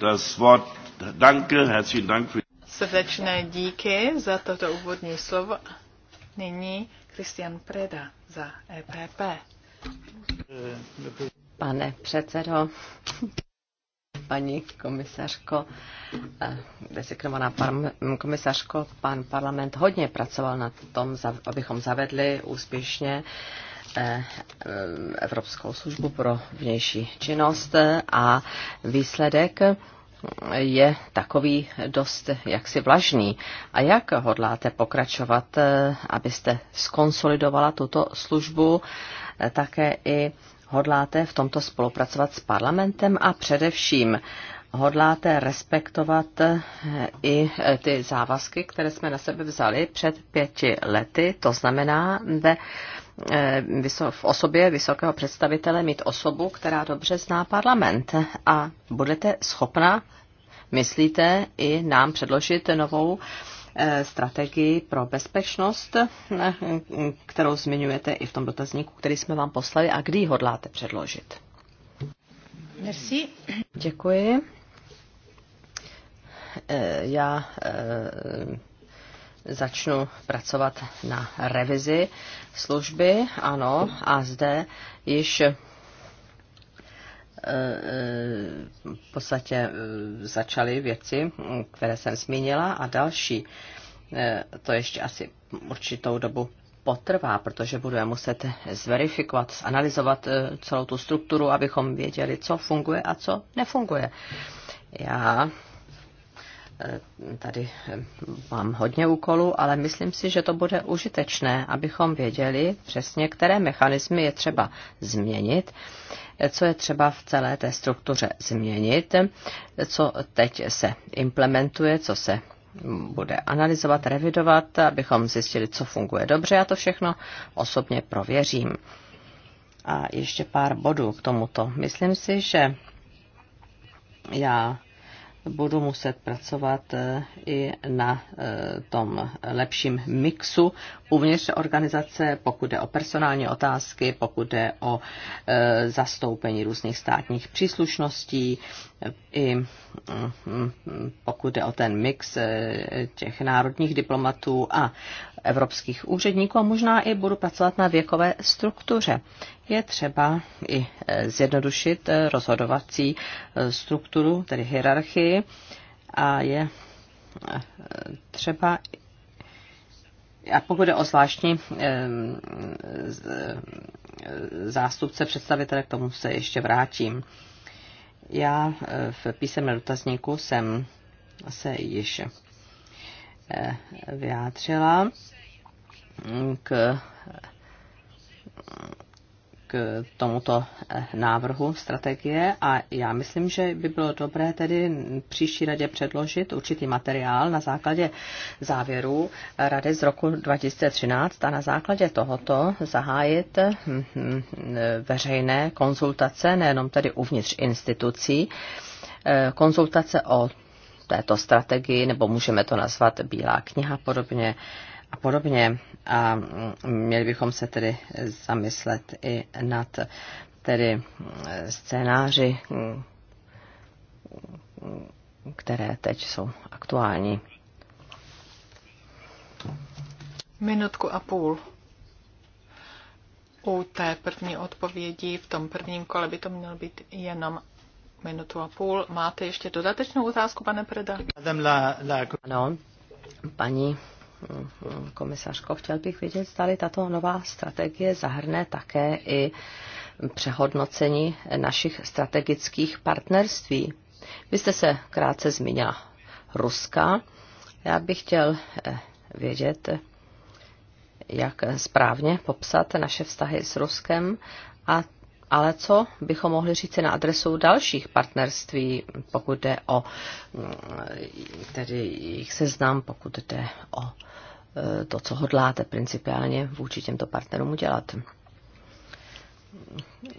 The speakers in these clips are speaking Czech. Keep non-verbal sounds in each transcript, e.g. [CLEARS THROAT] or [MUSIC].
das Wort. Danke, herzlichen Dank für Srdečné díky za toto úvodní slovo. Nyní Christian Preda za EPP. Pane předsedo, paní komisařko, eh, desikrovaná komisařko, pan parlament hodně pracoval na tom, abychom zavedli úspěšně eh, eh, Evropskou službu pro vnější činnost a výsledek je takový dost jaksi vlažný. A jak hodláte pokračovat, eh, abyste skonsolidovala tuto službu, eh, také i hodláte v tomto spolupracovat s parlamentem a především hodláte respektovat eh, i ty závazky, které jsme na sebe vzali před pěti lety, to znamená ve Eh, v osobě vysokého představitele mít osobu, která dobře zná parlament a budete schopna, myslíte, i nám předložit novou eh, strategii pro bezpečnost, eh, kterou zmiňujete i v tom dotazníku, který jsme vám poslali a kdy ji hodláte předložit. Merci. Děkuji. Já začnu pracovat na revizi služby, ano, a zde již e, e, v podstatě e, začaly věci, které jsem zmínila a další. To ještě asi určitou dobu potrvá, protože budeme muset zverifikovat, zanalizovat celou tu strukturu, abychom věděli, co funguje a co nefunguje. Já Eh, tady eh, mám hodně úkolů, ale myslím si, že to bude užitečné, abychom věděli přesně, které mechanismy je třeba změnit, eh, co je třeba v celé té struktuře změnit, co teď se implementuje, co se bude analyzovat, revidovat, abychom zjistili, co funguje dobře. Já to všechno osobně prověřím. A ještě pár bodů k tomuto. Myslím si, že já budu muset pracovat e, i na e, tom lepším mixu uvnitř organizace, pokud jde o personální otázky, pokud jde o e, zastoupení různých státních příslušností, i pokud jde o ten mix těch národních diplomatů a evropských úředníků a možná i budu pracovat na věkové struktuře je třeba i e, zjednodušit e, rozhodovací e, strukturu, tedy hierarchii, a je třeba a pokud jde o zvláštní zástupce představitele, k tomu se ještě vrátím. Já v písemném dotazníku jsem se již vyjádřila k k tomuto eh, návrhu strategie a já myslím, že by bylo dobré tedy příští radě předložit určitý materiál na základě závěrů rady z roku 2013 a na základě tohoto zahájit hm, hm, veřejné konzultace, nejenom tedy uvnitř institucí, eh, konzultace o této strategii, nebo můžeme to nazvat Bílá kniha podobně, a podobně. A mm, měli bychom se tedy zamyslet i nad tedy mm, scénáři, mm, které teď jsou aktuální. Minutku a půl. U té první odpovědi v tom prvním kole by to mělo být jenom minutu a půl. Máte ještě dodatečnou otázku, pane Preda? Ano, paní komisařko, chtěl bych vědět, zda tato nová strategie zahrne také i přehodnocení našich strategických partnerství. Vy jste se krátce zmínila Ruska. Já bych chtěl eh, vědět, jak správně popsat naše vztahy s Ruskem a ale co bychom mohli říct na adresu dalších partnerství, pokud jde o mm, tedy jejich seznam, pokud jde o eh, to, co hodláte principiálně vůči těmto partnerům udělat.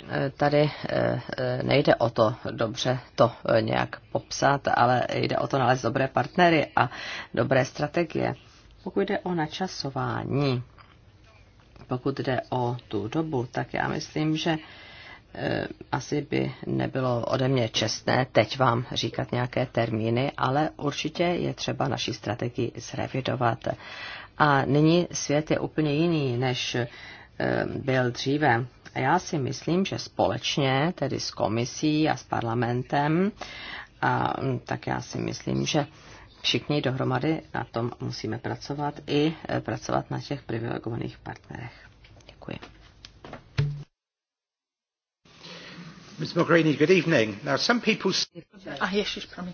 Eh, tady eh, nejde o to dobře to nějak popsat, ale jde o to nalézt dobré partnery a dobré strategie. Pokud jde o načasování, pokud jde o tu dobu, tak já myslím, že Eh, asi by nebylo ode mě čestné teď vám říkat nějaké termíny, ale určitě je třeba naší strategii zrevidovat. A nyní svět je úplně jiný, než eh, byl dříve. A já si myslím, že společně, tedy s komisí a s parlamentem, a, hm, tak já si myslím, že všichni dohromady na tom musíme pracovat i eh, pracovat na těch privilegovaných partnerech. Děkuji. Ms. Mogherini, good evening. Now, some people... Ah, ježiš, promiň.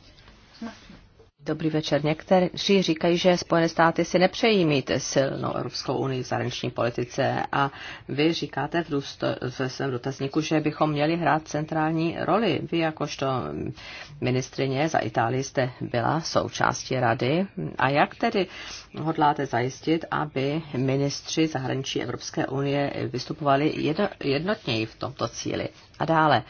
Dobrý večer. Někteří říkají, že Spojené státy si nepřejí mít silnou Evropskou unii v zahraniční politice a vy říkáte v důst, ve svém dotazníku, že bychom měli hrát centrální roli. Vy jakožto ministrině za Itálii jste byla součástí rady. A jak tedy hodláte zajistit, aby ministři zahraničí Evropské unie vystupovali jednotněji v tomto cíli? A dále.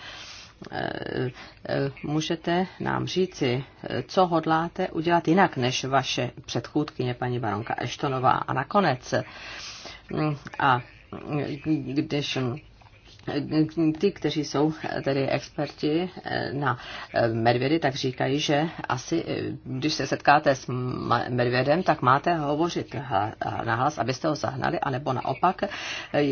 Eh, eh, můžete nám říci, eh, co hodláte udělat jinak než vaše předchůdkyně paní baronka Eštonová. A nakonec, mm, a mm, když mm, ty, kteří jsou tedy experti eh, na eh, medvědy, tak říkají, že asi, eh, když se setkáte s medvědem, tak máte hovořit nahlas, abyste ho zahnali, anebo naopak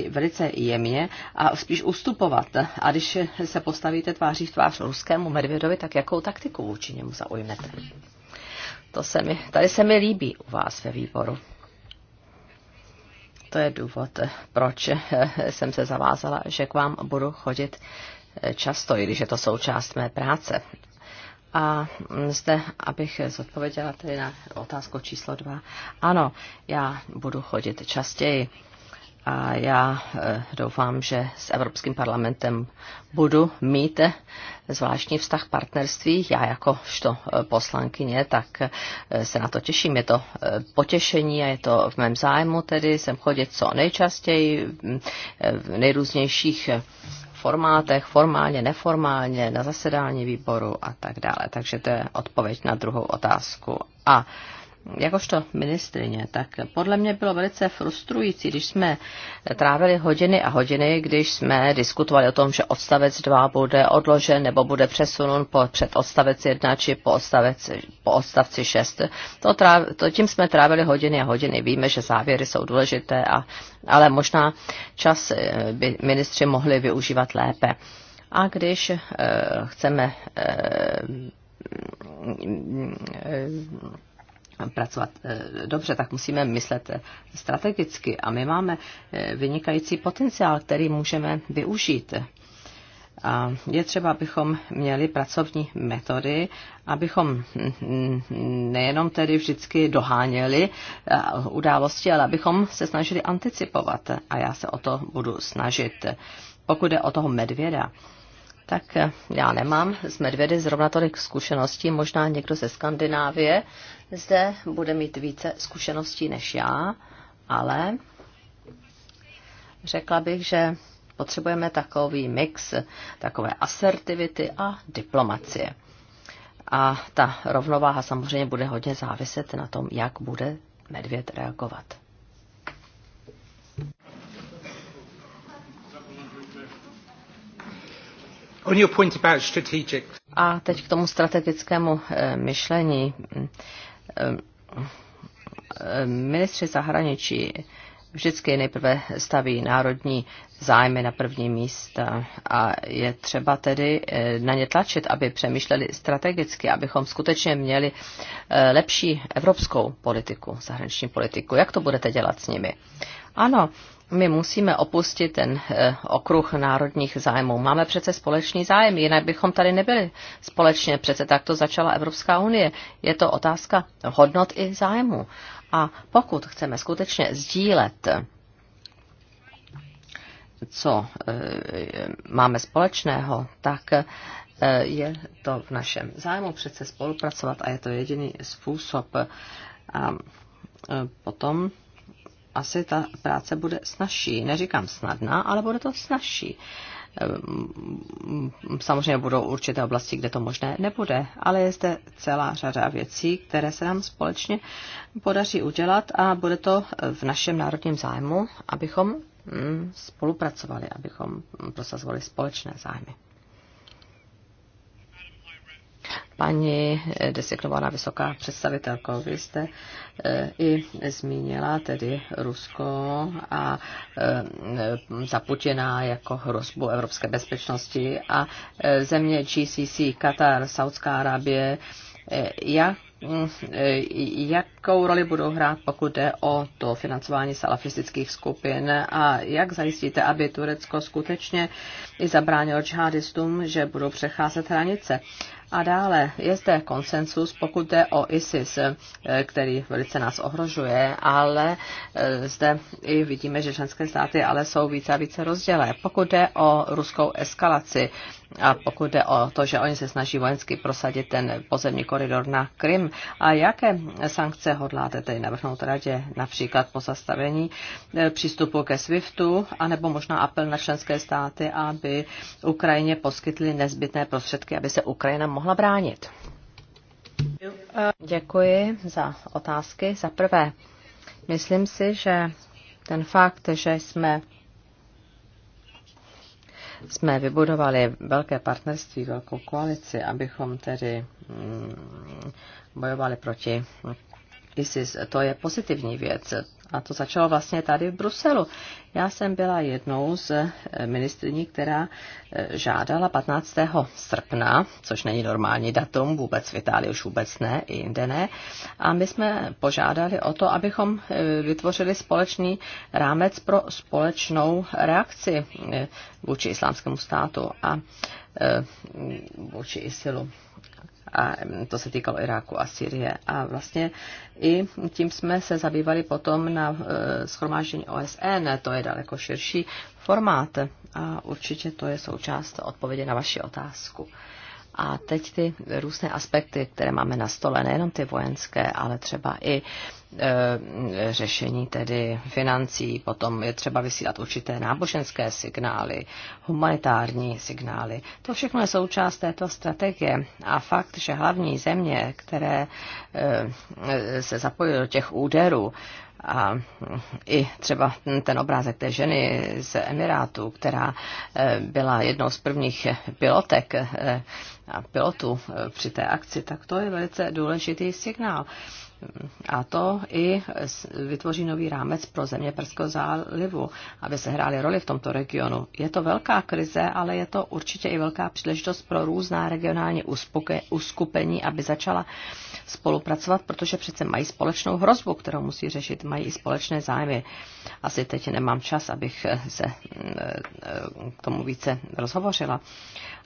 velice jemně a spíš ustupovat. A když se postavíte tváří v tvář ruskému medvědovi, tak jakou taktiku vůči němu zaujmete? To se mi, tady se mi líbí u vás ve výboru to je důvod, proč [LAUGHS] jsem se zavázala, že k vám budu chodit často, i když je to součást mé práce. A zde, abych zodpověděla tedy na otázku číslo dva. Ano, já budu chodit častěji a já eh, doufám, že s Evropským parlamentem budu mít eh, zvláštní vztah partnerství. Já jako što eh, poslankyně, tak se na to těším. Je to potěšení a je to v mém zájmu, tedy jsem chodit co nejčastěji mm, v nejrůznějších formátech, formálně, neformálně, na zasedání výboru a tak dále. Takže to je odpověď na druhou otázku. A jakožto ministrině, tak podle mě bylo velice frustrující, když jsme trávili hodiny a hodiny, když jsme diskutovali o tom, že odstavec 2 bude odložen nebo bude přesunut po, před odstavec 1 či po, odstavec, po odstavci 6. To, tráv, to tím jsme trávili hodiny a hodiny. Víme, že závěry jsou důležité, a, ale možná čas eh, by ministři mohli využívat lépe. A když e, chceme e, pracovat eh, dobře, tak musíme myslet eh, strategicky. A my máme eh, vynikající potenciál, který můžeme využít. A je třeba, abychom měli pracovní metody, abychom nejenom tedy vždycky doháněli události, ale abychom se snažili anticipovat. A já se o to budu snažit. Pokud je o toho medvěda, tak já nemám z Medvědy zrovna tolik zkušeností, možná někdo ze Skandinávie zde bude mít více zkušeností než já, ale řekla bych, že potřebujeme takový mix takové asertivity a diplomacie. A ta rovnováha samozřejmě bude hodně záviset na tom, jak bude medvěd reagovat. A teď k tomu strategickému eh, myšlení. Eh, eh, ministři zahraničí vždycky nejprve staví národní zájmy na první místa a je třeba tedy na ně tlačit, aby přemýšleli strategicky, abychom skutečně měli lepší evropskou politiku, zahraniční politiku. Jak to budete dělat s nimi? Ano, my musíme opustit ten eh, okruh národních zájmů. Máme přece společný zájem, jinak bychom tady nebyli společně. Přece tak to začala Evropská unie. Je to otázka hodnot i zájmu. A pokud chceme skutečně sdílet, co eh, máme společného, tak eh, je to v našem zájmu přece spolupracovat a je to jediný způsob. A potom asi ta práce bude snažší. Neříkám snadná, ale bude to snažší. Ehm, samozřejmě budou určité oblasti, kde to možné nebude, ale je zde celá řada věcí, které se nám společně podaří udělat a bude to v našem národním zájmu, abychom mm, spolupracovali, abychom mm, prosazovali společné zájmy. Paní designovaná vysoká představitelko, vy jste e, i zmínila tedy Rusko a e, za Putina jako hrozbu evropské bezpečnosti a e, země GCC, Katar, Saudská Arábie, jak jakou roli budou hrát, pokud jde o to financování salafistických skupin a jak zajistíte, aby Turecko skutečně i zabránilo džihadistům, že budou přecházet hranice. A dále je zde konsensus, pokud jde o ISIS, eh, který velice nás ohrožuje, ale eh, zde i vidíme, že členské státy ale jsou více a více rozdělé. Pokud jde o ruskou eskalaci, a pokud jde o to, že oni se snaží vojensky prosadit ten pozemní koridor na Krym a jaké sankce hodláte tedy navrhnout radě, například zastavení eh, přístupu ke SWIFTu, anebo možná apel na členské státy, aby Ukrajině poskytly nezbytné prostředky, aby se Ukrajina mohla bránit. Děkuji za otázky. Za prvé, myslím si, že ten fakt, že jsme jsme vybudovali velké partnerství, velkou koalici, abychom tedy mm, bojovali proti ISIS. To je pozitivní věc. A to začalo vlastně tady v Bruselu. Já jsem byla jednou z eh, ministriní, která eh, žádala 15. srpna, což není normální datum, vůbec v Itálii už vůbec ne, i jinde ne. A my jsme požádali o to, abychom eh, vytvořili společný rámec pro společnou reakci vůči islámskému státu a vůči ISILu a to se týkalo Iráku a Syrie. A vlastně i tím jsme se zabývali potom na e, schromáždění OSN, to je daleko širší formát a určitě to je součást odpovědi na vaši otázku. A teď ty různé aspekty, které máme na stole, nejenom ty vojenské, ale třeba i e, řešení tedy financí, potom je třeba vysílat určité náboženské signály, humanitární signály. To všechno je součást této strategie. A fakt, že hlavní země, které e, e se zapojily do těch úderů, e, a i třeba ten obrázek té ženy z Emirátu, která eh, byla jednou z prvních pilotek eh, a pilotů eh, při té akci, tak to je velice důležitý signál. A to i vytvoří nový rámec pro země Perského zálivu, aby se hrály roli v tomto regionu. Je to velká krize, ale je to určitě i velká příležitost pro různá regionální uskupení, aby začala spolupracovat, protože přece mají společnou hrozbu, kterou musí řešit, mají i společné zájmy. Asi teď nemám čas, abych se mm, e, k tomu více rozhovořila.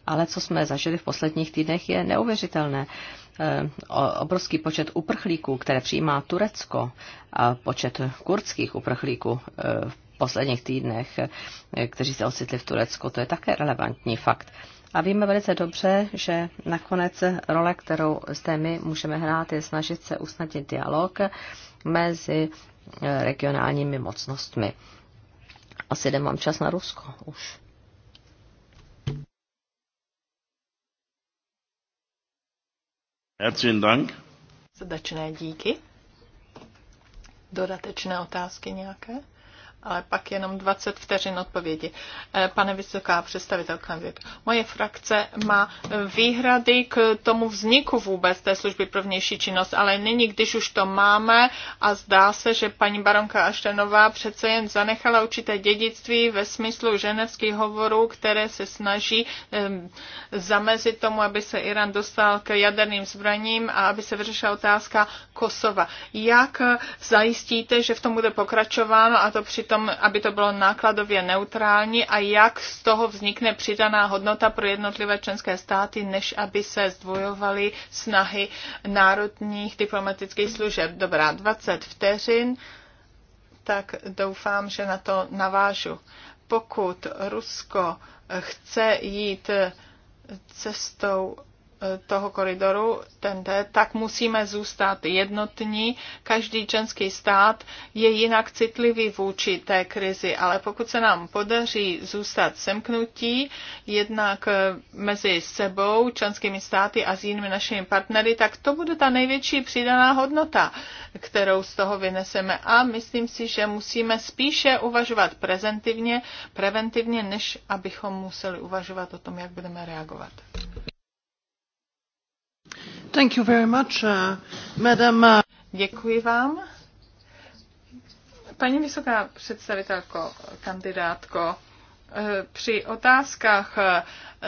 Ale co jsme zažili v posledních týdnech je neuvěřitelné. Eh, obrovský počet uprchlíků, které přijímá Turecko a počet kurdských uprchlíků eh, v posledních týdnech, eh, kteří se ocitli v Turecku, to je také relevantní fakt. A víme velice dobře, že nakonec role, kterou zde my můžeme hrát, je snažit se usnadnit dialog mezi regionálními mocnostmi. Asi nemám čas na Rusko už. Herzlichen Dank. Srdečné díky. Dodatečné otázky nějaké? ale pak jenom 20 vteřin odpovědi. Eh, pane vysoká kandidát. moje frakce má eh, výhrady k tomu vzniku vůbec té služby pro vnější činnost, ale nyní, když už to máme a zdá se, že paní baronka Aštenová přece jen zanechala určité dědictví ve smyslu ženevských hovorů, které se snaží ehm, zamezit tomu, aby se Irán dostal k jaderným zbraním a aby se vyřešila otázka Kosova. Jak eh, zajistíte, že v tom bude pokračováno a to při tom, aby to bylo nákladově neutrální a jak z toho vznikne přidaná hodnota pro jednotlivé členské státy, než aby se zdvojovaly snahy národních diplomatických služeb. Dobrá, 20 vteřin, tak doufám, že na to navážu. Pokud Rusko chce jít cestou toho koridoru, ten, tak musíme zůstat jednotní. Každý členský stát je jinak citlivý vůči té krizi, ale pokud se nám podaří zůstat semknutí jednak eh, mezi sebou, členskými státy a s jinými našimi partnery, tak to bude ta největší přidaná hodnota, kterou z toho vyneseme. A myslím si, že musíme spíše uvažovat prezentivně, preventivně, než abychom museli uvažovat o tom, jak budeme reagovat. Uh, uh, Děkuji vám. Paní vysoká představitelko, kandidátko, eh, při otázkách eh,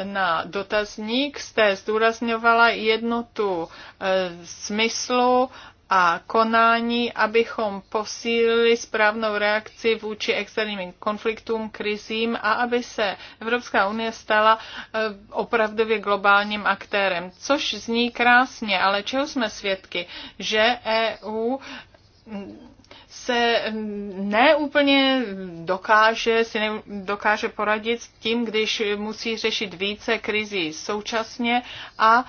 na dotazník jste zdůrazňovala jednotu eh, smyslu a konání, abychom posílili správnou reakci vůči externím konfliktům, krizím a aby se Evropská unie stala eh, opravdově globálním aktérem. Což zní krásně, ale čeho jsme svědky? Že EU se neúplně dokáže, si ne, dokáže poradit s tím, když musí řešit více krizí současně a e,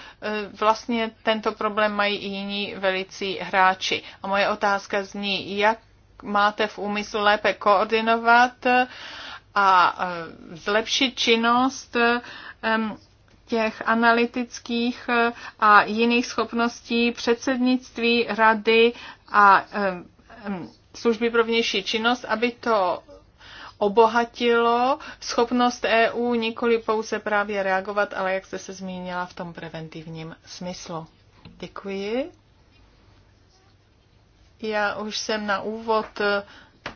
vlastně tento problém mají i jiní velicí hráči. A moje otázka zní, jak máte v úmyslu lépe koordinovat e, a e, zlepšit činnost těch analytických a jiných schopností předsednictví rady a Ehm, služby pro vnější činnost, aby to obohatilo schopnost EU nikoli pouze právě reagovat, ale jak jste se zmínila v tom preventivním smyslu. Děkuji. Já už jsem na úvod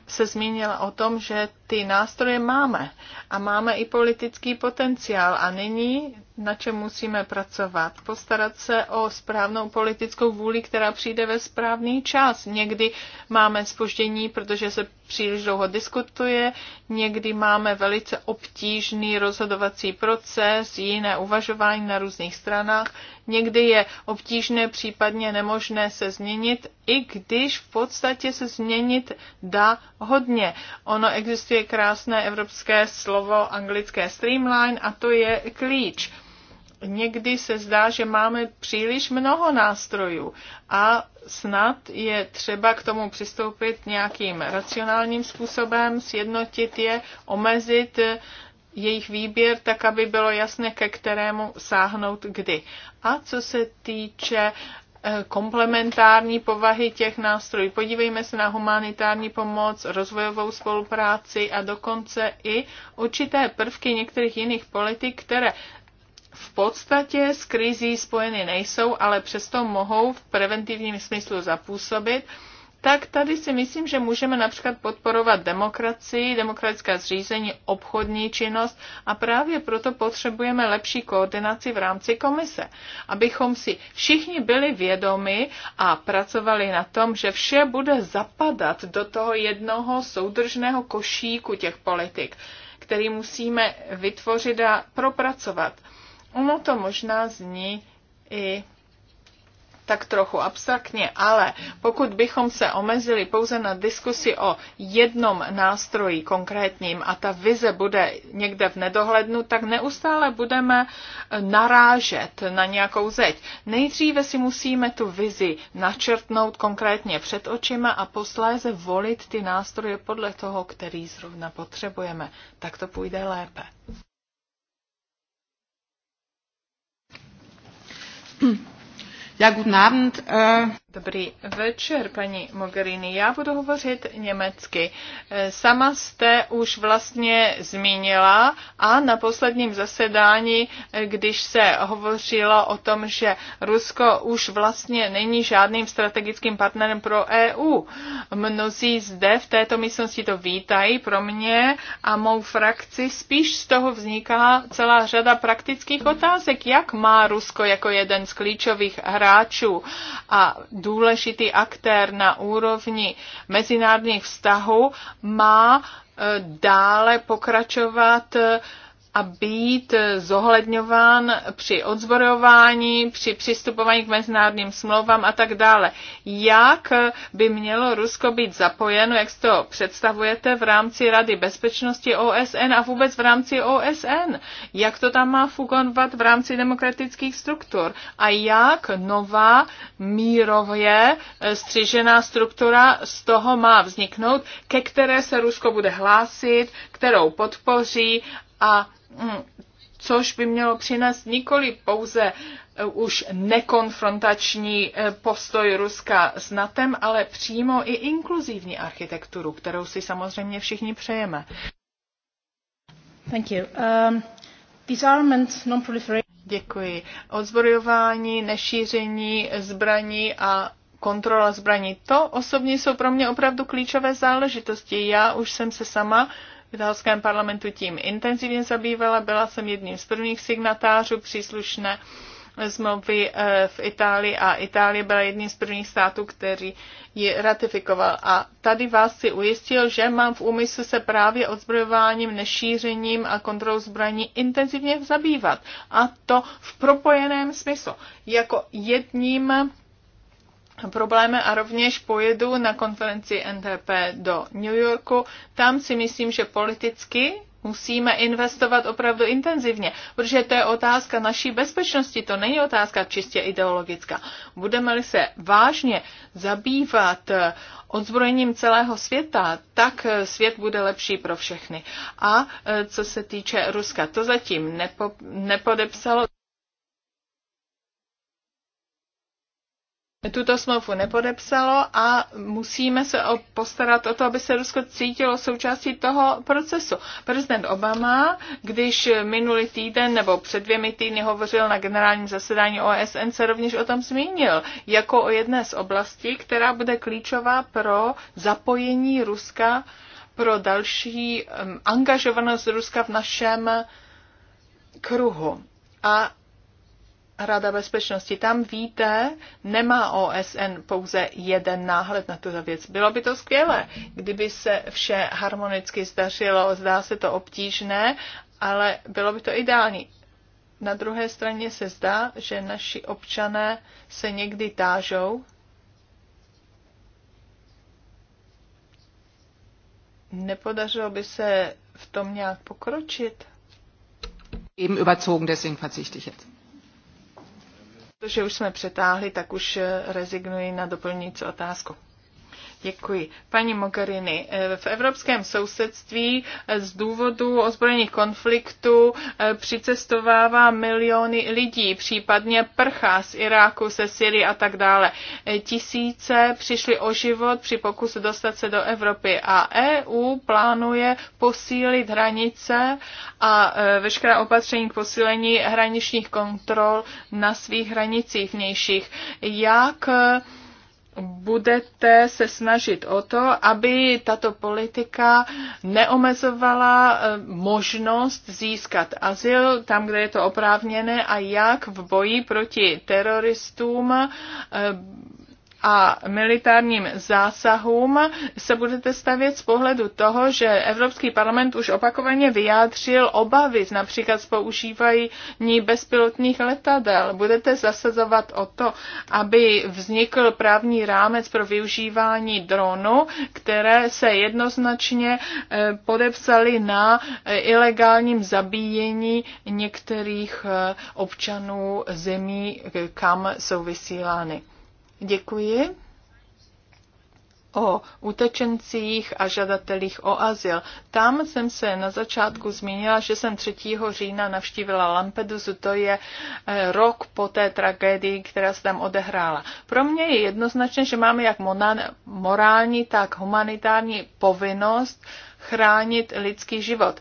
se zmínila o tom, že ty nástroje máme a máme i politický potenciál a nyní na čem musíme pracovat? Postarat se o správnou politickou vůli, která přijde ve správný čas. Někdy máme spoždění, protože se příliš dlouho diskutuje, někdy máme velice obtížný rozhodovací proces, jiné uvažování na různých stranách, někdy je obtížné, případně nemožné se změnit, i když v podstatě se změnit dá hodně. Ono existuje je krásné evropské slovo anglické streamline a to je klíč. Někdy se zdá, že máme příliš mnoho nástrojů a snad je třeba k tomu přistoupit nějakým racionálním způsobem, sjednotit je, omezit jejich výběr, tak aby bylo jasné, ke kterému sáhnout kdy. A co se týče komplementární povahy těch nástrojů. Podívejme se na humanitární pomoc, rozvojovou spolupráci a dokonce i určité prvky některých jiných politik, které v podstatě s krizí spojeny nejsou, ale přesto mohou v preventivním smyslu zapůsobit tak tady si myslím, že můžeme například podporovat demokracii, demokratické zřízení, obchodní činnost a právě proto potřebujeme lepší koordinaci v rámci komise, abychom si všichni byli vědomi a pracovali na tom, že vše bude zapadat do toho jednoho soudržného košíku těch politik, který musíme vytvořit a propracovat. Ono to možná zní i tak trochu abstraktně, ale pokud bychom se omezili pouze na diskusi o jednom nástroji konkrétním a ta vize bude někde v nedohlednu, tak neustále budeme eh, narážet na nějakou zeď. Nejdříve si musíme tu vizi načrtnout konkrétně před očima a posléze volit ty nástroje podle toho, který zrovna potřebujeme. Tak to půjde lépe. [CLEARS THROAT] Ja, guten Abend. Äh, Dobrý večer, paní Mogherini. Já budu hovořit německy. E, sama jste už vlastně zmínila a na posledním zasedání, e, když se hovořilo o tom, že Rusko už vlastně není žádným strategickým partnerem pro EU. Mnozí zde v této místnosti to vítají pro mě a mou frakci. Spíš z toho vzniká celá řada praktických otázek, jak má Rusko jako jeden z klíčových hráčů a důležitý aktér na úrovni mezinárodních vztahů, má eh, dále pokračovat eh, a být zohledňován při odzborování, při přistupování k mezinárodním smlouvám a tak dále. Jak by mělo Rusko být zapojeno, jak si to představujete v rámci Rady bezpečnosti OSN a vůbec v rámci OSN? Jak to tam má fungovat v rámci demokratických struktur? A jak nová mírově střižená struktura z toho má vzniknout, ke které se Rusko bude hlásit, kterou podpoří a mm, což by mělo přinést nikoli pouze eh, už nekonfrontační eh, postoj Ruska s NATO, ale přímo i inkluzivní architekturu, kterou si samozřejmě všichni přejeme. Thank you. Um, disarmament, non Děkuji. Odzbrojování, nešíření zbraní a kontrola zbraní. To osobně jsou pro mě opravdu klíčové záležitosti. Já už jsem se sama uh, italském parlamentu tím intenzivně zabývala. Byla jsem jedním z prvních signatářů příslušné smlouvy eh, v Itálii a Itálie byla jedním z prvních států, který ji ratifikoval. A tady vás si ujistil, že mám v úmyslu se právě odzbrojováním, nešířením a kontrolou zbraní intenzivně zabývat. A to v propojeném smyslu. Jako jedním problémy a rovněž pojedu na konferenci NTP do New Yorku. Tam si myslím, že politicky musíme investovat opravdu intenzivně, protože to je otázka naší bezpečnosti, to není otázka čistě ideologická. Budeme-li se vážně zabývat odzbrojením celého světa, tak svět bude lepší pro všechny. A e, co se týče Ruska, to zatím nepo, nepodepsalo tuto smlouvu nepodepsalo a musíme se postarat o to, aby se Rusko cítilo součástí toho procesu. Prezident Obama, když minulý týden nebo před dvěmi týdny hovořil na generálním zasedání OSN, se rovněž o tom zmínil, jako o jedné z oblastí, která bude klíčová pro zapojení Ruska, pro další angažovanost Ruska v našem kruhu. A Rada bezpečnosti. Tam víte, nemá OSN pouze jeden náhled na tuto věc. Bylo by to skvělé, kdyby se vše harmonicky zdařilo. Zdá se to obtížné, ale bylo by to ideální. Na druhé straně se zdá, že naši občané se někdy tážou, nepodařilo by se v tom nějak pokročit. Eben überzogen, deswegen verzichte ich jetzt. Protože už jsme přetáhli, tak už rezignuji na doplňující otázku. Děkuji. Paní Mogherini, eh, v evropském sousedství eh, z důvodu ozbrojených konfliktů eh, přicestovává miliony lidí, případně prchá z Iráku, se Syrii a tak dále. Tisíce přišli o život při pokusu dostat se do Evropy a EU plánuje posílit hranice a veškerá opatření k posílení hraničních kontrol na svých hranicích vnějších. Jak budete se snažit o to, aby tato politika neomezovala eh, možnost získat azyl tam, kde je to oprávněné a jak v boji proti teroristům eh, a militárním zásahům se budete stavět z pohledu toho, že Evropský parlament už opakovaně vyjádřil obavy například z používání bezpilotních letadel. Budete zasazovat o to, aby vznikl právní rámec pro využívání dronu, které se jednoznačně eh, podepsali na eh, ilegálním zabíjení některých eh, občanů zemí, kam jsou vysílány. Děkuji o utečencích a žadatelích o azyl. Tam jsem se na začátku zmínila, že jsem 3. října navštívila Lampedusu, to je eh, rok po té tragédii, která se tam odehrála. Pro mě je jednoznačné, že máme jak morální, tak humanitární povinnost chránit lidský život.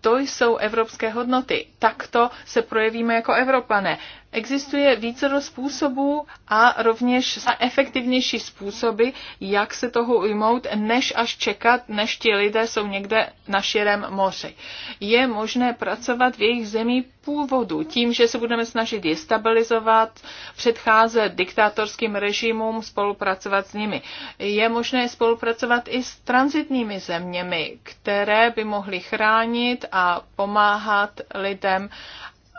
To jsou evropské hodnoty. Takto se projevíme jako Evropané. Existuje více způsobů a rovněž efektivnější způsoby, jak se toho ujmout, než až čekat, než ti lidé jsou někde na širém moři. Je možné pracovat v jejich zemí původu tím, že se budeme snažit je stabilizovat, předcházet diktátorským režimům, spolupracovat s nimi. Je možné spolupracovat i s transitními zeměmi, které by mohly chránit a pomáhat lidem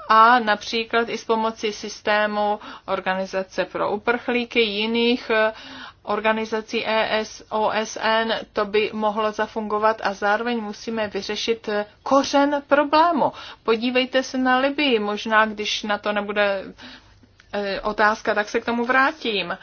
a například i s pomocí systému Organizace pro uprchlíky, jiných eh, organizací ES, OSN, to by mohlo zafungovat a zároveň musíme vyřešit eh, kořen problému. Podívejte se na Libii, možná když na to nebude eh, otázka, tak se k tomu vrátím.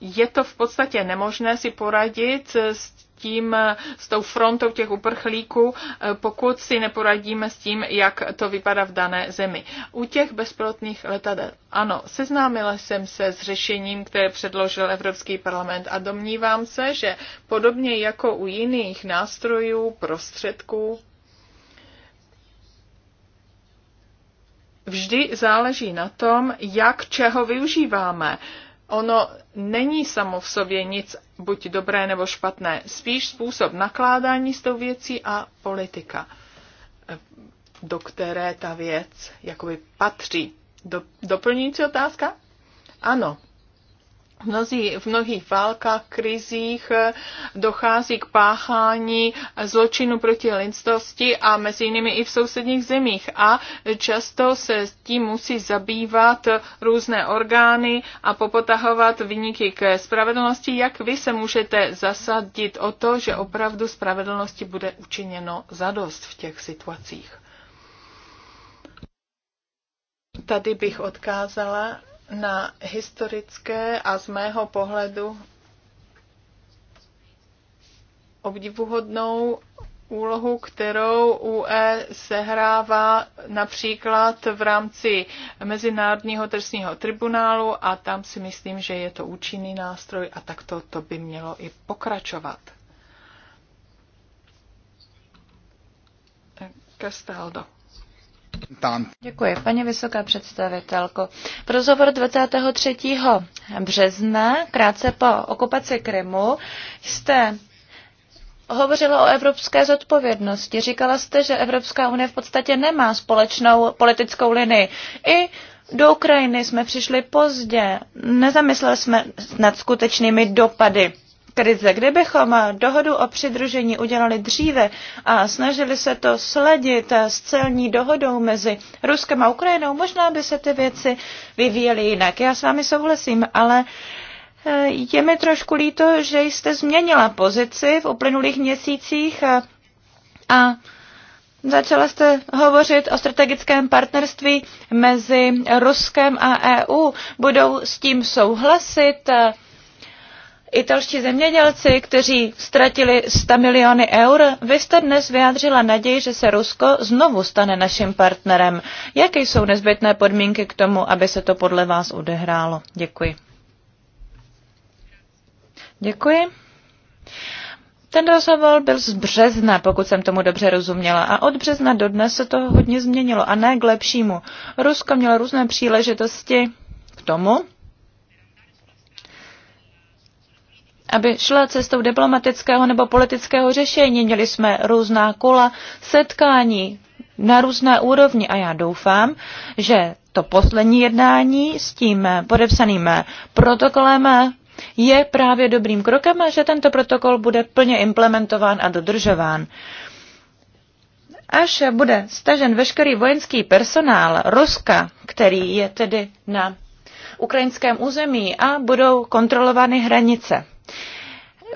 Je to v podstatě nemožné si poradit s tím, eh, s tou frontou těch uprchlíků, eh, pokud si neporadíme s tím, jak to vypadá v dané zemi. U těch bezpilotních letadel. Ano, seznámila jsem se s řešením, které předložil Evropský parlament a domnívám se, že podobně jako u jiných nástrojů, prostředků, vždy záleží na tom, jak čeho využíváme ono není samo v sobě nic buď dobré nebo špatné, spíš způsob nakládání s tou věcí a politika, do které ta věc jakoby patří. Do, doplňující otázka? Ano, mnozí, v mnohých válkách, krizích eh, dochází k páchání zločinu proti lidskosti a mezi jinými i v sousedních zemích. A často se tím musí zabývat různé orgány a popotahovat vyniky k spravedlnosti. Jak vy se můžete zasadit o to, že opravdu spravedlnosti bude učiněno zadost v těch situacích? Tady bych odkázala na historické a z mého pohledu obdivuhodnou úlohu, kterou UE sehrává například v rámci Mezinárodního trestního tribunálu a tam si myslím, že je to účinný nástroj a takto to by mělo i pokračovat. Castaldo. Děkuji, paní vysoká představitelko. V rozhovoru 23. března, krátce po okupaci Krymu, jste hovořila o evropské zodpovědnosti. Říkala jste, že Evropská unie v podstatě nemá společnou politickou linii. I do Ukrajiny jsme přišli pozdě. Nezamysleli jsme nad skutečnými dopady krize. Kdybychom dohodu o přidružení udělali dříve a snažili se to sledit s celní dohodou mezi Ruskem a Ukrajinou, možná by se ty věci vyvíjely jinak. Já s vámi souhlasím, ale eh, je mi trošku líto, že jste změnila pozici v uplynulých měsících a, eh, a Začala jste hovořit o strategickém partnerství mezi Ruskem a EU. Budou s tím souhlasit eh, italští zemědělci, kteří ztratili 100 miliony eur, vy jste dnes vyjádřila naději, že se Rusko znovu stane naším partnerem. Jaké jsou nezbytné podmínky k tomu, aby se to podle vás odehrálo? Děkuji. Děkuji. Ten rozhovor byl z března, pokud jsem tomu dobře rozuměla. A od března do dnes se to hodně změnilo a ne k lepšímu. Rusko mělo různé příležitosti k tomu, aby šla cestou diplomatického nebo politického řešení. Měli jsme různá kola setkání na různé úrovni a já doufám, že to poslední jednání s tím podepsaným protokolem je právě dobrým krokem a že tento protokol bude plně implementován a dodržován. Až bude stažen veškerý vojenský personál Ruska, který je tedy na ukrajinském území a budou kontrolovány hranice.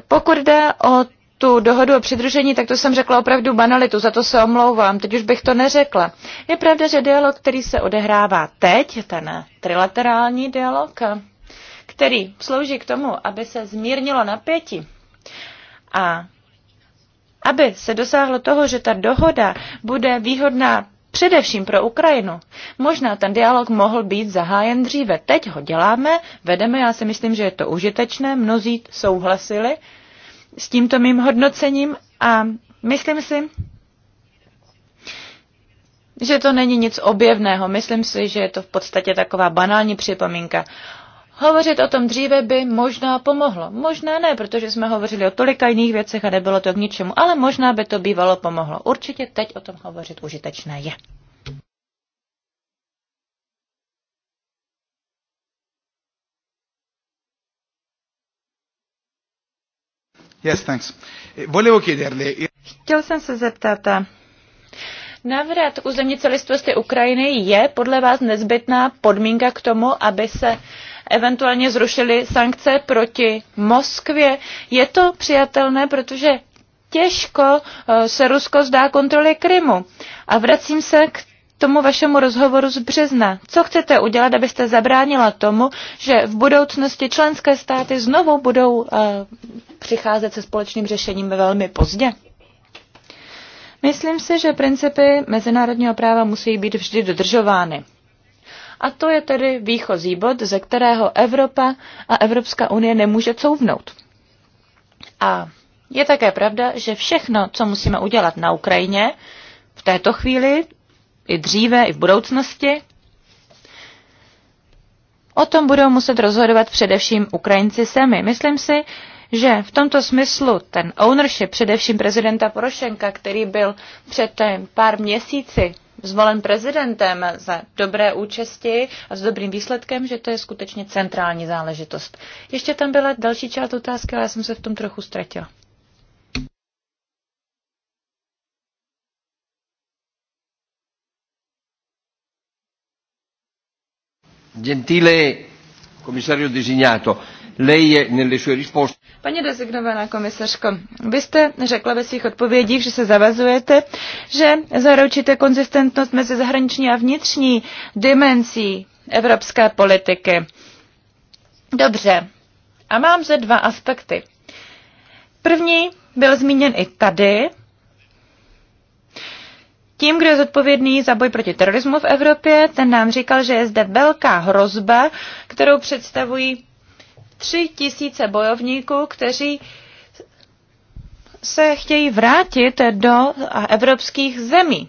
Pokud jde o tu dohodu o přidružení, tak to jsem řekla opravdu banalitu, za to se omlouvám, teď už bych to neřekla. Je pravda, že dialog, který se odehrává teď, ten trilaterální dialog, který slouží k tomu, aby se zmírnilo napětí a aby se dosáhlo toho, že ta dohoda bude výhodná především pro Ukrajinu. Možná ten dialog mohl být zahájen dříve. Teď ho děláme, vedeme, já si myslím, že je to užitečné, mnozí souhlasili s tímto mým hodnocením a myslím si, že to není nic objevného. Myslím si, že je to v podstatě taková banální připomínka. Hovořit o tom dříve by možná pomohlo. Možná ne, protože jsme hovořili o tolika jiných věcech a nebylo to k ničemu, ale možná by to bývalo pomohlo. Určitě teď o tom hovořit užitečné je. Yes, thanks. Volevo chiederle... Chtěl jsem se zeptat, eh, navrat územní celistvosti Ukrajiny je podle vás nezbytná podmínka k tomu, aby se eventuálně zrušili sankce proti Moskvě. Je to přijatelné, protože těžko eh, se Rusko zdá kontroly Krymu. A vracím se k tomu vašemu rozhovoru z března. Co chcete udělat, abyste zabránila tomu, že v budoucnosti členské státy znovu budou uh, přicházet se společným řešením velmi pozdě? Myslím si, že principy mezinárodního práva musí být vždy dodržovány. A to je tedy výchozí bod, ze kterého Evropa a Evropská unie nemůže couvnout. A je také pravda, že všechno, co musíme udělat na Ukrajině, v této chvíli, i dříve, i v budoucnosti, o tom budou muset rozhodovat především Ukrajinci sami. Myslím si, že v tomto smyslu ten ownership především prezidenta Porošenka, který byl před eh, pár měsíci zvolen prezidentem za dobré účasti a s dobrým výsledkem, že to je skutečně centrální záležitost. Ještě tam byla další část otázky, ale já jsem se v tom trochu ztratila. Gentile komisario designato, Paní designovaná komisařko, vy jste řekla ve svých odpovědích, že se zavazujete, že zaručíte konzistentnost mezi zahraniční a vnitřní dimenzí evropské politiky. Dobře, a mám zde dva aspekty. První byl zmíněn i tady. Tím, kdo je zodpovědný za boj proti terorismu v Evropě, ten nám říkal, že je zde velká hrozba, kterou představují tři tisíce bojovníků, kteří se chtějí vrátit do evropských zemí.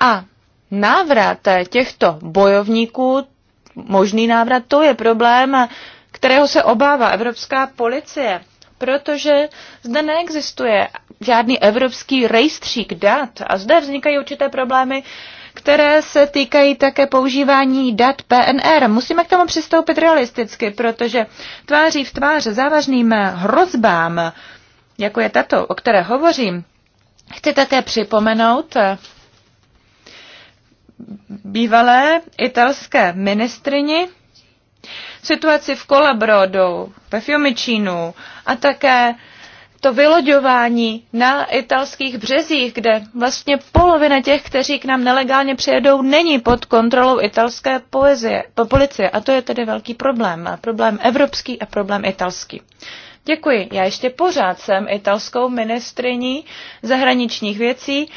A návrat těchto bojovníků, možný návrat, to je problém, kterého se obává evropská policie, protože zde neexistuje žádný evropský rejstřík dat a zde vznikají určité problémy, které se týkají také používání dat PNR. Musíme k tomu přistoupit realisticky, protože tváří v tvář závažným hrozbám, jako je tato, o které hovořím, chci také připomenout eh, bývalé italské ministrini, situaci v Kolabrodu, ve Fiumicinu a také to vyloďování na italských březích, kde vlastně polovina těch, kteří k nám nelegálně přijedou, není pod kontrolou italské poezie, po policie. A to je tedy velký problém. A problém evropský a problém italský. Děkuji. Já ještě pořád jsem italskou ministriní zahraničních věcí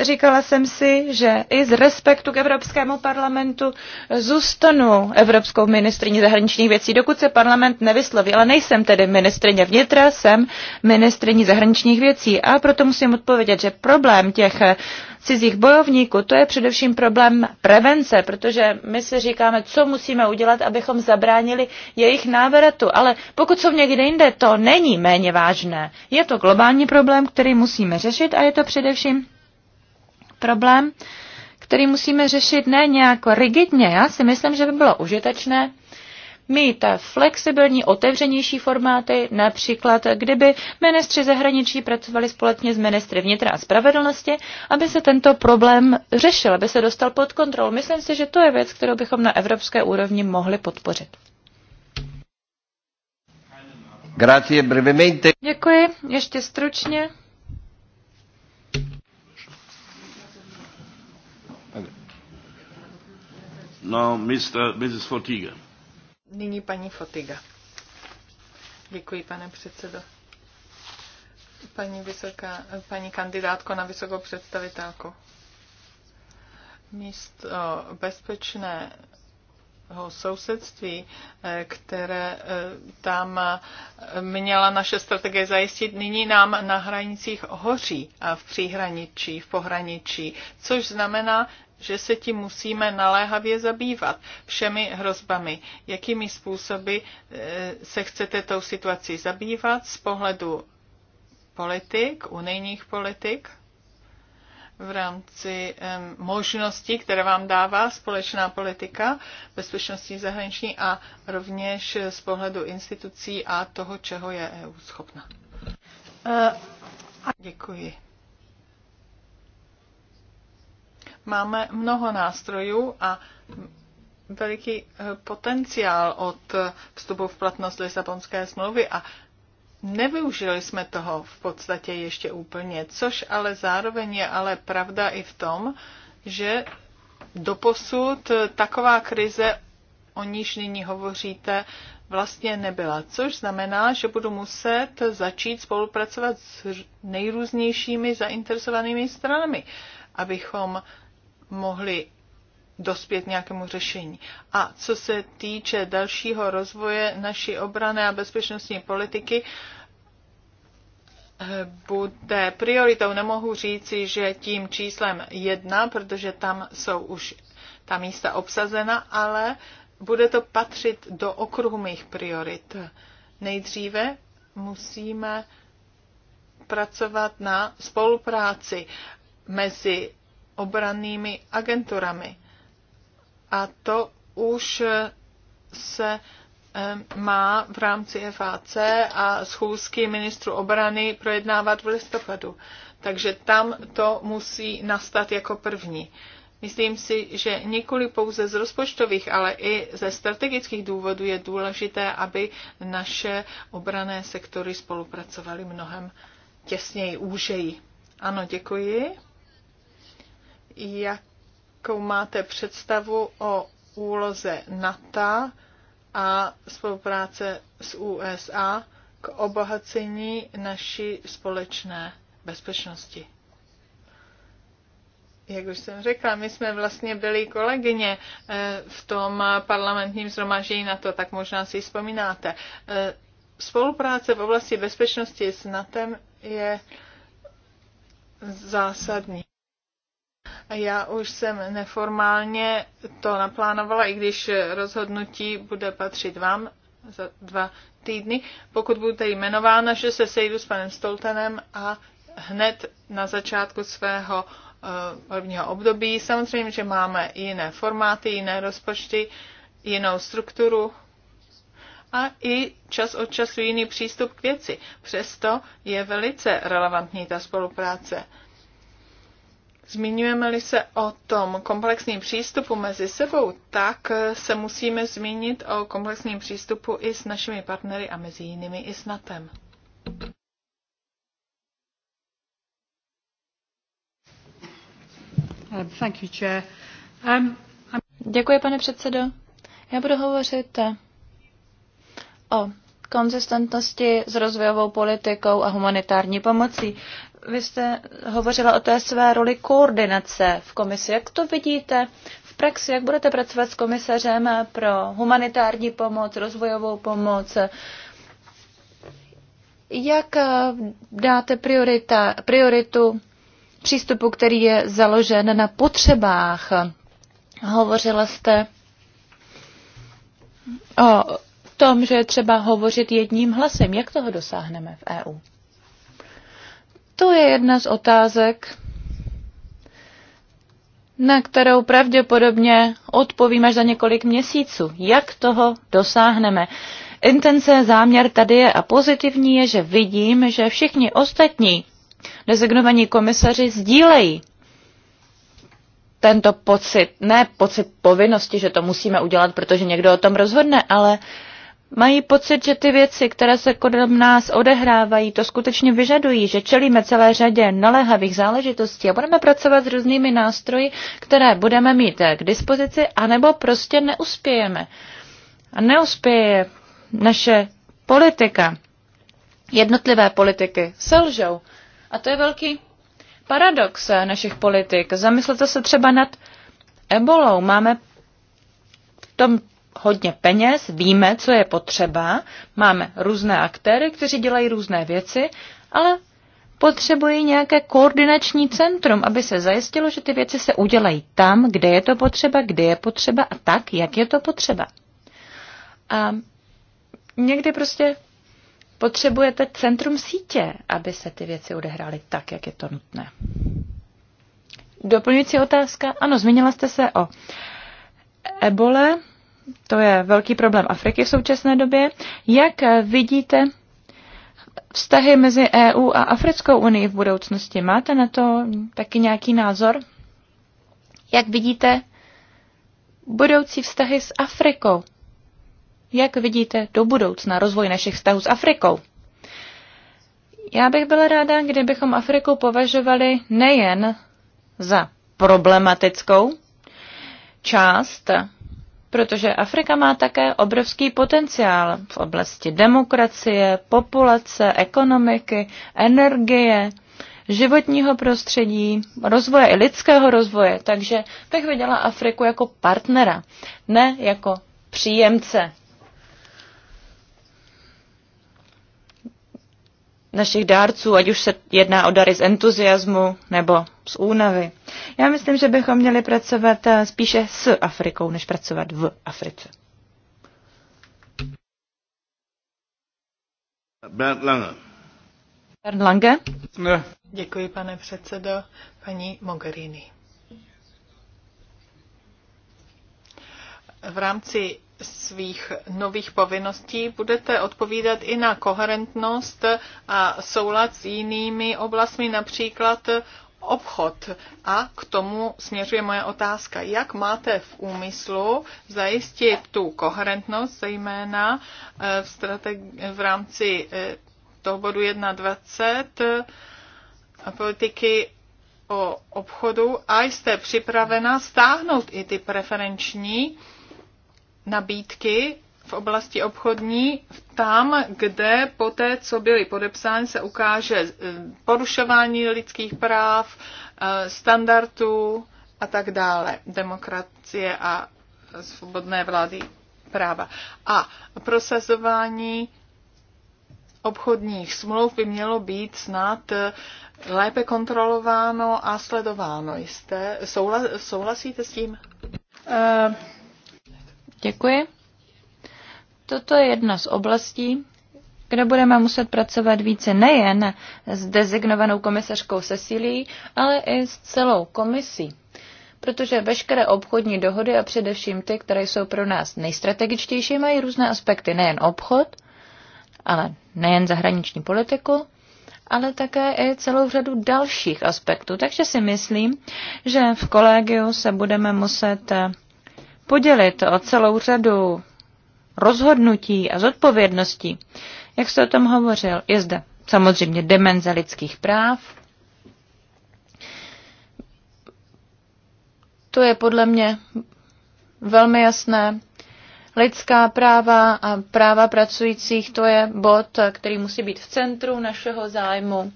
Říkala jsem si, že i z respektu k Evropskému parlamentu zůstanu Evropskou ministriní zahraničních věcí, dokud se parlament nevysloví. Ale nejsem tedy ministrině vnitra, jsem ministriní zahraničních věcí. A proto musím odpovědět, že problém těch cizích bojovníků, to je především problém prevence, protože my si říkáme, co musíme udělat, abychom zabránili jejich návratu. Ale pokud jsou někde jinde, to není méně vážné. Je to globální problém, který musíme řešit a je to především problém, který musíme řešit ne nějak rigidně. Já si myslím, že by bylo užitečné mít flexibilní, otevřenější formáty, například kdyby ministři zahraničí pracovali společně s ministry vnitra a spravedlnosti, aby se tento problém řešil, aby se dostal pod kontrolu. Myslím si, že to je věc, kterou bychom na evropské úrovni mohli podpořit. Děkuji, ještě stručně. No, Mr. Mrs. Fotiga. Nyní paní Fotiga. Děkuji, pane předsedo. Paní, vysoká, paní kandidátko na vysokou představitelku. Místo bezpečného sousedství, které eh, tam eh, měla naše strategie zajistit, nyní nám na hranicích hoří a v příhraničí, v pohraničí, což znamená, že se tím musíme naléhavě zabývat všemi hrozbami. Jakými způsoby eh, se chcete tou situací zabývat z pohledu politik, unijních politik, v rámci um, možností, které vám dává společná politika bezpečnostní zahraniční a rovněž z pohledu institucí a toho, čeho je EU schopna. Uh, a... Děkuji. Máme mnoho nástrojů a veliký eh, potenciál od eh, vstupu v platnost Lisabonské smlouvy a Nevyužili jsme toho v podstatě ještě úplně, což ale zároveň je ale pravda i v tom, že doposud eh, taková krize, o níž nyní hovoříte, vlastně nebyla. Což znamená, že budu muset začít spolupracovat s nejrůznějšími zainteresovanými stranami, abychom mohli dospět nějakému řešení. A co se týče dalšího rozvoje naší obrané a bezpečnostní politiky, eh, bude prioritou, nemohu říci, že tím číslem jedna, protože tam jsou už ta místa obsazena, ale bude to patřit do okruhu mých priorit. Nejdříve musíme pracovat na spolupráci mezi obrannými agenturami. A to už se má v rámci FAC a schůzky ministru obrany projednávat v listopadu. Takže tam to musí nastat jako první. Myslím si, že nikoli pouze z rozpočtových, ale i ze strategických důvodů je důležité, aby naše obrané sektory spolupracovaly mnohem těsněji, úžeji. Ano, děkuji jakou máte představu o úloze NATO a spolupráce s USA k obohacení naší společné bezpečnosti. Jak už jsem řekla, my jsme vlastně byli kolegyně eh, v tom parlamentním zhromaždění na to, tak možná si vzpomínáte. Eh, spolupráce v oblasti bezpečnosti s NATO je zásadní. Já už jsem neformálně to naplánovala, i když rozhodnutí bude patřit vám za dva týdny, pokud budete jmenována, že se sejdu s panem Stoltenem a hned na začátku svého eh, volebního období. Samozřejmě, že máme jiné formáty, jiné rozpočty, jinou strukturu a i čas od času jiný přístup k věci. Přesto je velice relevantní ta spolupráce Zmiňujeme-li se o tom komplexním přístupu mezi sebou, tak se musíme zmínit o komplexním přístupu i s našimi partnery a mezi jinými i s NATEM. Uh, um, Děkuji, pane předsedo. Já budu hovořit eh, o konzistentnosti s rozvojovou politikou a humanitární pomocí. Vy jste hovořila o té své roli koordinace v komisi. Jak to vidíte v praxi? Jak budete pracovat s komisařem pro humanitární pomoc, rozvojovou pomoc? Jak eh, dáte priorita, prioritu přístupu, který je založen na potřebách? Hovořila jste o tom, že je třeba hovořit jedním hlasem. Jak toho dosáhneme v EU? To je jedna z otázek, na kterou pravděpodobně odpovím až za několik měsíců. Jak toho dosáhneme? Intence, záměr tady je a pozitivní je, že vidím, že všichni ostatní designovaní komisaři sdílejí tento pocit, ne pocit povinnosti, že to musíme udělat, protože někdo o tom rozhodne, ale mají pocit, že ty věci, které se kolem nás odehrávají, to skutečně vyžadují, že čelíme celé řadě naléhavých záležitostí a budeme pracovat s různými nástroji, které budeme mít eh, k dispozici, anebo prostě neuspějeme. A neuspěje naše politika. Jednotlivé politiky selžou. A to je velký paradox eh, našich politik. Zamyslete se třeba nad ebolou. Máme v tom hodně peněz, víme, co je potřeba, máme různé aktéry, kteří dělají různé věci, ale potřebují nějaké koordinační centrum, aby se zajistilo, že ty věci se udělají tam, kde je to potřeba, kde je potřeba a tak, jak je to potřeba. A někdy prostě potřebujete centrum sítě, aby se ty věci odehrály tak, jak je to nutné. Doplňující otázka. Ano, zmínila jste se o ebole to je velký problém Afriky v současné době. Jak vidíte vztahy mezi EU a Africkou unii v budoucnosti? Máte na to taky nějaký názor? Jak vidíte budoucí vztahy s Afrikou? Jak vidíte do budoucna rozvoj našich vztahů s Afrikou? Já bych byla ráda, kdybychom Afriku považovali nejen za problematickou část protože Afrika má také obrovský potenciál v oblasti demokracie, populace, ekonomiky, energie, životního prostředí, rozvoje i lidského rozvoje. Takže bych viděla Afriku jako partnera, ne jako příjemce našich dárců, ať už se jedná o dary z entuziasmu nebo z únavy. Já myslím, že bychom měli pracovat eh, spíše s Afrikou, než pracovat v Africe. Bernd Lange. Bernd Lange. Ne. Děkuji, pane předsedo, paní Mogherini. V rámci svých nových povinností budete odpovídat i na koherentnost a soulad s jinými oblastmi, například obchod. A k tomu směřuje moje otázka. Jak máte v úmyslu zajistit tu koherentnost, zejména eh, v, v rámci eh, toho bodu 21 eh, politiky o obchodu a jste připravena stáhnout i ty preferenční nabídky v oblasti obchodní, tam, kde po té, co byly podepsány, se ukáže eh, porušování lidských práv, eh, standardů a tak dále, demokracie a svobodné vlády práva. A prosazování obchodních smluv by mělo být snad eh, lépe kontrolováno a sledováno. Jste, souhlasíte s tím? Uh... Děkuji. Toto je jedna z oblastí, kde budeme muset pracovat více nejen s dezignovanou komisařkou Cecilí, ale i s celou komisí. Protože veškeré obchodní dohody a především ty, které jsou pro nás nejstrategičtější, mají různé aspekty. Nejen obchod, ale nejen zahraniční politiku, ale také i celou řadu dalších aspektů. Takže si myslím, že v kolegiu se budeme muset podělit o celou řadu rozhodnutí a zodpovědností, jak se o tom hovořil, je zde samozřejmě demenze lidských práv. To je podle mě velmi jasné. Lidská práva a práva pracujících, to je bod, který musí být v centru našeho zájmu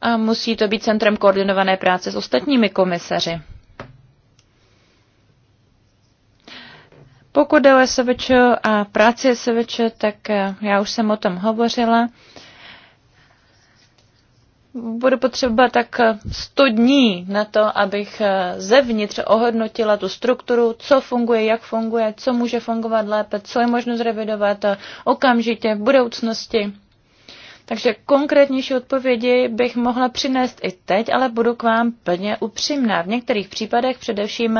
a musí to být centrem koordinované práce s ostatními komisaři. Pokud jde o SVČ a práci SVČ, tak eh, já už jsem o tom hovořila. Budu potřeba tak 100 eh, dní na to, abych eh, zevnitř ohodnotila tu strukturu, co funguje, jak funguje, co může fungovat lépe, co je možno zrevidovat okamžitě v budoucnosti. Takže konkrétnější odpovědi bych mohla přinést i teď, ale budu k vám plně upřímná. V některých případech, především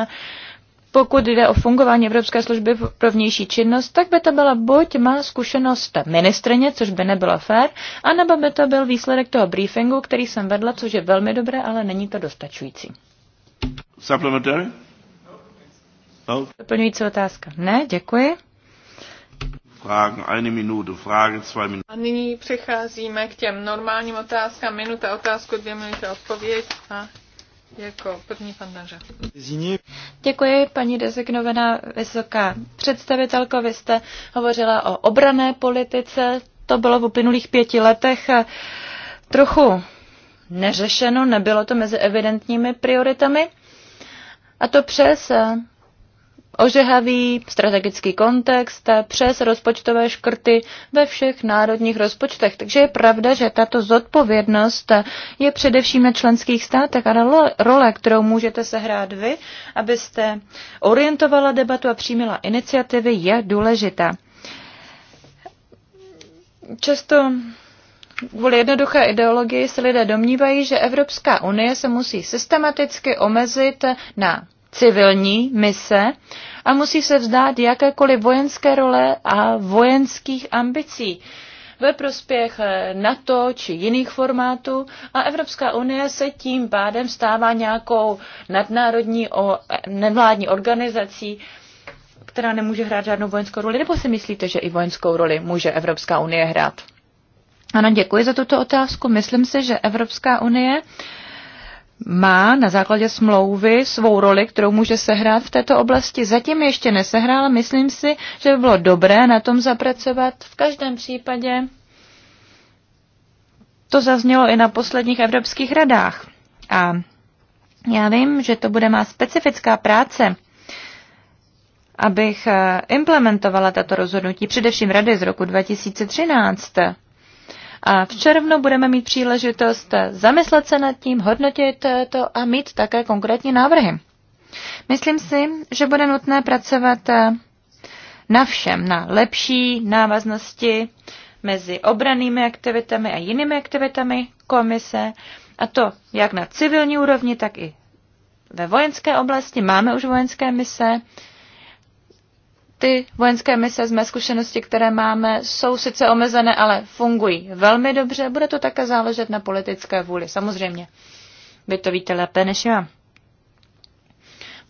pokud jde o fungování Evropské služby pro vnější činnost, tak by to byla buď má zkušenost ministrně, což by nebylo fér, anebo by to byl výsledek toho briefingu, který jsem vedla, což je velmi dobré, ale není to dostačující. Supplementary? No. Doplňující otázka. Ne, děkuji. A nyní přecházíme k těm normálním otázkám. Minuta otázku, dvě minuty odpověď. A jako první pan Danža. Děkuji, paní dezignovaná vysoká představitelko. Vy jste hovořila o obrané politice. To bylo v uplynulých pěti letech trochu neřešeno, nebylo to mezi evidentními prioritami. A to přes ožehavý strategický kontext přes rozpočtové škrty ve všech národních rozpočtech. Takže je pravda, že tato zodpovědnost je především na členských státech a role, kterou můžete sehrát vy, abyste orientovala debatu a přijímila iniciativy, je důležitá. Často Kvůli jednoduché ideologii se lidé domnívají, že Evropská unie se musí systematicky omezit na civilní mise a musí se vzdát jakékoliv vojenské role a vojenských ambicí ve prospěch eh, NATO či jiných formátů a Evropská unie se tím pádem stává nějakou nadnárodní o, nevládní organizací, která nemůže hrát žádnou vojenskou roli, nebo si myslíte, že i vojenskou roli může Evropská unie hrát? Ano, děkuji za tuto otázku. Myslím si, že Evropská unie má na základě smlouvy svou roli, kterou může sehrát v této oblasti. Zatím ještě nesehrál, myslím si, že by bylo dobré na tom zapracovat. V každém případě to zaznělo i na posledních evropských radách. A já vím, že to bude má specifická práce, abych eh, implementovala tato rozhodnutí, především rady z roku 2013 a v červnu budeme mít příležitost zamyslet se nad tím, hodnotit to a mít také konkrétní návrhy. Myslím si, že bude nutné pracovat na všem, na lepší návaznosti mezi obranými aktivitami a jinými aktivitami komise, a to jak na civilní úrovni, tak i ve vojenské oblasti. Máme už vojenské mise, ty vojenské mise z mé zkušenosti, které máme, jsou sice omezené, ale fungují velmi dobře. Bude to také záležet na politické vůli, samozřejmě. Vy to víte lépe než já.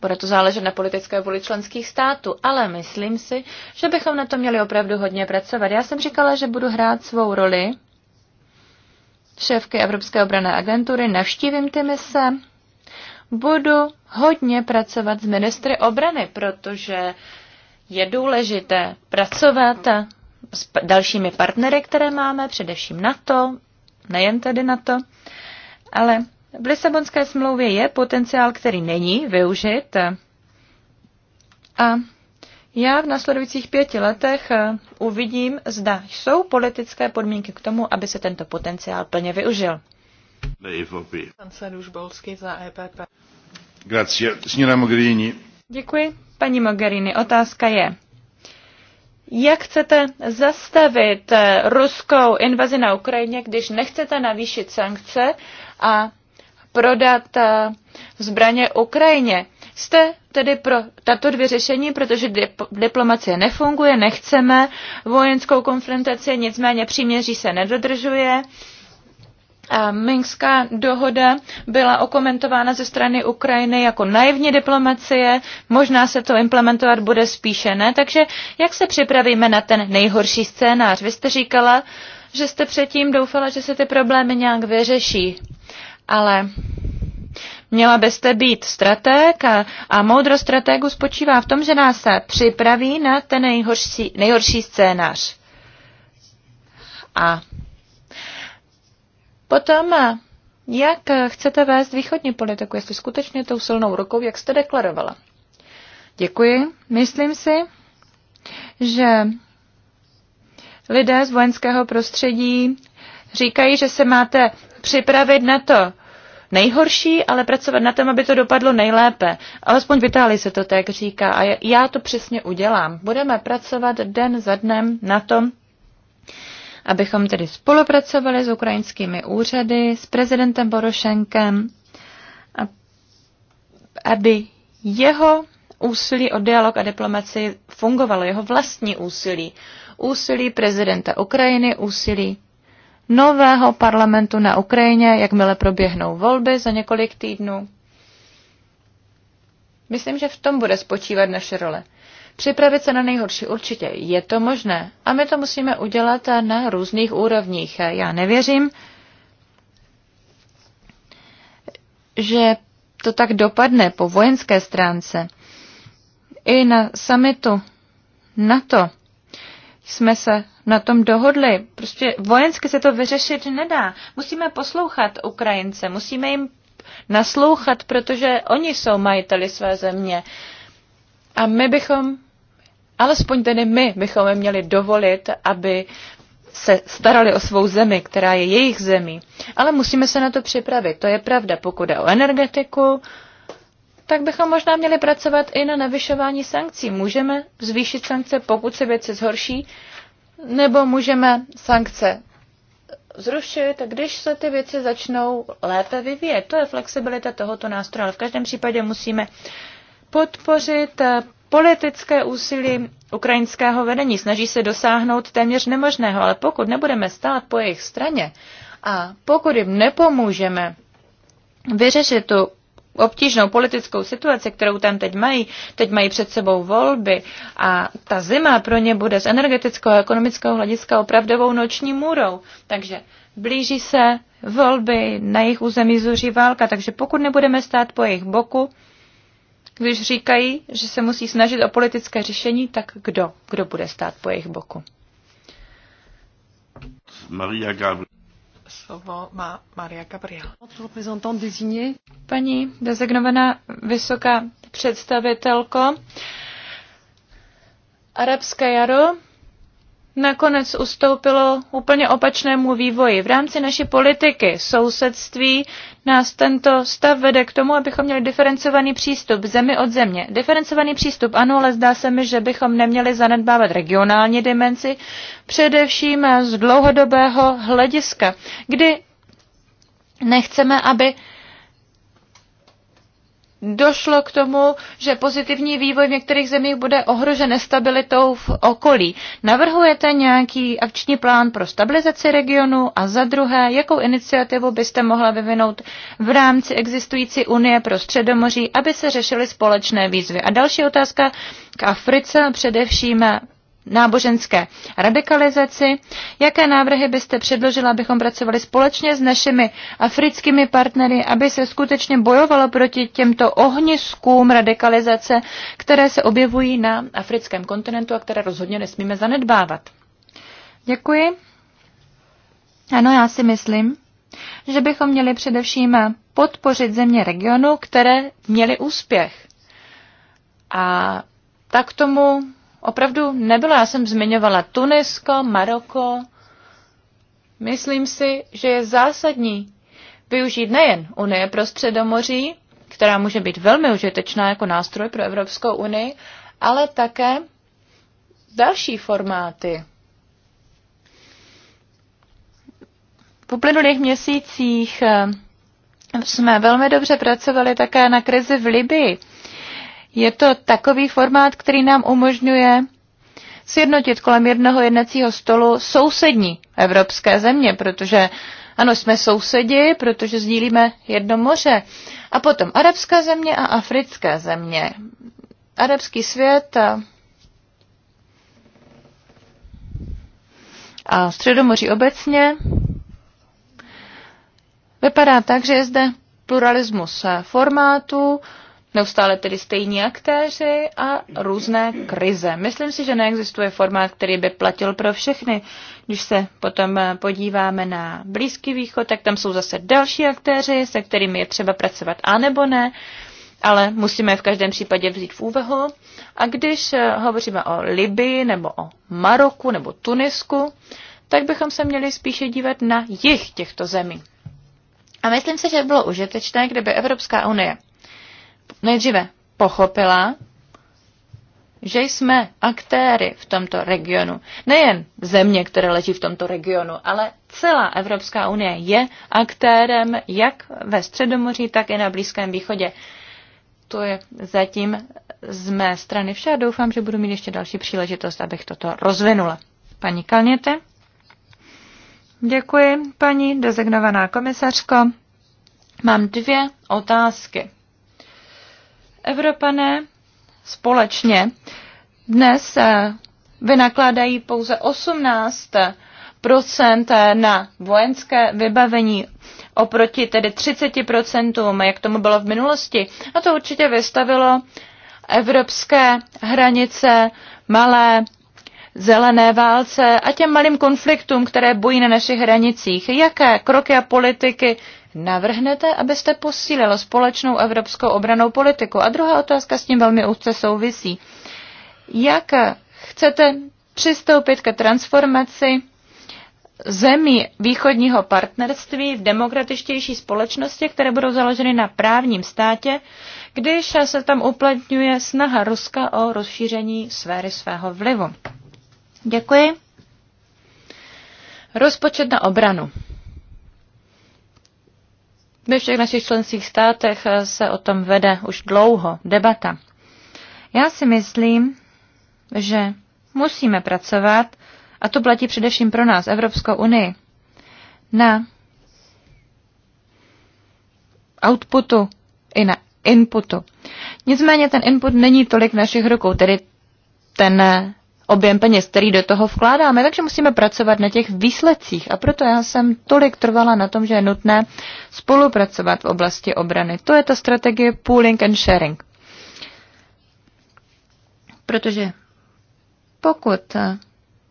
Bude to záležet na politické vůli členských států, ale myslím si, že bychom na to měli opravdu hodně pracovat. Já jsem říkala, že budu hrát svou roli šéfky Evropské obrané agentury, navštívím ty mise, budu hodně pracovat s ministry obrany, protože je důležité pracovat s dalšími partnery, které máme, především na to, nejen tedy na to. ale v Lisabonské smlouvě je potenciál, který není využit. A já v následujících pěti letech eh, uvidím, zda jsou politické podmínky k tomu, aby se tento potenciál plně využil. E Děkuji, Paní Mogherini, otázka je, jak chcete zastavit eh, ruskou invazi na Ukrajině, když nechcete navýšit sankce a prodat eh, zbraně Ukrajině? Jste tedy pro tato dvě řešení, protože diplomacie nefunguje, nechceme vojenskou konfrontaci, nicméně příměří se nedodržuje. Uh, Minská dohoda byla okomentována ze strany Ukrajiny jako naivní diplomacie, možná se to implementovat bude spíše ne, takže jak se připravíme na ten nejhorší scénář? Vy jste říkala, že jste předtím doufala, že se ty problémy nějak vyřeší, ale Měla byste být strateg a, a moudrost strategu spočívá v tom, že nás se připraví na ten nejhorší, nejhorší scénář. A Potom, jak chcete vést východní politiku, jestli skutečně tou silnou rukou, jak jste deklarovala? Děkuji. Myslím si, že lidé z vojenského prostředí říkají, že se máte připravit na to nejhorší, ale pracovat na tom, aby to dopadlo nejlépe. Alespoň v Itálii se to tak říká a já to přesně udělám. Budeme pracovat den za dnem na tom, abychom tedy spolupracovali s ukrajinskými úřady, s prezidentem Borošenkem, a aby jeho úsilí o dialog a diplomaci fungovalo, jeho vlastní úsilí. Úsilí prezidenta Ukrajiny, úsilí nového parlamentu na Ukrajině, jakmile proběhnou volby za několik týdnů. Myslím, že v tom bude spočívat naše role. Připravit se na nejhorší určitě je to možné a my to musíme udělat na různých úrovních. Já nevěřím, že to tak dopadne po vojenské stránce. I na samitu NATO jsme se na tom dohodli. Prostě vojensky se to vyřešit nedá. Musíme poslouchat Ukrajince, musíme jim naslouchat, protože oni jsou majiteli své země. A my bychom alespoň tedy my bychom měli dovolit, aby se starali o svou zemi, která je jejich zemí. Ale musíme se na to připravit. To je pravda. Pokud je o energetiku, tak bychom možná měli pracovat i na navyšování sankcí. Můžeme zvýšit sankce, pokud se věci zhorší, nebo můžeme sankce zrušit, když se ty věci začnou lépe vyvíjet. To je flexibilita tohoto nástroje. Ale v každém případě musíme podpořit politické úsilí ukrajinského vedení. Snaží se dosáhnout téměř nemožného, ale pokud nebudeme stát po jejich straně a pokud jim nepomůžeme vyřešit tu obtížnou politickou situaci, kterou tam teď mají. Teď mají před sebou volby a ta zima pro ně bude z energetického a ekonomického hlediska opravdovou noční můrou. Takže blíží se volby, na jejich území zuří válka, takže pokud nebudeme stát po jejich boku, když říkají, že se musí snažit o politické řešení, tak kdo? Kdo bude stát po jejich boku? Maria Gabriel. Slovo má Maria Gabriel. Paní dezignovaná vysoká představitelko, arabské jaro nakonec ustoupilo úplně opačnému vývoji. V rámci naší politiky sousedství nás tento stav vede k tomu, abychom měli diferencovaný přístup zemi od země. Diferencovaný přístup ano, ale zdá se mi, že bychom neměli zanedbávat regionální dimenzi, především z dlouhodobého hlediska, kdy nechceme, aby došlo k tomu, že pozitivní vývoj v některých zemích bude ohrožen nestabilitou v okolí. Navrhujete nějaký akční plán pro stabilizaci regionu a za druhé, jakou iniciativu byste mohla vyvinout v rámci existující Unie pro Středomoří, aby se řešily společné výzvy? A další otázka k Africe, především náboženské radikalizaci. Jaké návrhy byste předložila, abychom pracovali společně s našimi africkými partnery, aby se skutečně bojovalo proti těmto ohniskům radikalizace, které se objevují na africkém kontinentu a které rozhodně nesmíme zanedbávat? Děkuji. Ano, já si myslím, že bychom měli především podpořit země regionu, které měly úspěch. A tak tomu opravdu nebylo. Já jsem zmiňovala Tunisko, Maroko. Myslím si, že je zásadní využít nejen Unie pro středomoří, která může být velmi užitečná jako nástroj pro Evropskou unii, ale také další formáty. V uplynulých měsících eh, jsme velmi dobře pracovali také na krizi v Libii. Je to takový formát, který nám umožňuje sjednotit kolem jednoho jednacího stolu sousední evropské země, protože ano, jsme sousedi, protože sdílíme jedno moře. A potom arabská země a africké země. Arabský svět a, a středomoří obecně vypadá tak, že je zde pluralismus formátů, neustále tedy stejní aktéři a různé krize. Myslím si, že neexistuje formát, který by platil pro všechny. Když se potom podíváme na Blízký východ, tak tam jsou zase další aktéři, se kterými je třeba pracovat a nebo ne, ale musíme je v každém případě vzít v úvahu. A když eh, hovoříme o Libii nebo o Maroku nebo Tunisku, tak bychom se měli spíše dívat na jich těchto zemí. A myslím si, že bylo užitečné, kdyby Evropská unie nejdříve pochopila, že jsme aktéry v tomto regionu. Nejen země, které leží v tomto regionu, ale celá Evropská unie je aktérem jak ve Středomoří, tak i na Blízkém východě. To je zatím z mé strany vše a doufám, že budu mít ještě další příležitost, abych toto rozvinula. Paní Kalněte? Děkuji, paní dezignovaná komisařko. Mám dvě otázky. Evropané společně dnes eh, vynakládají pouze 18 eh, na vojenské vybavení oproti tedy 30 jak tomu bylo v minulosti. A to určitě vystavilo evropské hranice malé zelené válce a těm malým konfliktům, které bojí na našich hranicích. Jaké kroky a politiky navrhnete, abyste posílilo společnou evropskou obranou politiku? A druhá otázka s tím velmi úzce souvisí. Jak chcete přistoupit ke transformaci zemí východního partnerství v demokratičtější společnosti, které budou založeny na právním státě, když se tam uplatňuje snaha Ruska o rozšíření sféry svého vlivu. Děkuji. Rozpočet na obranu. Ve všech našich členských státech eh, se o tom vede už dlouho debata. Já si myslím, že musíme pracovat, a to platí především pro nás, Evropskou unii, na outputu i na inputu. Nicméně ten input není tolik v našich rukou, tedy ten eh, objem peněz, který do toho vkládáme, takže musíme pracovat na těch výsledcích. A proto já jsem tolik trvala na tom, že je nutné spolupracovat v oblasti obrany. To je ta strategie pooling and sharing. Protože pokud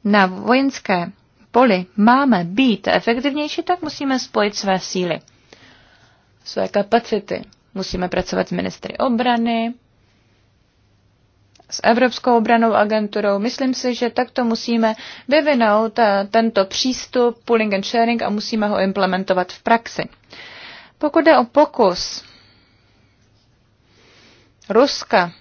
na vojenské poli máme být efektivnější, tak musíme spojit své síly, své kapacity. Musíme pracovat s ministry obrany, s Evropskou obranou agenturou. Myslím si, že takto musíme vyvinout eh, tento přístup pooling and sharing a musíme ho implementovat v praxi. Pokud jde o pokus Ruska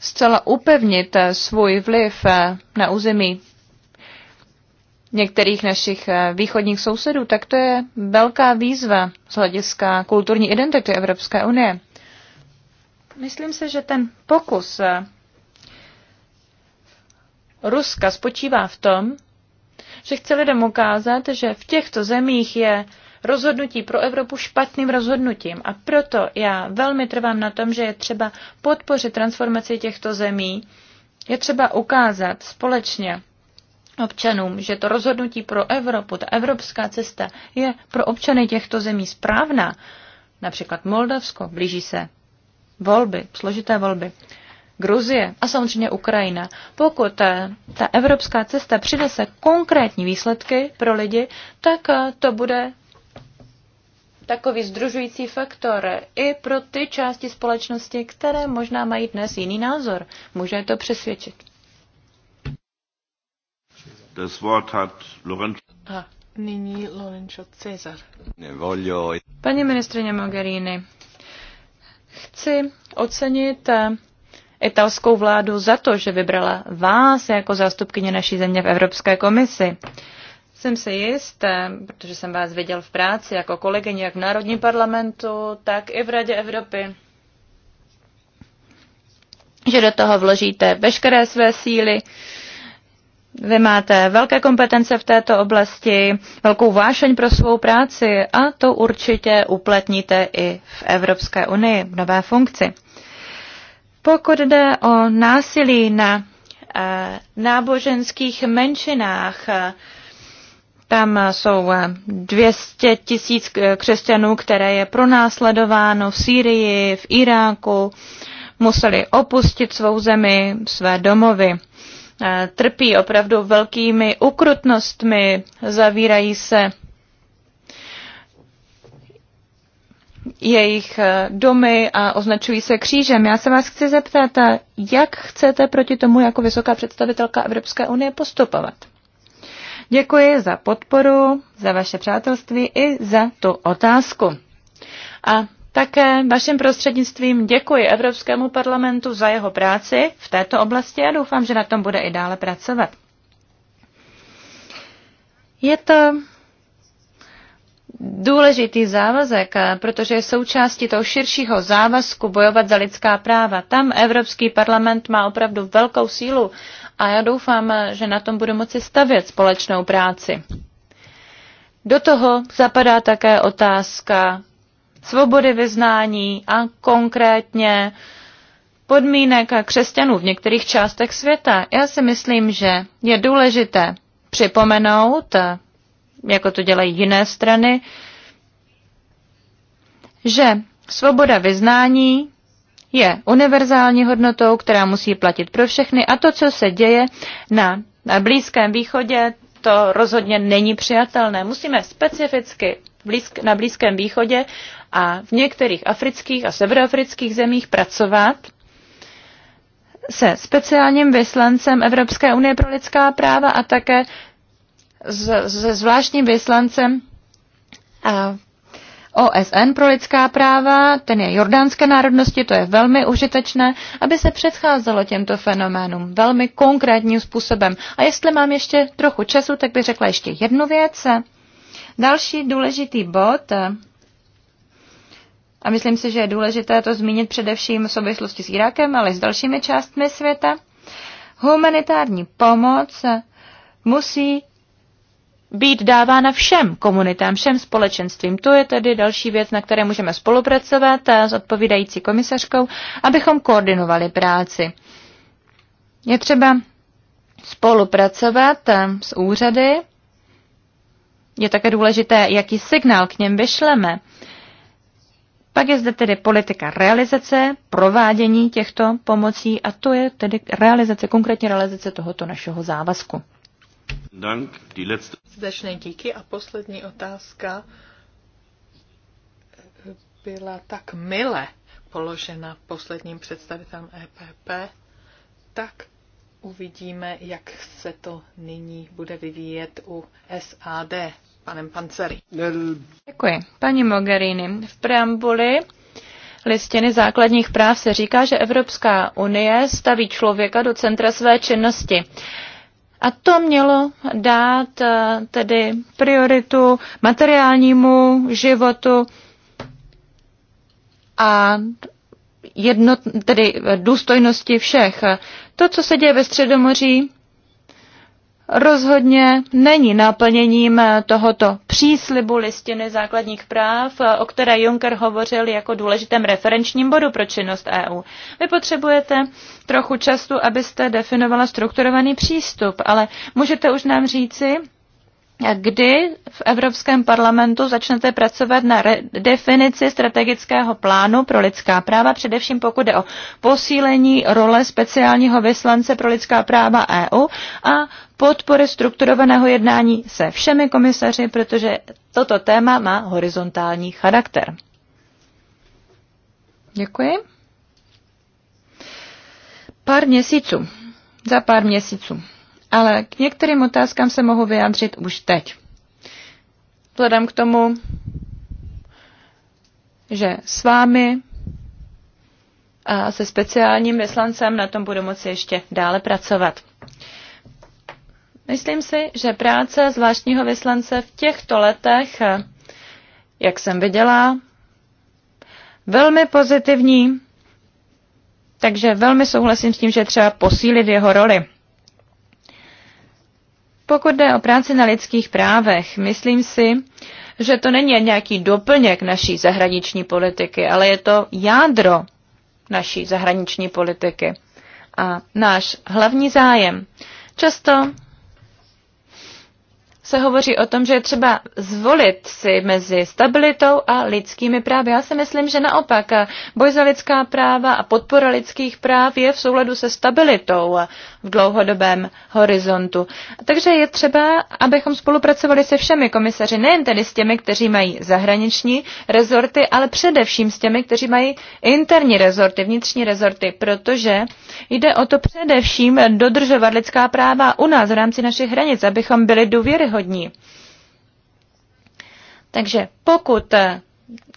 zcela upevnit eh, svůj vliv eh, na území některých našich východních sousedů, tak to je velká výzva z hlediska kulturní identity Evropské unie. Myslím se, že ten pokus eh, Ruska spočívá v tom, že chce lidem ukázat, že v těchto zemích je rozhodnutí pro Evropu špatným rozhodnutím. A proto já velmi trvám na tom, že je třeba podpořit transformaci těchto zemí. Je třeba ukázat společně občanům, že to rozhodnutí pro Evropu, ta evropská cesta je pro občany těchto zemí správná. Například Moldavsko blíží se volby, složité volby. Gruzie a samozřejmě Ukrajina. Pokud eh, ta evropská cesta přinese konkrétní výsledky pro lidi, tak eh, to bude takový združující faktor i pro ty části společnosti, které možná mají dnes jiný názor. Může to přesvědčit. Das Wort hat Lorenzo. nyní Lorenzo Cesar. Paní ministrině Mogherini, Chci ocenit eh, italskou vládu za to, že vybrala vás jako zástupkyně naší země v Evropské komisi. Jsem si jist, eh, protože jsem vás viděl v práci jako kolegyně jak v Národním parlamentu, tak i v Radě Evropy, že do toho vložíte veškeré své síly, vy máte velké kompetence v této oblasti, velkou vášeň pro svou práci a to určitě uplatníte i v Evropské unii v nové funkci. Pokud jde o násilí na eh, náboženských menšinách, eh, tam jsou 200 eh, tisíc křesťanů, které je pronásledováno v Sýrii, v Iráku, museli opustit svou zemi, své domovy. Eh, trpí opravdu velkými ukrutnostmi, zavírají se jejich eh, domy a označují se křížem. Já se vás chci zeptat, eh, jak chcete proti tomu jako vysoká představitelka Evropské unie postupovat? Děkuji za podporu, za vaše přátelství i za tu otázku. A také vaším prostřednictvím děkuji Evropskému parlamentu za jeho práci v této oblasti a doufám, že na tom bude i dále pracovat. Je to důležitý závazek, protože je součástí toho širšího závazku bojovat za lidská práva. Tam Evropský parlament má opravdu velkou sílu a já doufám, že na tom budu moci stavět společnou práci. Do toho zapadá také otázka svobody vyznání a konkrétně podmínek křesťanů v některých částech světa. Já si myslím, že je důležité připomenout, jako to dělají jiné strany, že svoboda vyznání je univerzální hodnotou, která musí platit pro všechny a to, co se děje na, na Blízkém východě, to rozhodně není přijatelné. Musíme specificky blízk, na Blízkém východě a v některých afrických a severoafrických zemích pracovat se speciálním vyslancem Evropské unie pro lidská práva a také se zvláštním vyslancem OSN pro lidská práva, ten je jordánské národnosti, to je velmi užitečné, aby se předcházelo těmto fenoménům velmi konkrétním způsobem. A jestli mám ještě trochu času, tak bych řekla ještě jednu věc. Další důležitý bod a myslím si, že je důležité to zmínit především v souvislosti s Irákem, ale i s dalšími částmi světa, humanitární pomoc musí být dávána všem komunitám, všem společenstvím. To je tedy další věc, na které můžeme spolupracovat s odpovídající komisařkou, abychom koordinovali práci. Je třeba spolupracovat eh, s úřady. Je také důležité, jaký signál k něm vyšleme. Pak je zde tedy politika realizace, provádění těchto pomocí a to je tedy realizace, konkrétně realizace tohoto našeho závazku. Dank, díky a poslední otázka byla tak mile položena posledním představitelem EPP, tak uvidíme, jak se to nyní bude vyvíjet u SAD panem Panceri. Děkuji. Paní Mogherini, v preambuli listiny základních práv se říká, že Evropská unie staví člověka do centra své činnosti. A to mělo dát eh, tedy prioritu materiálnímu životu a jednot, tedy důstojnosti všech. To, co se děje ve Středomoří, rozhodně není naplněním eh, tohoto příslibu listiny základních práv, eh, o které Juncker hovořil jako důležitém referenčním bodu pro činnost EU. Vy potřebujete trochu času, abyste definovala strukturovaný přístup, ale můžete už nám říci, kdy v Evropském parlamentu začnete pracovat na definici strategického plánu pro lidská práva, především pokud jde o posílení role speciálního vyslance pro lidská práva EU a podpory strukturovaného jednání se všemi komisaři, protože toto téma má horizontální charakter. Děkuji. Pár měsíců. Za pár měsíců ale k některým otázkám se mohu vyjádřit už teď. Vzhledem k tomu, že s vámi a se speciálním vyslancem na tom budu moci ještě dále pracovat. Myslím si, že práce zvláštního vyslance v těchto letech, jak jsem viděla, velmi pozitivní, takže velmi souhlasím s tím, že třeba posílit jeho roli. Pokud jde o práci na lidských právech, myslím si, že to není nějaký doplněk naší zahraniční politiky, ale je to jádro naší zahraniční politiky a náš hlavní zájem. Často se hovoří o tom, že je třeba zvolit si mezi stabilitou a lidskými právy. Já si myslím, že naopak eh, boj za lidská práva a podpora lidských práv je v souladu se stabilitou v dlouhodobém horizontu. Takže je třeba, abychom spolupracovali se všemi komisaři, nejen tedy s těmi, kteří mají zahraniční rezorty, ale především s těmi, kteří mají interní rezorty, vnitřní rezorty, protože jde o to především dodržovat lidská práva u nás v rámci našich hranic, abychom byli důvěryhodní znevýhodní. Takže pokud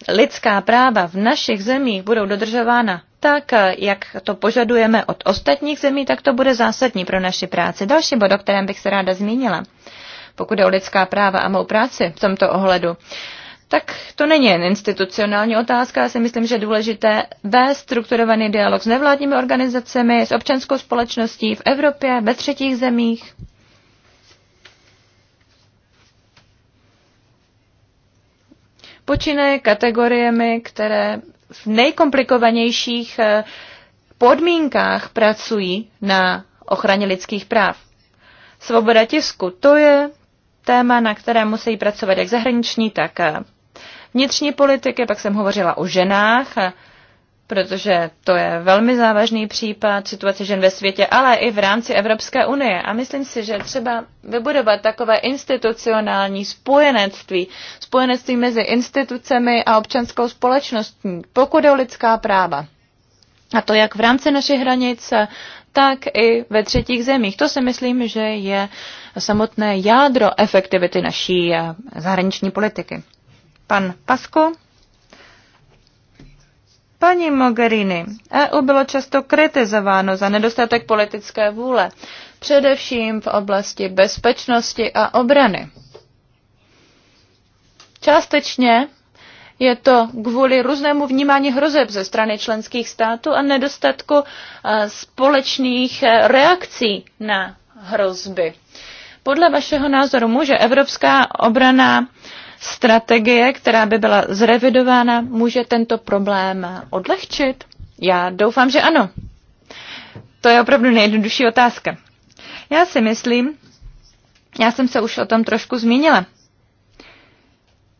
lidská práva v našich zemích budou dodržována tak, jak to požadujeme od ostatních zemí, tak to bude zásadní pro naši práci. Další bod, o kterém bych se ráda zmínila, pokud je o lidská práva a mou práci v tomto ohledu, tak to není jen institucionální otázka. Já si myslím, že je důležité vést strukturovaný dialog s nevládními organizacemi, s občanskou společností v Evropě, ve třetích zemích. počínaje kategoriemi, které v nejkomplikovanějších eh, podmínkách pracují na ochraně lidských práv. Svoboda tisku, to je téma, na které musí pracovat jak zahraniční, tak eh, vnitřní politiky. Pak jsem hovořila o ženách protože to je velmi závažný případ situace žen ve světě, ale i v rámci Evropské unie. A myslím si, že třeba vybudovat takové institucionální spojenectví, spojenectví mezi institucemi a občanskou společností, pokud je o lidská práva. A to jak v rámci našich hranic, tak i ve třetích zemích. To si myslím, že je samotné jádro efektivity naší eh, zahraniční politiky. Pan Pasko. Paní Mogherini, EU bylo často kritizováno za nedostatek politické vůle, především v oblasti bezpečnosti a obrany. Částečně je to kvůli různému vnímání hrozeb ze strany členských států a nedostatku e, společných e, reakcí na hrozby. Podle vašeho názoru může evropská obrana strategie, která by byla zrevidována, může tento problém odlehčit? Já doufám, že ano. To je opravdu nejjednodušší otázka. Já si myslím, já jsem se už o tom trošku zmínila.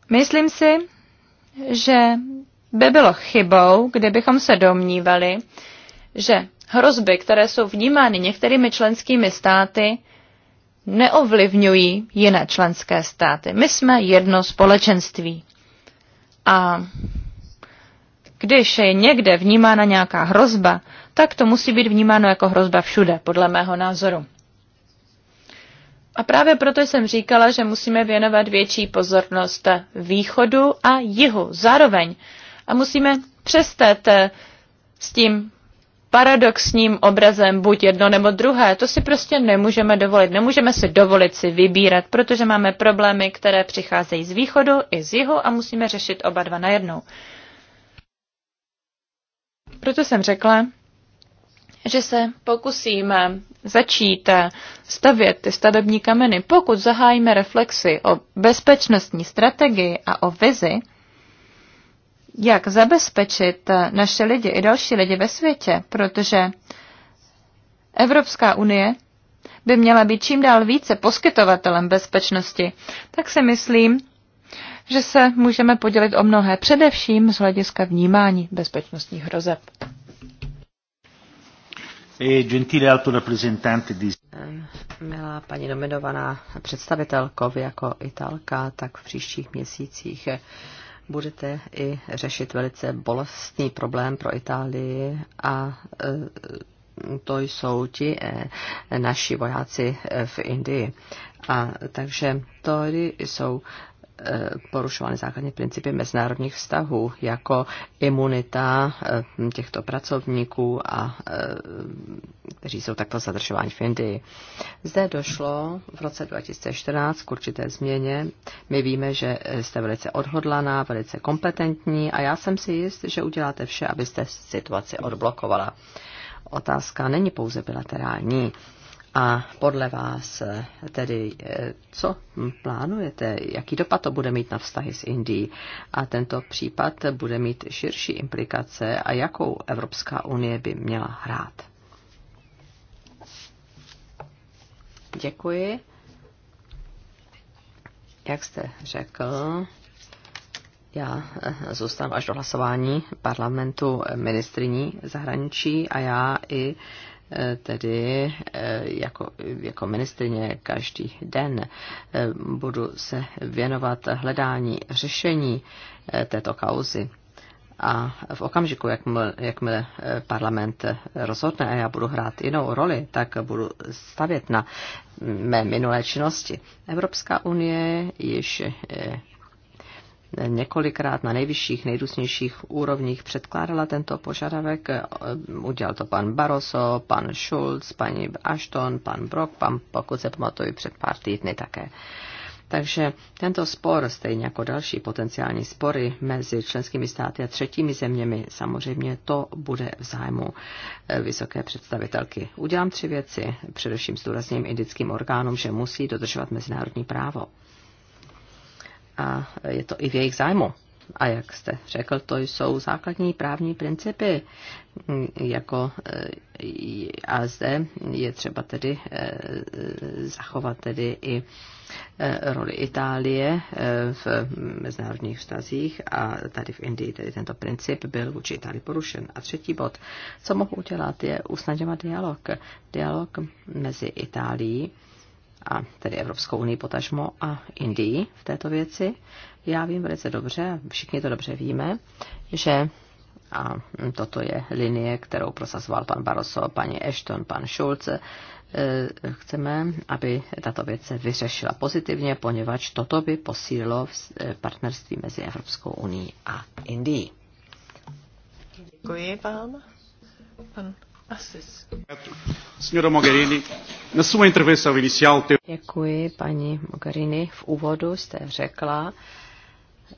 Myslím si, že by bylo chybou, kdybychom se domnívali, že hrozby, které jsou vnímány některými členskými státy, neovlivňují jiné členské státy. My jsme jedno společenství. A když je někde vnímána nějaká hrozba, tak to musí být vnímáno jako hrozba všude, podle mého názoru. A právě proto jsem říkala, že musíme věnovat větší pozornost východu a jihu zároveň. A musíme přestat eh, s tím paradoxním obrazem buď jedno nebo druhé. To si prostě nemůžeme dovolit. Nemůžeme si dovolit si vybírat, protože máme problémy, které přicházejí z východu i z jihu a musíme řešit oba dva najednou. Proto jsem řekla, že se pokusíme začít stavět ty stavební kameny, pokud zahájíme reflexy o bezpečnostní strategii a o vizi, jak zabezpečit naše lidi i další lidi ve světě, protože Evropská unie by měla být čím dál více poskytovatelem bezpečnosti, tak si myslím, že se můžeme podělit o mnohé, především z hlediska vnímání bezpečnostních hrozeb. E, milá paní nominovaná představitelko, vy jako italka, tak v příštích měsících budete i řešit velice bolestný problém pro Itálii a e, to jsou ti e, naši vojáci e, v Indii. A takže to jsou Eh, porušovány základní principy mezinárodních vztahů, jako imunita eh, těchto pracovníků, a, eh, kteří jsou takto zadržováni v Indii. Zde došlo v roce 2014 k určité změně. My víme, že jste velice odhodlaná, velice kompetentní a já jsem si jist, že uděláte vše, abyste situaci odblokovala. Otázka není pouze bilaterální. A podle vás eh, tedy, eh, co plánujete, jaký dopad to bude mít na vztahy s Indií? A tento případ bude mít širší implikace a jakou Evropská unie by měla hrát? Děkuji. Jak jste řekl, já eh, zůstanu až do hlasování parlamentu ministriní zahraničí a já i eh, Eh, tedy eh, jako, jako ministrině každý den eh, budu se věnovat hledání řešení této kauzy. A v okamžiku, jakmile, jakmile parlament rozhodne a já budu hrát jinou roli, tak budu stavět na mé minulé činnosti. Evropská unie již několikrát na nejvyšších, nejrůznějších úrovních předkládala tento požadavek. Udělal to pan Barroso, pan Schulz, paní Ashton, pan Brock, pan, pokud se pamatuju, před pár týdny také. Takže tento spor, stejně jako další potenciální spory mezi členskými státy a třetími zeměmi, samozřejmě to bude v zájmu eh, vysoké představitelky. Udělám tři věci. Především důrazním indickým orgánům, že musí dodržovat mezinárodní právo a je to i v jejich zájmu. A jak jste řekl, to jsou základní právní principy. Mm, jako, eh, a zde je třeba tedy eh, zachovat tedy i eh, roli Itálie v mezinárodních vztazích a tady v Indii tedy tento princip byl vůči Itálii porušen. A třetí bod, co mohu udělat, je usnadňovat dialog. Dialog mezi Itálií a tedy Evropskou unii potažmo a Indii v této věci. Já vím velice dobře, všichni to dobře víme, že a toto je linie, kterou prosazoval pan Barroso, paní Ashton, pan Schulze eh, Chceme, aby tato věc se vyřešila pozitivně, poněvadž toto by posílilo eh, partnerství mezi Evropskou unii a Indií. Děkuji vám. Pan Asis. Senhora Mogherini, na sua intervenção inicial... Děkuji, paní Mogherini. V úvodu jste řekla,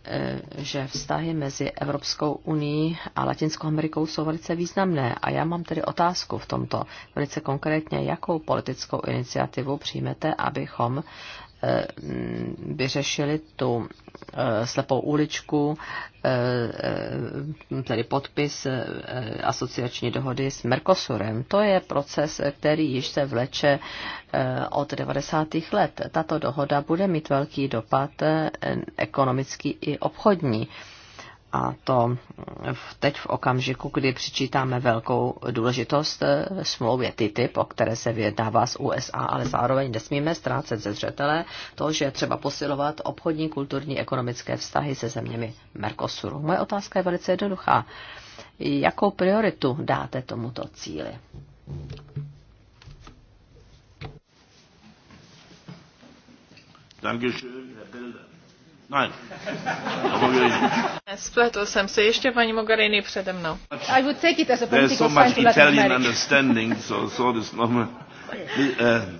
eh, že vztahy mezi Evropskou unii a Latinskou Amerikou jsou velice významné. A já mám tedy otázku v tomto velice konkrétně, jakou politickou iniciativu přijmete, abychom Eh, vyřešili tu eh, slepou uličku, eh, tedy podpis asociační dohody s Mercosurem. To je proces, který již se vleče od 90. let. Tato dohoda bude mít velký dopad ekonomický i obchodní a to teď v okamžiku, kdy přičítáme velkou důležitost eh, smlouvě TTIP, o které se vyjednává z USA, ale zároveň nesmíme ztrácet ze zřetele to, že je třeba posilovat obchodní, kulturní, ekonomické vztahy se zeměmi Mercosuru. Moje otázka je velice jednoduchá. Jakou prioritu dáte tomuto cíli? Dankeschön. Nein. Spletl jsem se ještě paní Mogherini přede mnou. I would take it as a There's so much Italian understanding, so, so this normal. Uh,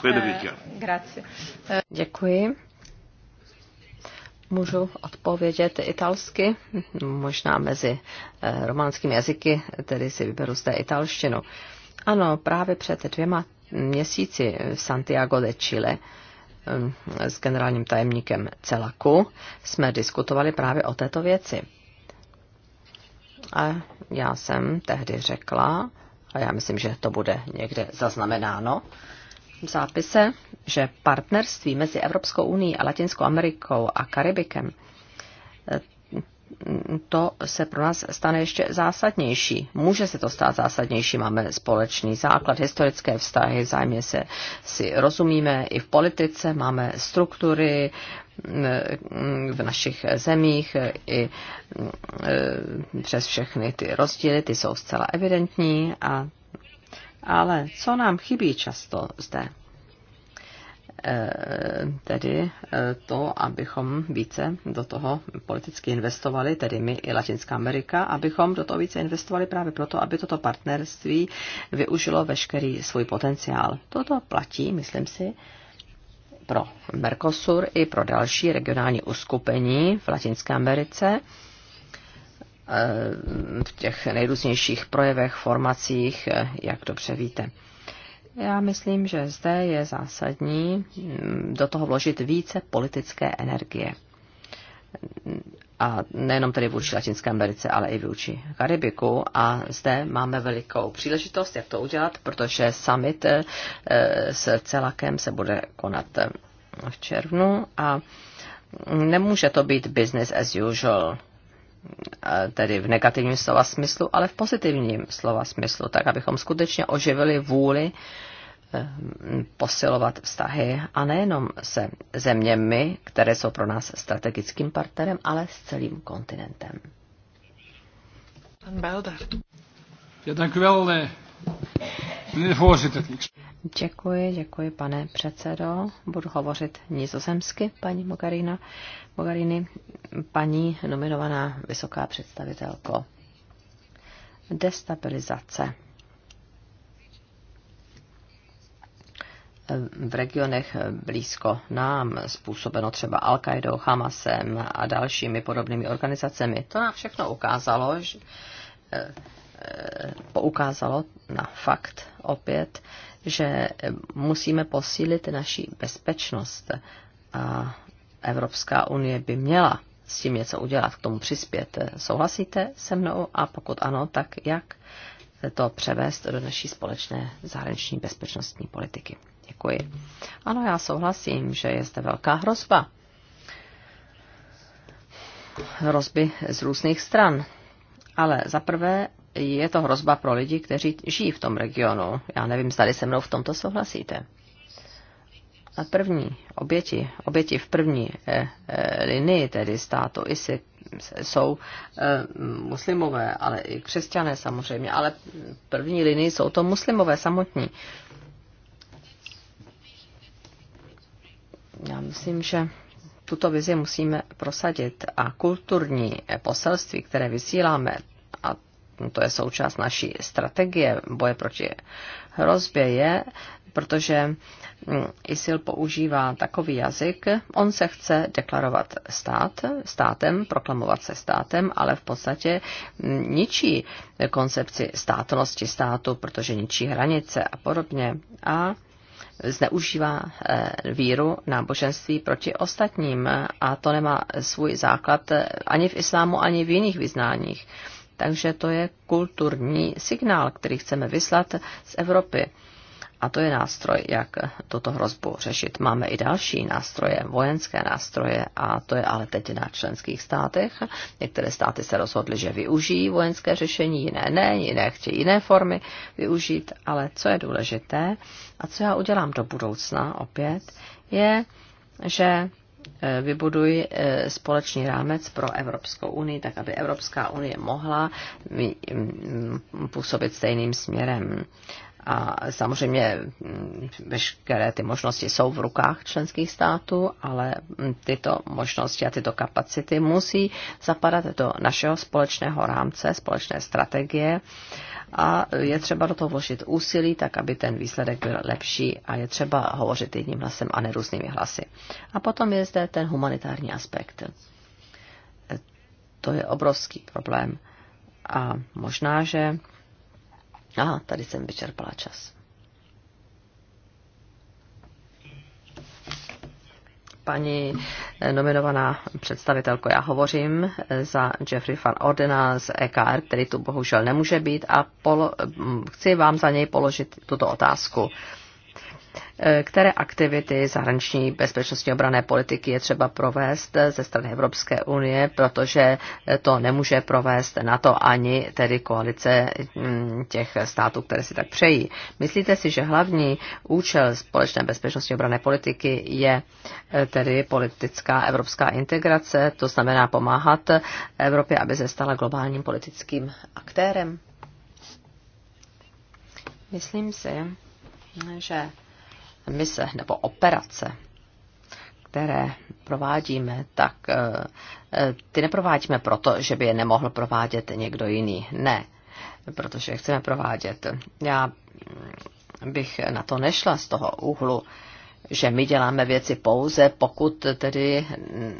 Federica. Eh, grazie. Eh, Děkuji. Můžu odpovědět italsky, možná mezi eh, románskými jazyky, tedy si vyberu z té italštinu. Ano, právě před dvěma měsíci v Santiago de Chile Eh, s generálním tajemníkem Celaku jsme diskutovali právě o této věci. A já jsem tehdy řekla, a já myslím, že to bude někde zaznamenáno v zápise, že partnerství mezi Evropskou unii a Latinskou Amerikou a Karibikem eh, to se pro nás stane ještě zásadnější. Může se to stát zásadnější, máme společný základ, historické vztahy, zájemně se si rozumíme i v politice, máme struktury mm, mm, v našich zemích i mm, e, přes všechny ty rozdíly, ty jsou zcela evidentní a ale co nám chybí často zde? Eh, tedy eh, to, abychom více do toho politicky investovali, tedy my i Latinská Amerika, abychom do toho více investovali právě proto, aby toto partnerství využilo veškerý svůj potenciál. Toto platí, myslím si, pro Mercosur i pro další regionální uskupení v Latinské Americe eh, v těch nejrůznějších projevech, formacích, jak dobře víte. Já myslím, že zde je zásadní mm, do toho vložit více politické energie. A nejenom tedy vůči Latinské Americe, ale i vůči Karibiku. A zde máme velikou příležitost, jak to udělat, protože summit eh, s celakem se bude konat eh, v červnu a nemůže to být business as usual tedy v negativním slova smyslu, ale v pozitivním slova smyslu, tak abychom skutečně oživili vůli ehm, posilovat vztahy a nejenom se zeměmi, které jsou pro nás strategickým partnerem, ale s celým kontinentem. Pan Belder. Ja, dank u wel, eh. Děkuji, děkuji, pane předsedo. Budu hovořit nizozemsky, paní Mogarina. Mogarini, paní nominovaná vysoká představitelko. Destabilizace. v regionech blízko nám, způsobeno třeba al qaidou Hamasem a dalšími podobnými organizacemi. To nám všechno ukázalo, že poukázalo na fakt opět, že musíme posílit naši bezpečnost a Evropská unie by měla s tím něco udělat, k tomu přispět. Souhlasíte se mnou a pokud ano, tak jak to převést do naší společné zahraniční bezpečnostní politiky? Děkuji. Ano, já souhlasím, že je zde velká hrozba. Hrozby z různých stran. Ale zaprvé je to hrozba pro lidi, kteří žijí v tom regionu. Já nevím, zda se mnou v tomto souhlasíte. A první oběti, oběti v první eh, eh, linii tedy státu ISI jsou eh, muslimové, ale i křesťané samozřejmě, ale první linii jsou to muslimové samotní. Já myslím, že tuto vizi musíme prosadit a kulturní eh, poselství, které vysíláme No, to je součást naší strategie boje proti hrozbě, je, protože mm, ISIL používá takový jazyk, on se chce deklarovat stát, státem, proklamovat se státem, ale v podstatě mm, ničí koncepci státnosti státu, protože ničí hranice a podobně. A zneužívá eh, víru náboženství proti ostatním a to nemá svůj základ eh, ani v islámu, ani v jiných vyznáních. Takže to je kulturní signál, který chceme vyslat z Evropy. A to je nástroj, jak toto hrozbu řešit. Máme i další nástroje, vojenské nástroje, a to je ale teď na členských státech. Některé státy se rozhodly, že využijí vojenské řešení, jiné ne, jiné chtějí jiné formy využít, ale co je důležité a co já udělám do budoucna opět, je, že Eh, vybuduj eh, společný rámec pro Evropskou unii, tak aby Evropská unie mohla působit stejným směrem. A samozřejmě mm, veškeré ty možnosti jsou v rukách členských států, ale mm, tyto možnosti a tyto kapacity musí zapadat do našeho společného rámce, společné strategie a je třeba do toho vložit úsilí, tak aby ten výsledek byl lepší a je třeba hovořit jedním hlasem a ne různými hlasy. A potom je zde ten humanitární aspekt. To je obrovský problém. A možná, že Aha, tady jsem vyčerpala čas. paní eh, nominovaná představitelko, já hovořím eh, za Jeffrey van Ordena z EKR, který tu bohužel nemůže být a polo- chci vám za něj položit tuto otázku. Eh, které aktivity zahraniční bezpečnostní obrané politiky je třeba provést eh, ze strany Evropské unie, protože eh, to nemůže provést na to ani tedy koalice hm, těch států, které si tak přejí. Myslíte si, že hlavní účel společné bezpečnostní obrané politiky je tedy politická evropská integrace, to znamená pomáhat Evropě, aby se stala globálním politickým aktérem? Myslím si, že mise nebo operace, které provádíme, tak eh, eh, ty neprovádíme proto, že by je nemohl provádět někdo jiný. Ne, protože je chceme provádět. Já bych na to nešla z toho úhlu, že my děláme věci pouze, pokud tedy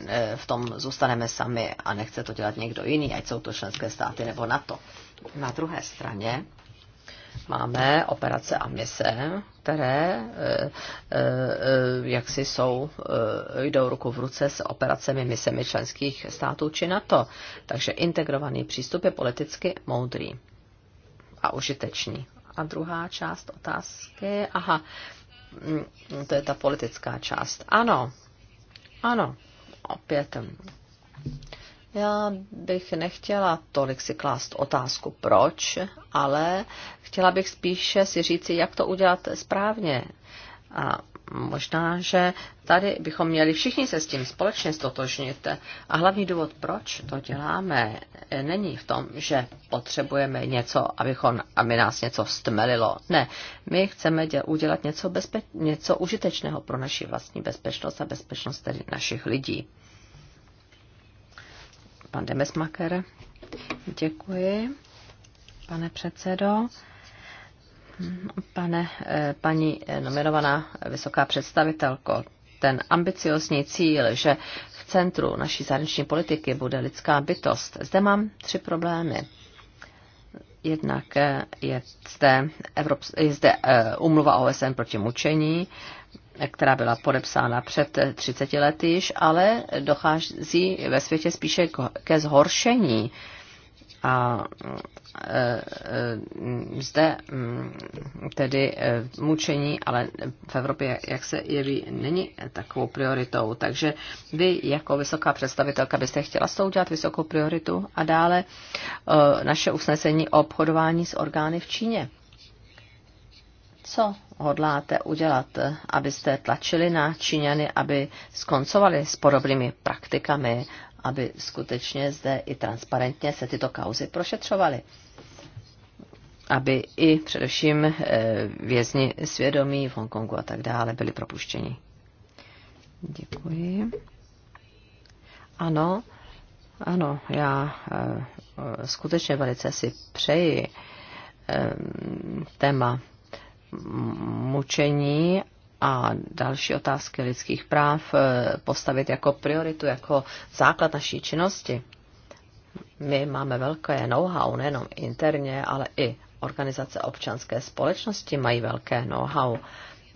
eh, v tom zůstaneme sami a nechce to dělat někdo jiný, ať jsou to členské státy nebo NATO. Na druhé straně máme operace a mise, které e, e, e, jak si jsou, jdou ruku v ruce s operacemi misemi členských států či NATO. Takže integrovaný přístup je politicky moudrý a užitečný. A druhá část otázky, aha, mm, to je ta politická část. Ano, ano, opět já bych nechtěla tolik si klást otázku proč, ale chtěla bych spíše si říci, jak to udělat správně. A možná, že tady bychom měli všichni se s tím společně stotožnit. A hlavní důvod, proč to děláme, není v tom, že potřebujeme něco, abychom, aby nás něco stmelilo. Ne, my chceme děl, udělat něco, bezpe- něco užitečného pro naši vlastní bezpečnost a bezpečnost tedy našich lidí pan Demesmaker. Děkuji, pane předsedo. Pane, eh, paní eh, nominovaná vysoká představitelko, ten ambiciozní cíl, že v centru naší zahraniční politiky bude lidská bytost. Zde mám tři problémy. Jednak eh, je zde, Evrop, je zde umluva OSN proti mučení, která byla podepsána před 30 lety již, ale dochází ve světě spíše ke zhoršení. A e, e, zde mm, tedy e, mučení, ale v Evropě, jak se jeví, není takovou prioritou. Takže vy jako vysoká představitelka byste chtěla s tou udělat vysokou prioritu a dále naše usnesení o obchodování s orgány v Číně. Co hodláte udělat, abyste tlačili na Číňany, aby skoncovali s podobnými praktikami, aby skutečně zde i transparentně se tyto kauzy prošetřovaly? Aby i především eh, vězni svědomí v Hongkongu a tak dále byli propuštěni. Děkuji. Ano, ano, já eh, skutečně velice si přeji eh, téma mučení a další otázky lidských práv eh, postavit jako prioritu, jako základ naší činnosti. My máme velké know-how, nejenom interně, ale i organizace občanské společnosti mají velké know-how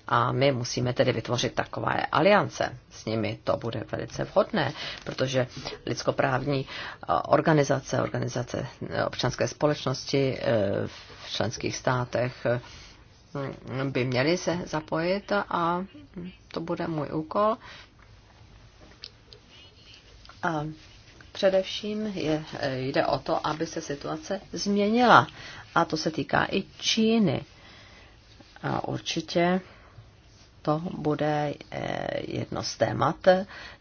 a my musíme tedy vytvořit takové aliance. S nimi to bude velice vhodné, protože lidskoprávní eh, organizace, organizace eh, občanské společnosti v členských státech by měli se zapojit a to bude můj úkol. A především je, jde o to, aby se situace změnila. A to se týká i Číny. A určitě to bude eh, jedno z témat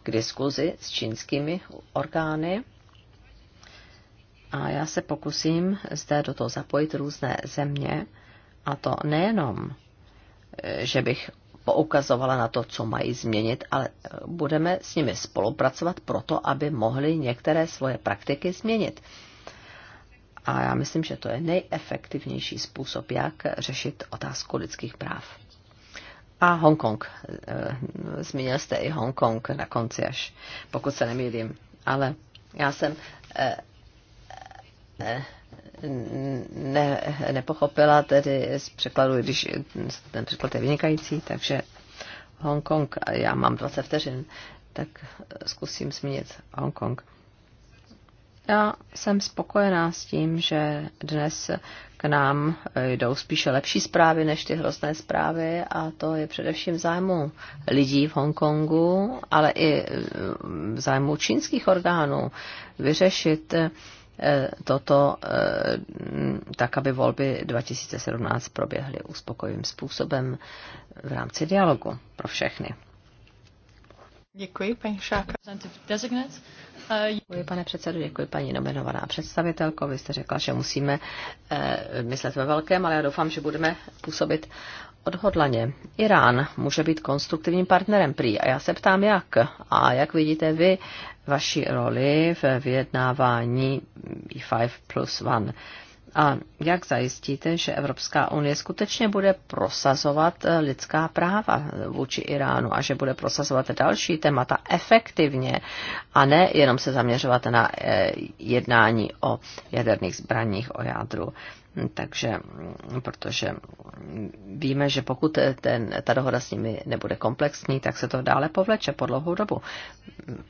k diskuzi s čínskými orgány. A já se pokusím zde do toho zapojit různé země, a to nejenom, eh, že bych poukazovala na to, co mají změnit, ale eh, budeme s nimi spolupracovat proto, aby mohli některé svoje praktiky změnit. A já myslím, že to je nejefektivnější způsob, jak řešit otázku lidských práv. A Hongkong. Eh, zmínil jste i Hongkong na konci až, pokud se nemýlím. Ale já jsem ne, nepochopila tedy z překladu, když ten překlad je vynikající, takže Hongkong, já mám 20 vteřin, tak zkusím zmínit Hongkong. Já jsem spokojená s tím, že dnes k nám jdou spíše lepší zprávy než ty hrozné zprávy a to je především zájmu lidí v Hongkongu, ale i zájmu čínských orgánů vyřešit Eh, toto eh, tak, aby volby 2017 proběhly uspokojivým způsobem v rámci dialogu pro všechny. Děkuji, paní Šáka. Děkuji, pane předsedu, děkuji, paní nominovaná představitelko. Vy jste řekla, že musíme eh, myslet ve velkém, ale já doufám, že budeme působit odhodlaně. Irán může být konstruktivním partnerem prý a já se ptám jak. A jak vidíte vy vaši roli v vyjednávání E5 plus 1? A jak zajistíte, že Evropská unie skutečně bude prosazovat eh, lidská práva vůči Iránu a že bude prosazovat další témata efektivně a ne jenom se zaměřovat na eh, jednání o jaderných zbraních, o jádru? Takže, protože víme, že pokud ten, ta dohoda s nimi nebude komplexní, tak se to dále povleče po dlouhou dobu.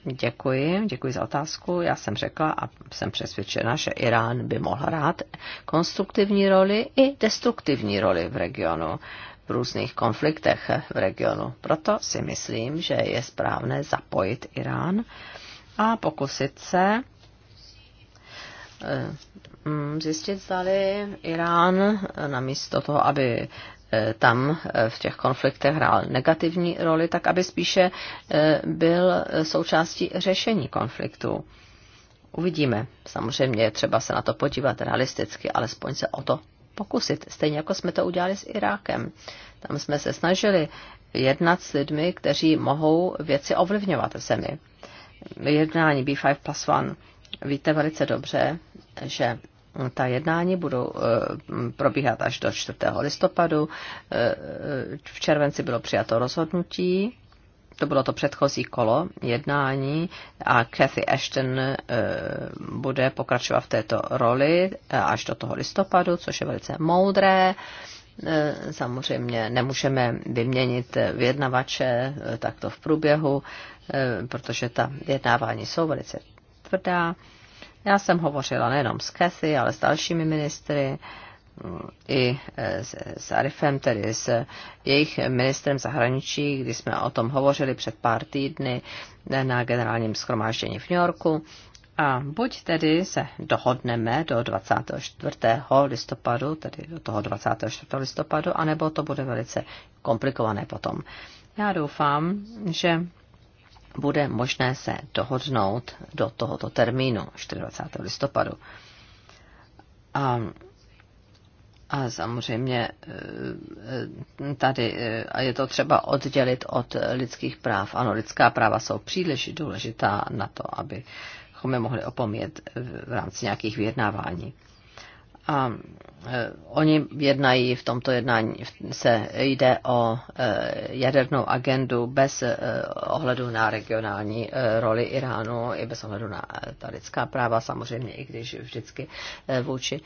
Děkuji, děkuji za otázku. Já jsem řekla a jsem přesvědčena, že Irán by mohl hrát konstruktivní roli i destruktivní roli v regionu v různých konfliktech v regionu. Proto si myslím, že je správné zapojit Irán a pokusit se eh, Mm, zjistit, zdali Irán eh, namísto toho, aby eh, tam eh, v těch konfliktech hrál negativní roli, tak aby spíše byl součástí řešení konfliktu. Uvidíme. Samozřejmě je třeba se na to podívat realisticky, alespoň se o to pokusit. Stejně jako jsme to udělali s Irákem. Tam jsme se snažili jednat s lidmi, kteří mohou věci ovlivňovat v zemi. Jednání B5 plus 1. Víte velice dobře, že ta jednání budou eh, probíhat až do 4. listopadu. Eh, v červenci bylo přijato rozhodnutí, to bylo to předchozí kolo jednání a Cathy Ashton eh, bude pokračovat v této roli až do toho listopadu, což je velice moudré. Samozřejmě nemůžeme vyměnit vyjednavače takto v průběhu, protože ta vyjednávání jsou velice tvrdá já jsem hovořila nejenom s Kathy, ale s dalšími ministry, mm, i e, s, s Arifem, tedy s jejich ministrem zahraničí, kdy jsme o tom hovořili před pár týdny e, na generálním schromáždění v New Yorku. A buď tedy se dohodneme do 24. listopadu, tedy do toho 24. listopadu, anebo to bude velice komplikované potom. Já doufám, že bude možné se dohodnout do tohoto termínu 24. listopadu. A, a samozřejmě e, e, tady e, a je to třeba oddělit od lidských práv. Ano, lidská práva jsou příliš důležitá na to, abychom je mohli opomíjet v rámci nějakých vyjednávání. A e, oni jednají v tomto jednání, se jde o e, jadernou agendu bez e, ohledu na regionální roli Iránu, i bez ohledu na ta lidská práva, samozřejmě, i když vždycky vůči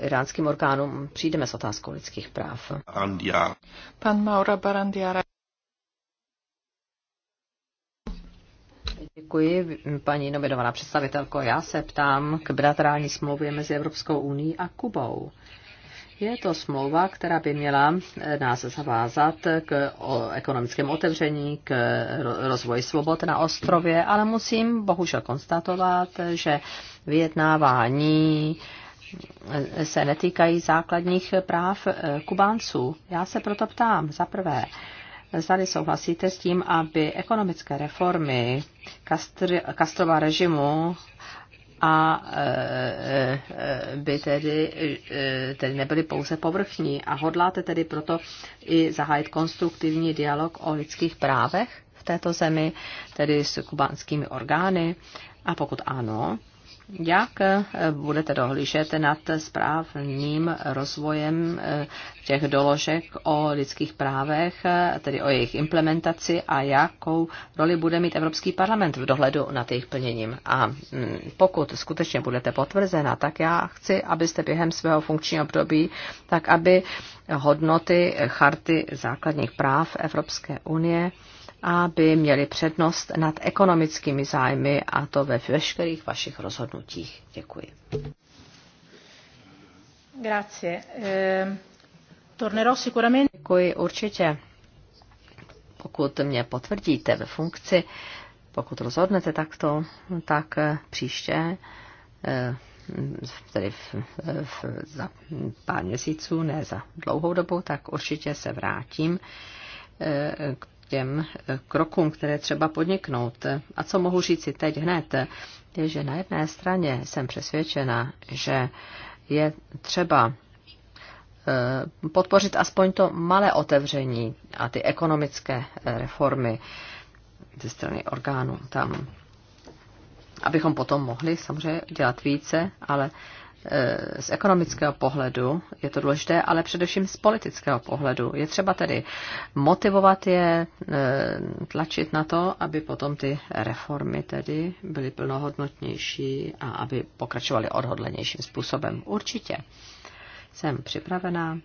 iránským orgánům přijdeme s otázkou lidských práv. Pan Maura Barandiara. Děkuji, paní nominovaná představitelko. Já se ptám k bilaterální smlouvě mezi Evropskou uní a Kubou. Je to smlouva, která by měla eh, nás zavázat k ekonomickému otevření, k rozvoji svobod na ostrově, ale musím bohužel konstatovat, že vyjednávání eh, se netýkají základních práv eh, Kubánců. Já se proto ptám, za prvé, Zdali souhlasíte s tím, aby ekonomické reformy Kastr, Kastrova režimu a e, e, e, by tedy, tedy nebyly pouze povrchní. A hodláte tedy proto i zahájit konstruktivní dialog o lidských právech v této zemi, tedy s kubánskými orgány? A pokud ano, jak eh, budete dohlížet nad správným rozvojem eh, těch doložek o lidských právech, eh, tedy o jejich implementaci a jakou roli bude mít Evropský parlament v dohledu nad jejich plněním? A mm, pokud skutečně budete potvrzena, tak já chci, abyste během svého funkčního období, tak aby hodnoty charty základních práv Evropské unie, aby měli přednost nad ekonomickými zájmy a to ve veškerých vašich rozhodnutích. Děkuji. Grazie. Eh, tornerò sicuramente. Děkuji určitě. Pokud mě potvrdíte ve funkci, pokud rozhodnete takto, tak eh, příště eh, tedy v, eh, v, za pár měsíců, ne za dlouhou dobu, tak určitě se vrátím k těm eh, krokům, které třeba podniknout. A co mohu říci teď hned, je, že na jedné straně jsem přesvědčena, že je třeba eh, podpořit aspoň to malé otevření a ty ekonomické eh, reformy ze strany orgánů tam, abychom potom mohli samozřejmě dělat více, ale Eh, z ekonomického pohledu je to důležité, ale především z politického pohledu. Je třeba tedy motivovat je, eh, tlačit na to, aby potom ty reformy tedy byly plnohodnotnější a aby pokračovaly odhodlenějším způsobem. Určitě jsem připravená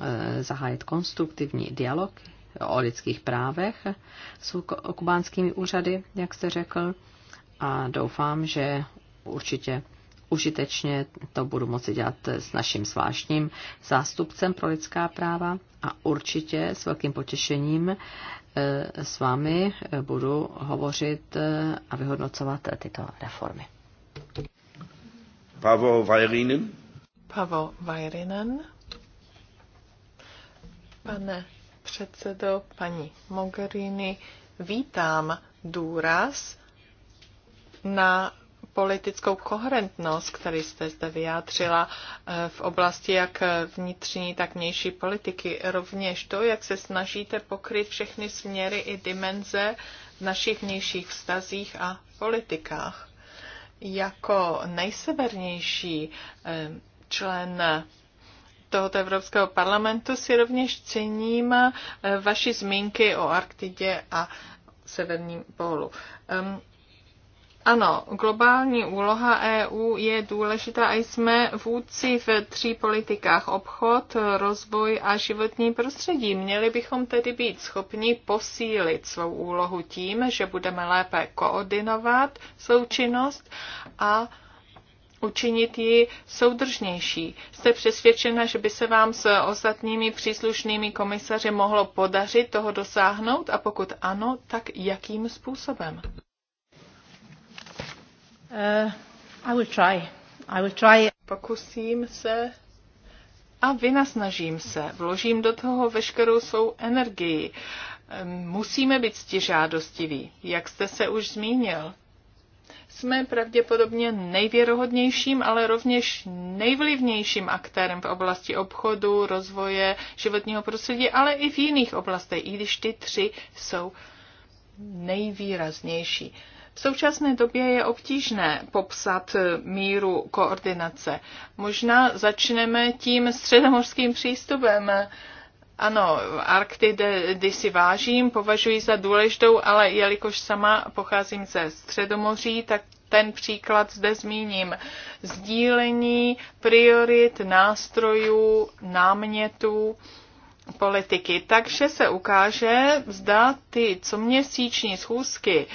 eh, zahájit konstruktivní dialog o lidských právech s kubánskými úřady, jak jste řekl, a doufám, že určitě užitečně to budu moci dělat s naším zvláštním zástupcem pro lidská práva a určitě s velkým potěšením eh, s vámi eh, budu hovořit eh, a vyhodnocovat tyto reformy. Pavel Vajrinen. Pavel Vajrinen. Pane předsedo, paní Mogherini, vítám důraz na politickou koherentnost, který jste zde vyjádřila eh, v oblasti jak vnitřní, tak vnější politiky. Rovněž to, jak se snažíte pokryt všechny směry i dimenze v našich vnějších vztazích a politikách. Jako nejsevernější eh, člen tohoto Evropského parlamentu si rovněž cením eh, vaši zmínky o Arktidě a Severním pólu. Ano, globální úloha EU je důležitá a jsme vůdci v tří politikách obchod, rozvoj a životní prostředí. Měli bychom tedy být schopni posílit svou úlohu tím, že budeme lépe koordinovat součinnost a učinit ji soudržnější. Jste přesvědčena, že by se vám s ostatními příslušnými komisaři mohlo podařit toho dosáhnout a pokud ano, tak jakým způsobem? Uh, I will try. I will try. Pokusím se a vynasnažím se. Vložím do toho veškerou svou energii. Um, musíme být stižádostiví, jak jste se už zmínil. Jsme pravděpodobně nejvěrohodnějším, ale rovněž nejvlivnějším aktérem v oblasti obchodu, rozvoje, životního prostředí, ale i v jiných oblastech, i když ty tři jsou nejvýraznější. V současné době je obtížné popsat míru koordinace. Možná začneme tím středomorským přístupem. Ano, Arktide, kdy si vážím, považuji za důležitou, ale jelikož sama pocházím ze Středomoří, tak ten příklad zde zmíním. Sdílení priorit, nástrojů, námětů, politiky. Takže se ukáže, zda ty co měsíční schůzky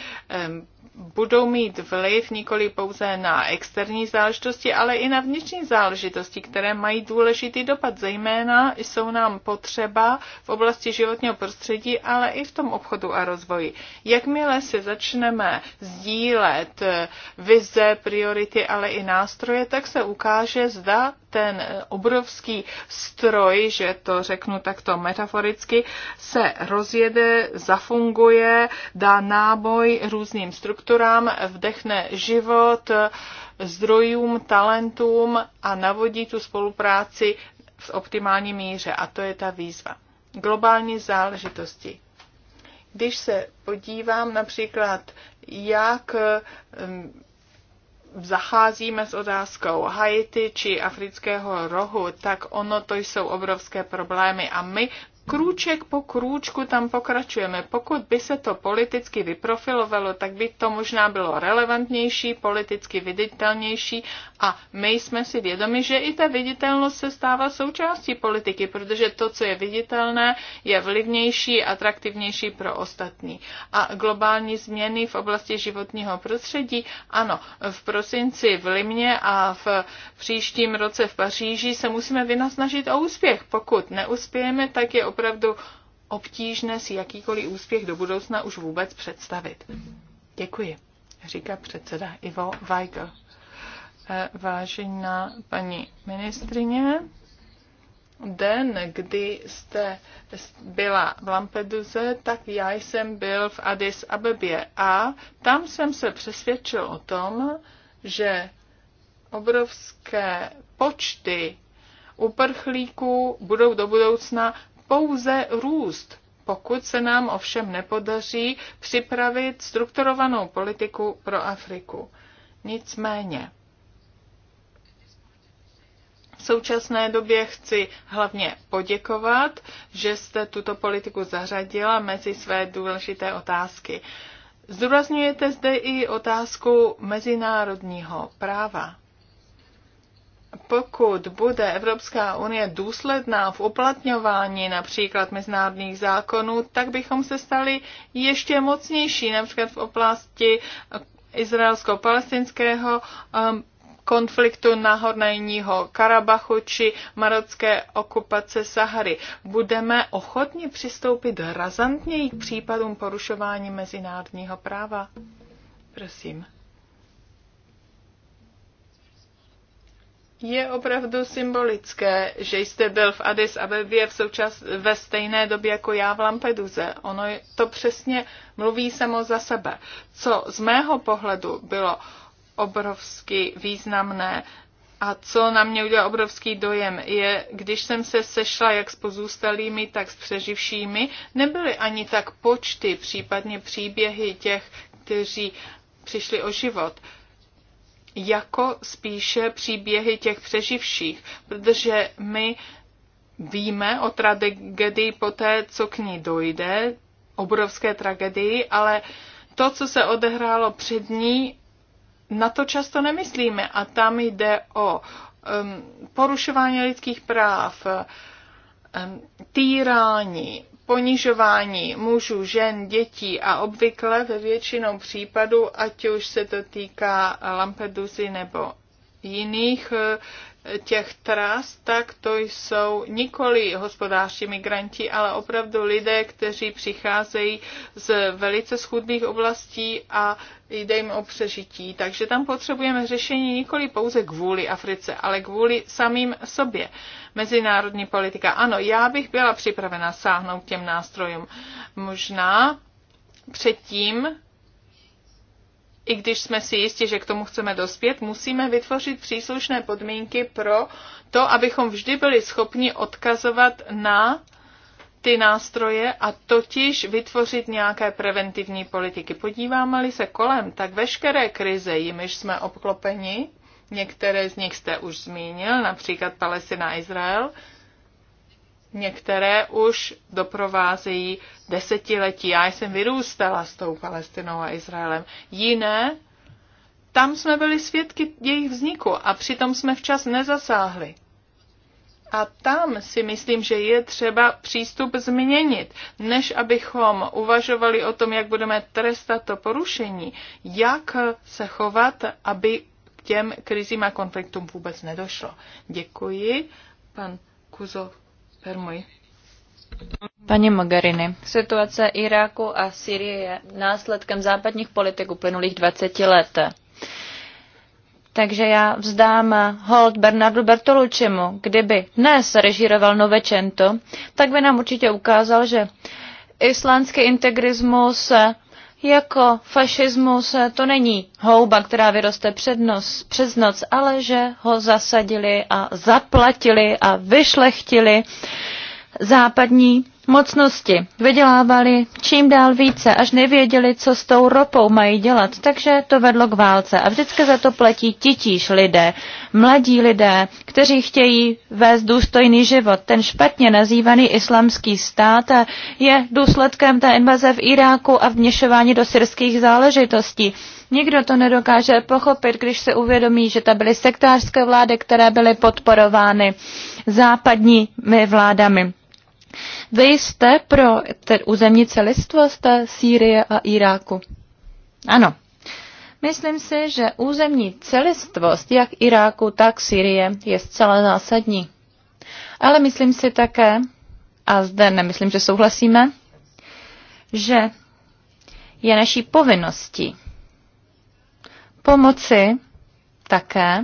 budou mít vliv nikoli pouze na externí záležitosti, ale i na vnitřní záležitosti, které mají důležitý dopad. Zejména jsou nám potřeba v oblasti životního prostředí, ale i v tom obchodu a rozvoji. Jakmile se začneme sdílet vize, priority, ale i nástroje, tak se ukáže, zda ten obrovský stroj, že to řeknu takto metaforicky, se rozjede, zafunguje, dá náboj různým strukturám, strukturám vdechne život, zdrojům, talentům a navodí tu spolupráci v optimální míře. A to je ta výzva. Globální záležitosti. Když se podívám například, jak zacházíme s otázkou Haiti či afrického rohu, tak ono to jsou obrovské problémy a my krůček po krůčku tam pokračujeme. Pokud by se to politicky vyprofilovalo, tak by to možná bylo relevantnější, politicky viditelnější a my jsme si vědomi, že i ta viditelnost se stává součástí politiky, protože to, co je viditelné, je vlivnější, atraktivnější pro ostatní. A globální změny v oblasti životního prostředí, ano, v prosinci v Limě a v příštím roce v Paříži se musíme vynasnažit o úspěch. Pokud neuspějeme, tak je opravdu obtížné si jakýkoliv úspěch do budoucna už vůbec představit. Děkuji, říká předseda Ivo Weigl. Eh, vážená paní ministrině, den, kdy jste byla v Lampeduze, tak já jsem byl v Addis Abebě a tam jsem se přesvědčil o tom, že obrovské počty uprchlíků budou do budoucna pouze růst, pokud se nám ovšem nepodaří připravit strukturovanou politiku pro Afriku. Nicméně, v současné době chci hlavně poděkovat, že jste tuto politiku zařadila mezi své důležité otázky. Zdůrazňujete zde i otázku mezinárodního práva pokud bude Evropská unie důsledná v uplatňování například mezinárodních zákonů, tak bychom se stali ještě mocnější, například v oblasti izraelsko-palestinského um, konfliktu na Hornajního Karabachu či marocké okupace Sahary. Budeme ochotni přistoupit razantněji k případům porušování mezinárodního práva? Prosím. Je opravdu symbolické, že jste byl v Addis Abebě v součas, ve stejné době jako já v Lampeduze. Ono to přesně mluví samo za sebe. Co z mého pohledu bylo obrovsky významné a co na mě udělal obrovský dojem, je, když jsem se sešla jak s pozůstalými, tak s přeživšími, nebyly ani tak počty, případně příběhy těch, kteří přišli o život jako spíše příběhy těch přeživších, protože my víme o tragedii poté, co k ní dojde, obrovské tragedii, ale to, co se odehrálo před ní, na to často nemyslíme. A tam jde o um, porušování lidských práv, um, týrání, ponižování mužů, žen, dětí a obvykle ve většinou případů, ať už se to týká Lampedusy nebo jiných eh, těch tras, tak to jsou nikoli hospodářští migranti, ale opravdu lidé, kteří přicházejí z velice schudných oblastí a jde jim o přežití. Takže tam potřebujeme řešení nikoli pouze kvůli Africe, ale kvůli samým sobě. Mezinárodní politika. Ano, já bych byla připravena sáhnout těm nástrojům. Možná předtím i když jsme si jistí, že k tomu chceme dospět, musíme vytvořit příslušné podmínky pro to, abychom vždy byli schopni odkazovat na ty nástroje a totiž vytvořit nějaké preventivní politiky. Podíváme-li se kolem, tak veškeré krize, jimiž jsme obklopeni, některé z nich jste už zmínil, například Palestina a Izrael, Některé už doprovázejí desetiletí. Já jsem vyrůstala s tou Palestinou a Izraelem. Jiné, tam jsme byli svědky jejich vzniku a přitom jsme včas nezasáhli. A tam si myslím, že je třeba přístup změnit, než abychom uvažovali o tom, jak budeme trestat to porušení, jak se chovat, aby k těm krizím a konfliktům vůbec nedošlo. Děkuji, pan Kuzov. Permuji. Paní Mogherini, situace Iráku a Syrie je následkem západních politik uplynulých 20 let. Takže já vzdám hold Bernardu Bertoluccimu. Kdyby dnes režíroval Novečento, tak by nám určitě ukázal, že islánský integrismus jako fašismus to není houba, která vyroste před nos, přes noc, ale že ho zasadili a zaplatili a vyšlechtili západní mocnosti vydělávali čím dál více, až nevěděli, co s tou ropou mají dělat, takže to vedlo k válce. A vždycky za to platí titíž lidé, mladí lidé, kteří chtějí vést důstojný život. Ten špatně nazývaný islamský stát je důsledkem té invaze v Iráku a vměšování do syrských záležitostí. Nikdo to nedokáže pochopit, když se uvědomí, že to byly sektářské vlády, které byly podporovány západními vládami. Vy jste pro územní celistvost Sýrie a Iráku? Ano. Myslím si, že územní celistvost jak Iráku, tak Sýrie je zcela zásadní. Ale myslím si také, a zde nemyslím, že souhlasíme, že je naší povinností pomoci také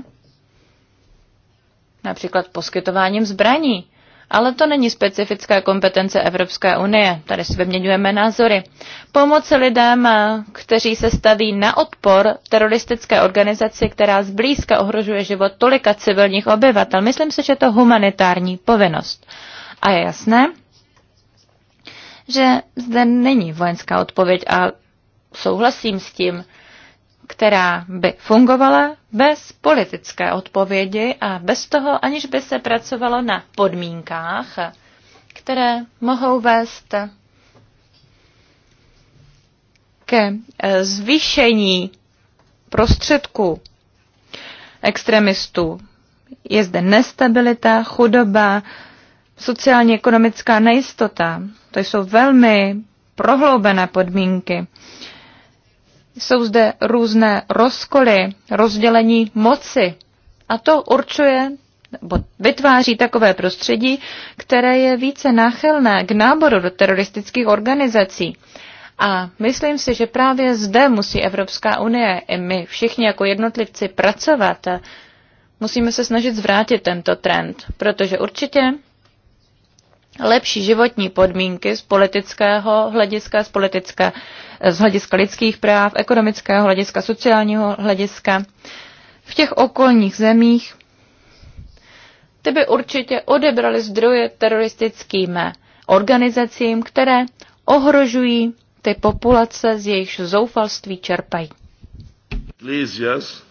například poskytováním zbraní ale to není specifická kompetence Evropské unie. Tady si vyměňujeme názory. Pomoc lidem, kteří se staví na odpor teroristické organizaci, která zblízka ohrožuje život tolika civilních obyvatel. Myslím si, že to humanitární povinnost. A je jasné, že zde není vojenská odpověď a souhlasím s tím, která by fungovala bez politické odpovědi a bez toho, aniž by se pracovalo na podmínkách, které mohou vést ke eh, zvýšení prostředků extremistů. Je zde nestabilita, chudoba, sociálně-ekonomická nejistota. To jsou velmi prohloubené podmínky. Jsou zde různé rozkoly, rozdělení moci a to určuje nebo vytváří takové prostředí, které je více náchylné k náboru do teroristických organizací. A myslím si, že právě zde musí Evropská unie i my všichni jako jednotlivci pracovat. Musíme se snažit zvrátit tento trend, protože určitě lepší životní podmínky z politického hlediska, z, politické, z hlediska lidských práv, ekonomického hlediska, sociálního hlediska. V těch okolních zemích ty by určitě odebrali zdroje teroristickým organizacím, které ohrožují ty populace, z jejichž zoufalství čerpají. Please, yes.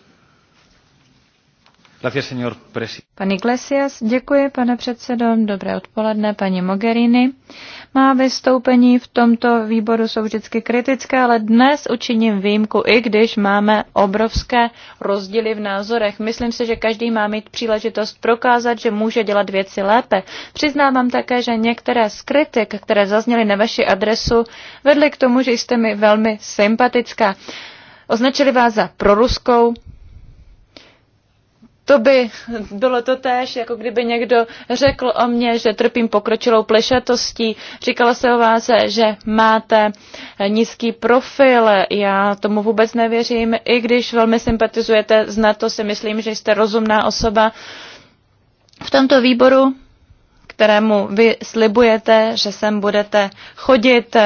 Pan Iglesias, děkuji, pane předsedo. Dobré odpoledne, paní Mogherini. Má vystoupení v tomto výboru jsou vždycky kritické, ale dnes učiním výjimku, i když máme obrovské rozdíly v názorech. Myslím si, že každý má mít příležitost prokázat, že může dělat věci lépe. Přiznávám také, že některé z kritik, které zazněly na vaši adresu, vedly k tomu, že jste mi velmi sympatická. Označili vás za proruskou, to by bylo to též, jako kdyby někdo řekl o mně, že trpím pokročilou plešatostí. Říkala se o vás, že máte nízký profil. Já tomu vůbec nevěřím. I když velmi sympatizujete s NATO, si myslím, že jste rozumná osoba. V tomto výboru, kterému vy slibujete, že sem budete chodit,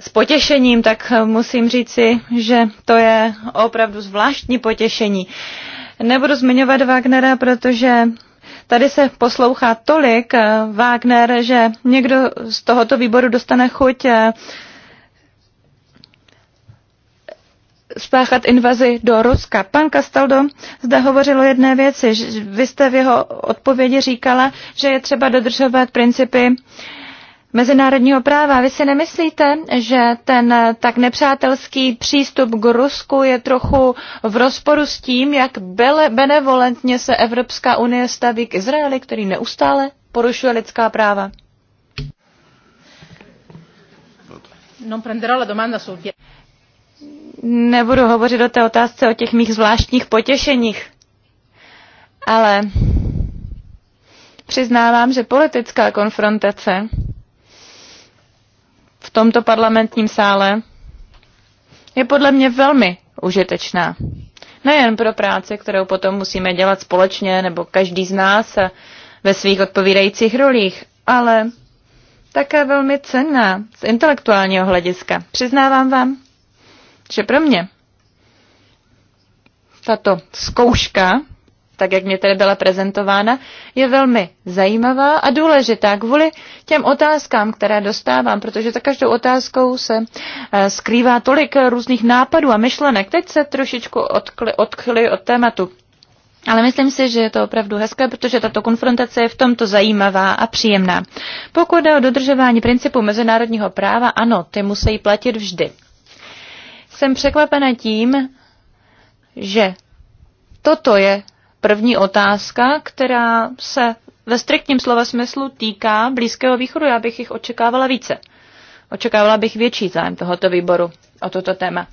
s potěšením, tak musím říci, že to je opravdu zvláštní potěšení. Nebudu zmiňovat Wagnera, protože tady se poslouchá tolik eh, Wagner, že někdo z tohoto výboru dostane chuť eh, spáchat invazi do Ruska. Pan Castaldo zde hovořil o jedné věci. Vy jste v jeho odpovědi říkala, že je třeba dodržovat principy uh, mezinárodního práva. Vy si nemyslíte, že ten tak nepřátelský přístup k Rusku je trochu v rozporu s tím, jak benevolentně se Evropská unie staví k Izraeli, který neustále porušuje lidská práva? No Nebudu hovořit o té otázce o těch mých zvláštních potěšeních, ale přiznávám, že politická konfrontace v tomto parlamentním sále je podle mě velmi užitečná. Nejen pro práci, kterou potom musíme dělat společně nebo každý z nás ve svých odpovídajících rolích, ale také velmi cenná z intelektuálního hlediska. Přiznávám vám, že pro mě tato zkouška tak jak mě tady byla prezentována, je velmi zajímavá a důležitá kvůli těm otázkám, které dostávám, protože za každou otázkou se eh, skrývá tolik různých nápadů a myšlenek. Teď se trošičku odkli, odkli od tématu. Ale myslím si, že je to opravdu hezké, protože tato konfrontace je v tomto zajímavá a příjemná. Pokud jde o dodržování principu mezinárodního práva, ano, ty musí platit vždy. Jsem překvapena tím, že toto je První otázka, která se ve striktním slova smyslu týká Blízkého východu, já bych jich očekávala více. Očekávala bych větší zájem tohoto výboru o toto téma.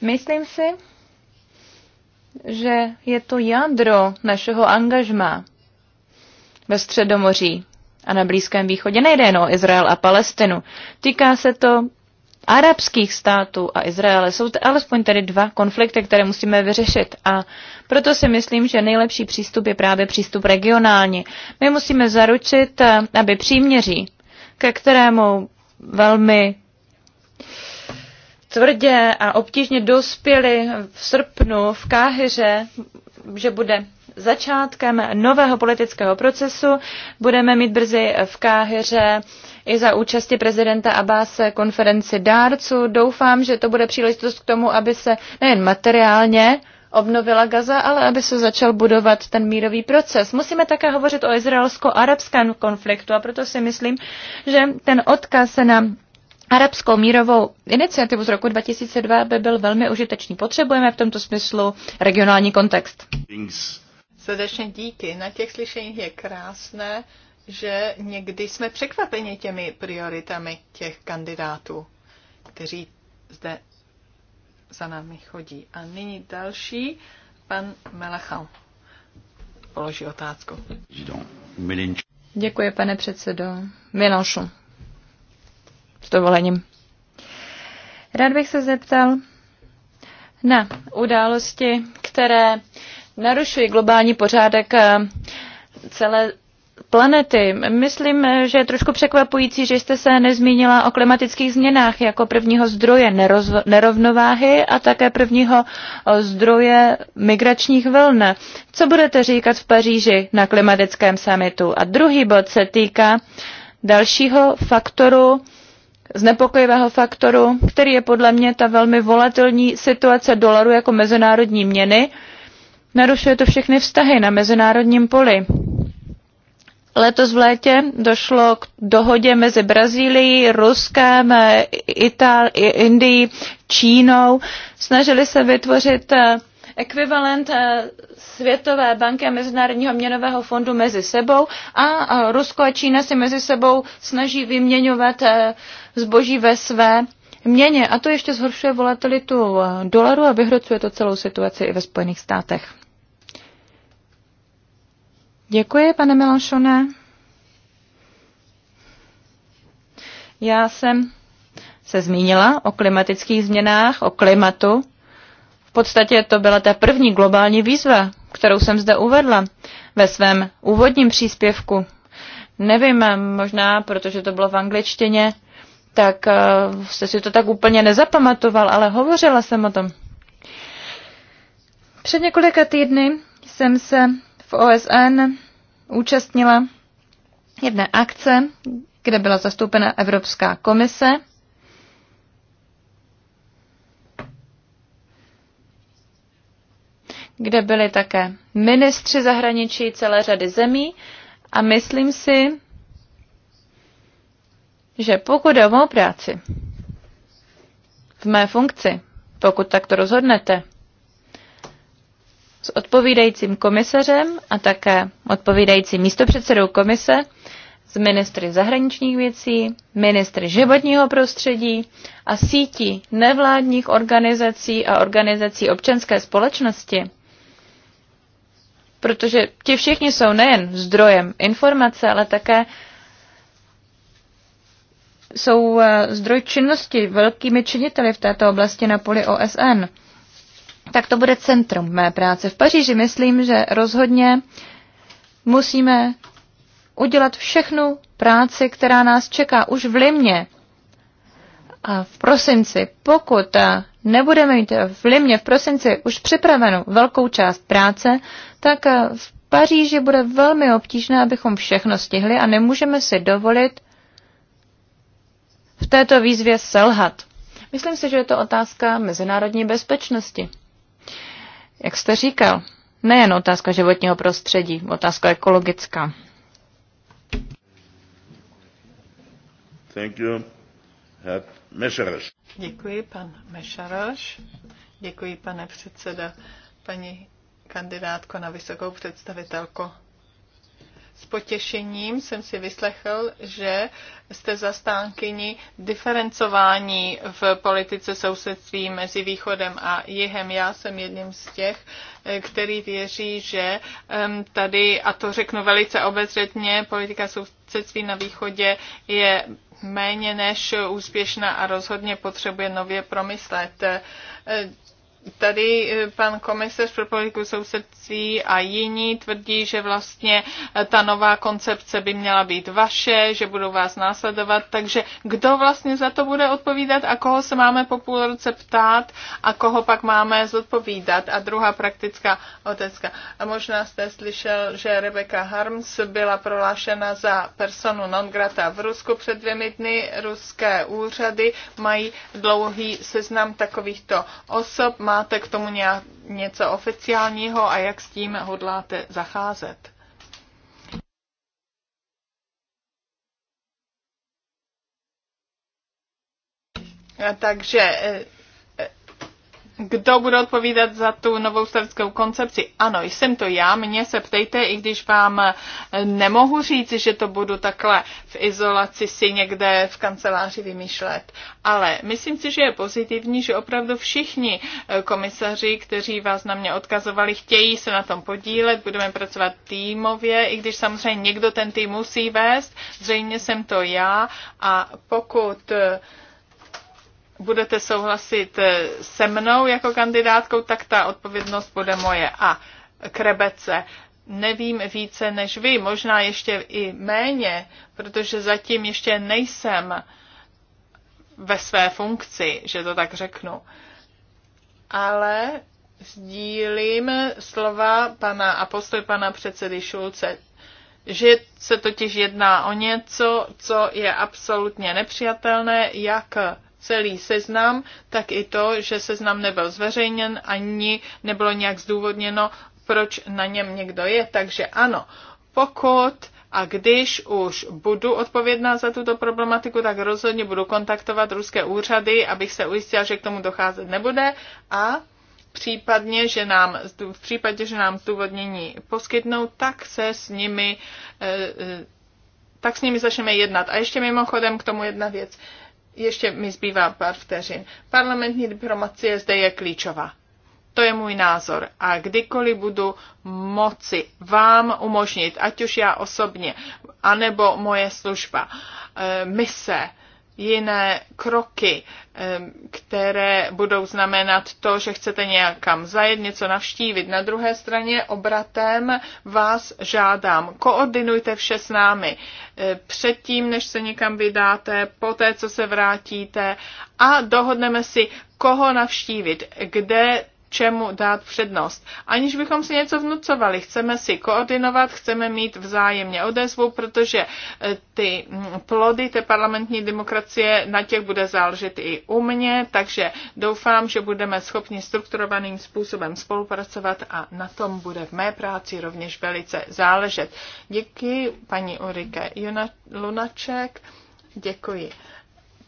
Myslím si, že je to jádro našeho angažma ve Středomoří a na Blízkém východě. Nejde jen o Izrael a Palestinu. Týká se to arabských států a Izraele. Jsou to alespoň tedy dva konflikty, které musíme vyřešit. A proto si myslím, že nejlepší přístup je právě přístup regionální. My musíme zaručit, eh, aby příměří, ke kterému velmi tvrdě a obtížně dospěli v srpnu v Káhyře, že bude začátkem nového politického procesu. Budeme mít brzy v Káhyře i za účasti prezidenta Abáse konferenci dárců. Doufám, že to bude příležitost k tomu, aby se nejen materiálně obnovila Gaza, ale aby se začal budovat ten mírový proces. Musíme také hovořit o izraelsko-arabském konfliktu a proto si myslím, že ten odkaz na arabskou mírovou iniciativu z roku 2002 by byl velmi užitečný. Potřebujeme v tomto smyslu regionální kontext. Srdečně díky. Na těch slyšeních je krásné že někdy jsme překvapeni těmi prioritami těch kandidátů, kteří zde za námi chodí. A nyní další, pan Melachal položí otázku. Děkuji, pane předsedo. Milošu. S dovolením. Rád bych se zeptal na události, které narušují globální pořádek eh, celé planety. Myslím, že je trošku překvapující, že jste se nezmínila o klimatických změnách jako prvního zdroje nerovnováhy a také prvního zdroje migračních vln. Co budete říkat v Paříži na klimatickém summitu? A druhý bod se týká dalšího faktoru, znepokojivého faktoru, který je podle mě ta velmi volatilní situace dolaru jako mezinárodní měny. Narušuje to všechny vztahy na mezinárodním poli. Letos v létě došlo k dohodě mezi Brazílií, Ruskem, Itál, Indií, Čínou. Snažili se vytvořit eh, ekvivalent eh, Světové banky a Mezinárodního měnového fondu mezi sebou a eh, Rusko a Čína si mezi sebou snaží vyměňovat zboží ve své měně. A to ještě zhoršuje volatilitu dolaru a vyhrocuje to celou situaci i ve Spojených státech. Děkuji, pane Milošone. Já jsem se zmínila o klimatických změnách, o klimatu. V podstatě to byla ta první globální výzva, kterou jsem zde uvedla ve svém úvodním příspěvku. Nevím, možná, protože to bylo v angličtině, tak eh, jste si to tak úplně nezapamatoval, ale hovořila jsem o tom. Před několika týdny jsem se v OSN účastnila jedné akce, kde byla zastoupena Evropská komise. kde byli také ministři zahraničí celé řady zemí a myslím si, že pokud je o mou práci, v mé funkci, pokud takto rozhodnete, s odpovídajícím komisařem a také odpovídajícím místopředsedou komise, s ministry zahraničních věcí, ministry životního prostředí a sítí nevládních organizací a organizací občanské společnosti. Protože ti všichni jsou nejen zdrojem informace, ale také jsou eh, zdroj činnosti velkými činiteli v této oblasti na poli OSN tak to bude centrum mé práce v Paříži. Myslím, že rozhodně musíme udělat všechnu práci, která nás čeká už v Limě. A v prosinci, pokud nebudeme mít v Limě v prosinci už připravenou velkou část práce, tak v Paříži bude velmi obtížné, abychom všechno stihli a nemůžeme si dovolit v této výzvě selhat. Myslím si, že je to otázka mezinárodní bezpečnosti. Jak jste říkal, nejen otázka životního prostředí, otázka ekologická. Thank you. Děkuji, pan Mešaroš. Děkuji, pane předseda, paní kandidátko na vysokou představitelku. S potěšením jsem si vyslechl, že jste zastánkyni diferencování v politice sousedství mezi východem a jihem. Já jsem jedním z těch, který věří, že tady, a to řeknu velice obezřetně, politika sousedství na východě je méně než úspěšná a rozhodně potřebuje nově promyslet tady eh, pan komisař pro politiku sousedství a jiní tvrdí, že vlastně eh, ta nová koncepce by měla být vaše, že budou vás následovat, takže kdo vlastně za to bude odpovídat a koho se máme po půl roce ptát a koho pak máme zodpovídat. A druhá praktická otecka. A možná jste slyšel, že Rebecca Harms byla prohlášena za personu non grata v Rusku před dvěmi dny. Ruské úřady mají dlouhý seznam takovýchto osob, máte k tomu něco oficiálního a jak s tím hodláte zacházet? Takže eh, kdo bude odpovídat za tu novou stavickou koncepci? Ano, jsem to já, mě se ptejte, i když vám nemohu říct, že to budu takhle v izolaci si někde v kanceláři vymýšlet. Ale myslím si, že je pozitivní, že opravdu všichni eh, komisaři, kteří vás na mě odkazovali, chtějí se na tom podílet, budeme pracovat týmově, i když samozřejmě někdo ten tým musí vést, zřejmě jsem to já a pokud eh, budete souhlasit eh, se mnou jako kandidátkou, tak ta odpovědnost bude moje. A krebece nevím více než vy, možná ještě i méně, protože zatím ještě nejsem ve své funkci, že to tak řeknu. Ale sdílím slova pana a postoj pana předsedy Šulce, že se totiž jedná o něco, co je absolutně nepřijatelné, jak celý seznam, tak i to, že seznam nebyl zveřejněn, ani nebylo nějak zdůvodněno, proč na něm někdo je. Takže ano, pokud a když už budu odpovědná za tuto problematiku, tak rozhodně budu kontaktovat ruské úřady, abych se ujistila, že k tomu docházet nebude a případně, že nám, v případě, že nám zdůvodnění poskytnou, tak se s nimi eh, eh, tak s nimi začneme jednat. A ještě mimochodem k tomu jedna věc. Ještě mi zbývá pár vteřin. Parlamentní diplomacie zde je klíčová. To je můj názor. A kdykoliv budu moci vám umožnit, ať už já osobně, anebo moje služba, eh, mise, jiné kroky, které budou znamenat to, že chcete nějakam zajet, něco navštívit. Na druhé straně obratem vás žádám, koordinujte vše s námi e, předtím, než se někam vydáte, poté, co se vrátíte a dohodneme si, koho navštívit, kde čemu dát přednost. Aniž bychom si něco vnucovali, chceme si koordinovat, chceme mít vzájemně odezvu, protože e, ty mm, plody té parlamentní demokracie, na těch bude záležet i u mě, takže doufám, že budeme schopni strukturovaným způsobem spolupracovat a na tom bude v mé práci rovněž velice záležet. Děkuji paní Urike Lunaček, děkuji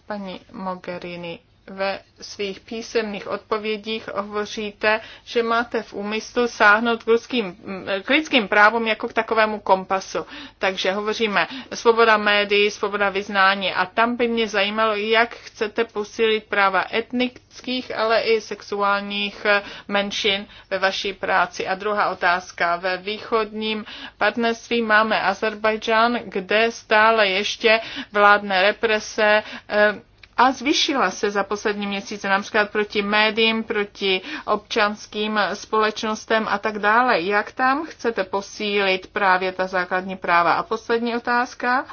paní Mogherini ve svých písemných odpovědích hovoříte, že máte v úmyslu sáhnout k, ruským, k lidským právům jako k takovému kompasu. Takže hovoříme svoboda médií, svoboda vyznání a tam by mě zajímalo, jak chcete posílit práva etnických, ale i sexuálních menšin ve vaší práci. A druhá otázka. Ve východním partnerství máme Azerbajdžán, kde stále ještě vládne represe, eh, a zvyšila se za poslední měsíce, například proti médiím, proti občanským společnostem a tak dále. Jak tam chcete posílit právě ta základní práva? A poslední otázka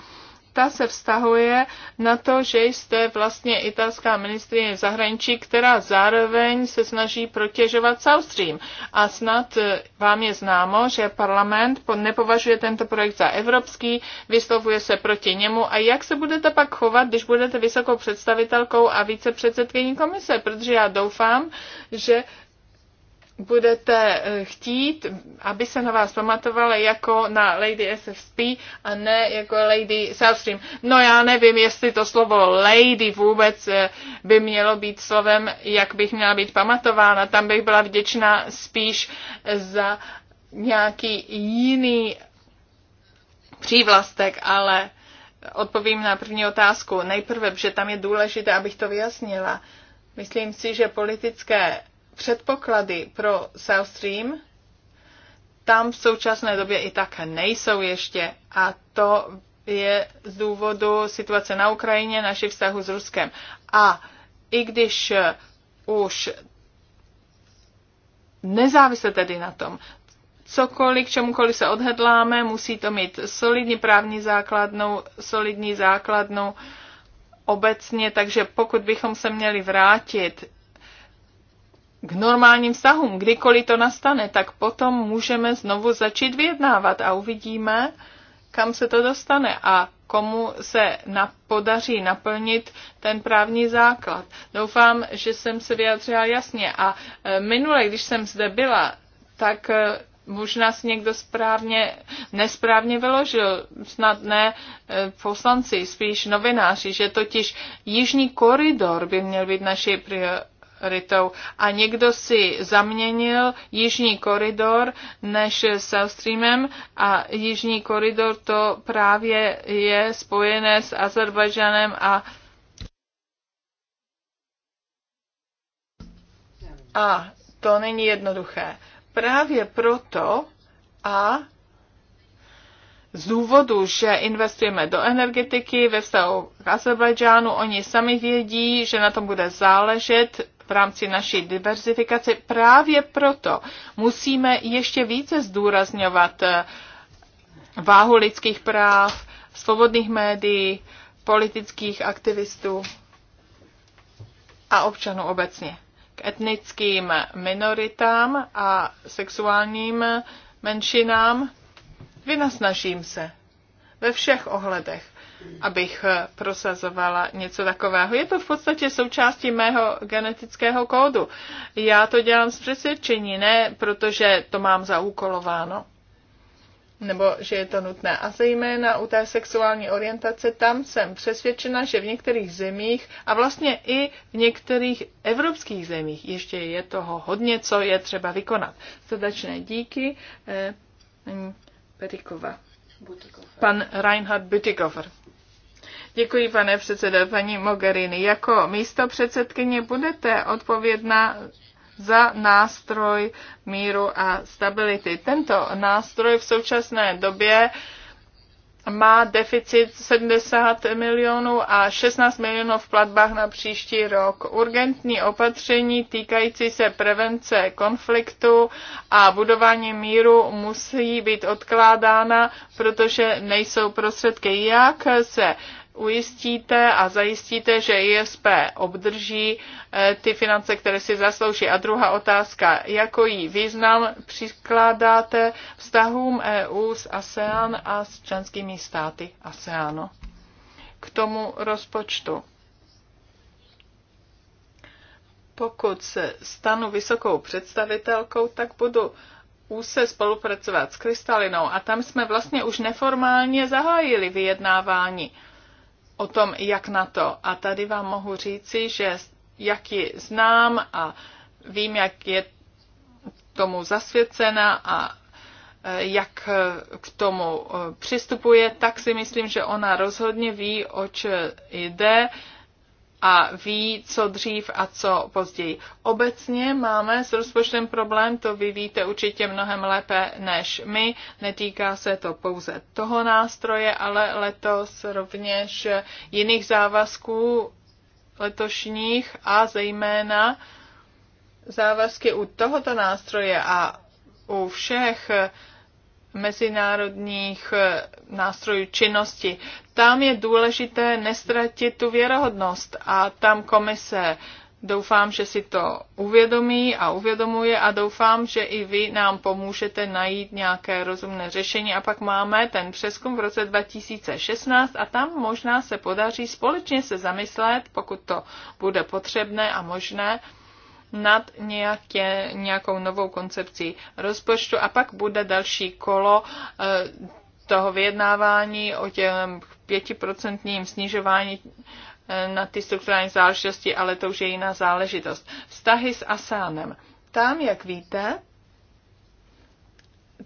ta se vztahuje na to, že jste vlastně italská ministrině zahraničí, která zároveň se snaží protěžovat South Stream. A snad eh, vám je známo, že parlament nepovažuje tento projekt za evropský, vyslovuje se proti němu. A jak se budete pak chovat, když budete vysokou představitelkou a vícepředsedkyní komise? Protože já doufám, že budete eh, chtít, aby se na vás pamatovala jako na Lady SFP a ne jako Lady Southstream. No já nevím, jestli to slovo Lady vůbec eh, by mělo být slovem, jak bych měla být pamatována. Tam bych byla vděčná spíš za nějaký jiný přívlastek, ale odpovím na první otázku. Nejprve, že tam je důležité, abych to vyjasnila. Myslím si, že politické předpoklady pro South Stream tam v současné době i tak nejsou ještě a to je z důvodu situace na Ukrajině, naši vztahu s Ruskem. A i když už nezávisle tedy na tom, cokoliv, čemukoliv se odhedláme, musí to mít solidní právní základnou, solidní základnou obecně, takže pokud bychom se měli vrátit k normálním vztahům, kdykoliv to nastane, tak potom můžeme znovu začít vyjednávat a uvidíme, kam se to dostane a komu se na, podaří naplnit ten právní základ. Doufám, že jsem se vyjadřila jasně. A e, minule, když jsem zde byla, tak e, možná si někdo správně, nesprávně vyložil, snad ne e, poslanci, spíš novináři, že totiž Jižní koridor by měl být naší ritou A někdo si zaměnil jižní koridor než South Streamem a jižní koridor to právě je spojené s Azerbajdžanem a A to není jednoduché. Právě proto a z důvodu, že investujeme do energetiky ve vztahu k Azerbajdžánu, oni sami vědí, že na tom bude záležet, v rámci naší diverzifikace. Právě proto musíme ještě více zdůrazňovat eh, váhu lidských práv, svobodných médií, politických aktivistů a občanů obecně. K etnickým minoritám a sexuálním menšinám vynasnažím se ve všech ohledech abych eh, prosazovala něco takového. Je to v podstatě součástí mého genetického kódu. Já to dělám z přesvědčení, ne protože to mám zaúkolováno nebo že je to nutné. A zejména u té sexuální orientace, tam jsem přesvědčena, že v některých zemích a vlastně i v některých evropských zemích ještě je toho hodně, co je třeba vykonat. Srdečné díky. Eh, Perikova. Pan Reinhard Bütikofer. Děkuji, pane předsedo. Paní Mogherini, jako místo předsedkyně budete odpovědná za nástroj míru a stability. Tento nástroj v současné době má deficit 70 milionů a 16 milionů v platbách na příští rok. Urgentní opatření týkající se prevence konfliktu a budování míru musí být odkládána, protože nejsou prostředky. Jak se ujistíte a zajistíte, že ISP obdrží eh, ty finance, které si zaslouží. A druhá otázka, jako jí význam přikládáte vztahům EU s ASEAN a s členskými státy ASEANu? K tomu rozpočtu. Pokud se stanu vysokou představitelkou, tak budu úse spolupracovat s Krystalinou. a tam jsme vlastně už neformálně zahájili vyjednávání o tom, jak na to. A tady vám mohu říci, že jak ji znám a vím, jak je tomu zasvěcena a e, jak k tomu e, přistupuje, tak si myslím, že ona rozhodně ví, oč jde a ví, co dřív a co později. Obecně máme s rozpočtem problém, to vy víte určitě mnohem lépe než my. Netýká se to pouze toho nástroje, ale letos rovněž jiných závazků letošních a zejména závazky u tohoto nástroje a u všech mezinárodních eh, nástrojů činnosti. Tam je důležité nestratit tu věrohodnost a tam komise doufám, že si to uvědomí a uvědomuje a doufám, že i vy nám pomůžete najít nějaké rozumné řešení a pak máme ten přeskum v roce 2016 a tam možná se podaří společně se zamyslet, pokud to bude potřebné a možné, nad nějaké, nějakou novou koncepcí rozpočtu a pak bude další kolo eh, toho vyjednávání o těm pětiprocentním snižování eh, na ty strukturální záležitosti, ale to už je jiná záležitost. Vztahy s ASEANem. Tam, jak víte,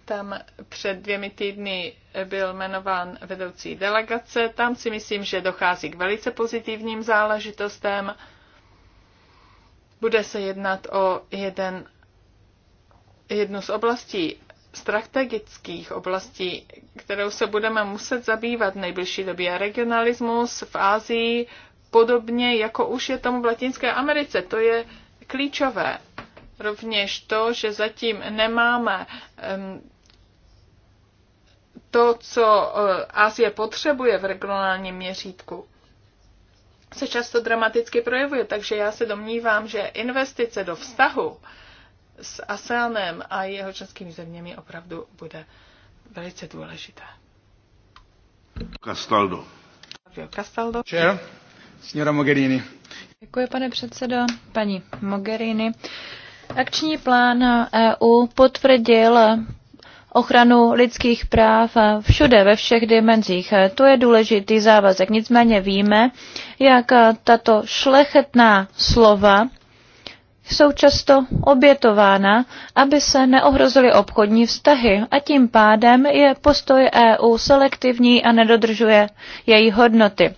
tam před dvěmi týdny byl jmenován vedoucí delegace. Tam si myslím, že dochází k velice pozitivním záležitostem. Bude se jednat o jeden, jednu z oblastí, strategických oblastí, kterou se budeme muset zabývat v nejbližší době. Regionalismus v Ázii podobně jako už je tomu v Latinské Americe. To je klíčové. Rovněž to, že zatím nemáme to, co e, Asie potřebuje v regionálním měřítku se často dramaticky projevuje. Takže já se domnívám, že investice do vztahu s ASEANem a jeho českými zeměmi opravdu bude velice důležité. Castaldo. Castaldo. Chair, signora Mogherini. Děkuji, pane předsedo. Paní Mogherini. Akční plán EU potvrdil ochranu lidských práv všude, ve všech dimenzích. Eh, to je důležitý závazek. Nicméně víme, jak eh, tato šlechetná slova jsou často obětována, aby se neohrozily obchodní vztahy a tím pádem je postoj EU selektivní a nedodržuje její hodnoty.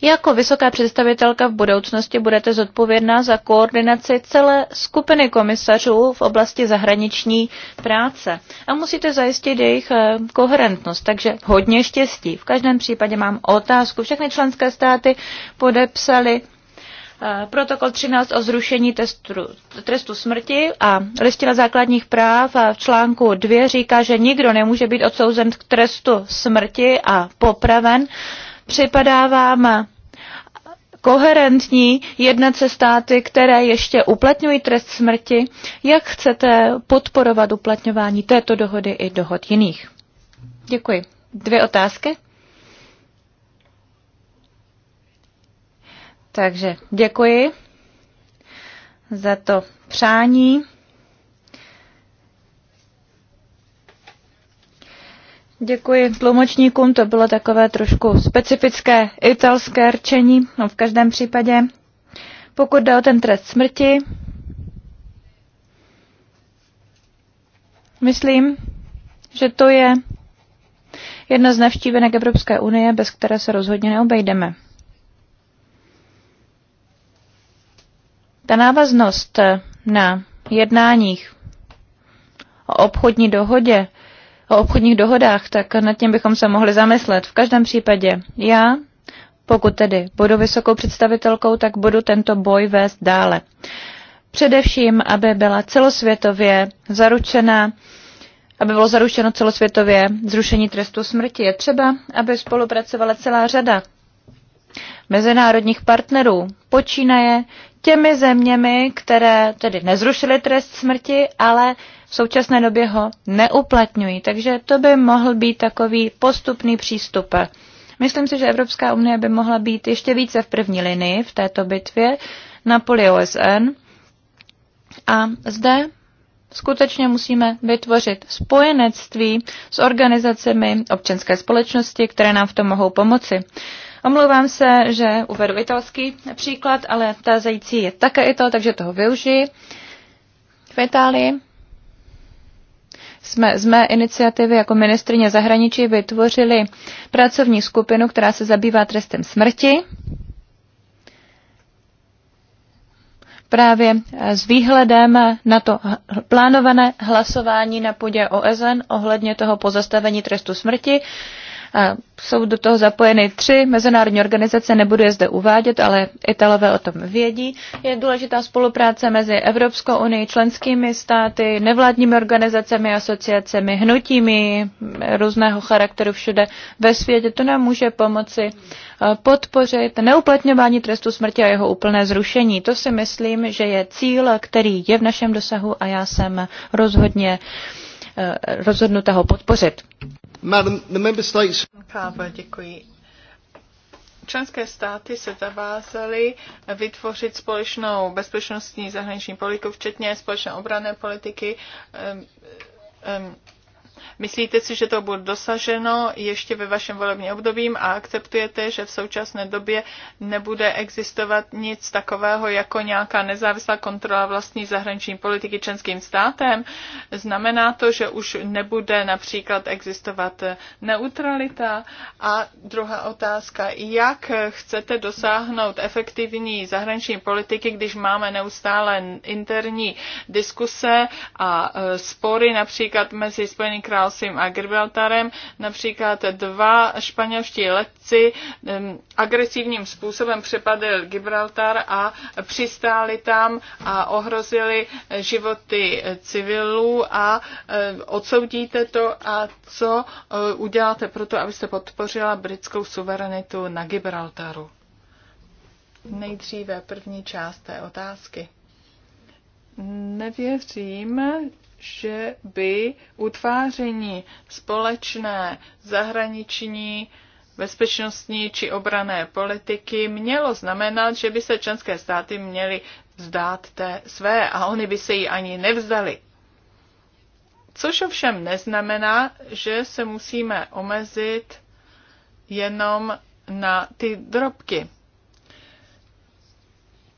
Jako vysoká představitelka v budoucnosti budete zodpovědná za koordinaci celé skupiny komisařů v oblasti zahraniční práce a musíte zajistit jejich eh, koherentnost, takže hodně štěstí. V každém případě mám otázku. Všechny členské státy podepsaly eh, protokol 13 o zrušení testu, trestu smrti a listina základních práv v článku 2 říká, že nikdo nemůže být odsouzen k trestu smrti a popraven připadá vám koherentní jednat se státy, které ještě uplatňují trest smrti? Jak chcete podporovat uplatňování této dohody i dohod jiných? Děkuji. Dvě otázky? Takže děkuji za to přání. Děkuji tlumočníkům, to bylo takové trošku specifické italské rčení, no v každém případě. Pokud jde o ten trest smrti, myslím, že to je jedna z navštívenek Evropské unie, bez které se rozhodně neobejdeme. Ta návaznost na jednáních o obchodní dohodě o obchodních dohodách, tak nad tím bychom se mohli zamyslet. V každém případě já, pokud tedy budu vysokou představitelkou, tak budu tento boj vést dále. Především, aby byla celosvětově zaručena aby bylo zaručeno celosvětově zrušení trestu smrti, je třeba, aby spolupracovala celá řada mezinárodních partnerů, počínaje těmi zeměmi, které tedy nezrušily trest smrti, ale v současné době ho neuplatňují. Takže to by mohl být takový postupný přístup. Myslím si, že Evropská unie by mohla být ještě více v první linii v této bitvě na poli OSN. A zde skutečně musíme vytvořit spojenectví s organizacemi občanské společnosti, které nám v tom mohou pomoci. Omlouvám se, že uvedu italský příklad, ale tázající je také Ital, takže toho využiji. V Itálii jsme z mé iniciativy jako ministrině zahraničí vytvořili pracovní skupinu, která se zabývá trestem smrti. Právě eh, s výhledem na to plánované hlasování na půdě OSN ohledně toho pozastavení trestu smrti, jsou do toho zapojeny tři mezinárodní organizace, nebudu je zde uvádět, ale Italové o tom vědí. Je důležitá spolupráce mezi Evropskou unii, členskými státy, nevládními organizacemi, asociacemi, hnutími různého charakteru všude ve světě. To nám může pomoci e, podpořit neuplatňování trestu smrti a jeho úplné zrušení. To si myslím, že je cíl, který je v našem dosahu a já jsem rozhodně e, rozhodnuta ho podpořit. Madam, the member states... děkuji. Členské státy se zavázaly vytvořit společnou bezpečnostní zahraniční politiku, včetně společné obrané politiky, um, um, Myslíte si, že to bude dosaženo ještě ve vašem volebním obdobím a akceptujete, že v současné době nebude existovat nic takového jako nějaká nezávislá kontrola vlastní zahraniční politiky členským státem? Znamená to, že už nebude například existovat neutralita? A druhá otázka, jak chcete dosáhnout efektivní zahraniční politiky, když máme neustále interní diskuse a e, spory například mezi Spojeným Králstvím a Gibraltarem. Například dva španělští letci agresivním způsobem přepadl Gibraltar a přistáli tam a ohrozili životy civilů a odsoudíte to a co eh, uděláte pro to, abyste podpořila britskou suverenitu na Gibraltaru? Nejdříve první část té otázky. Nevěřím, že by utváření společné zahraniční bezpečnostní či obrané politiky mělo znamenat, že by se členské státy měly vzdát té své a oni by se ji ani nevzdali. Což ovšem neznamená, že se musíme omezit jenom na ty drobky.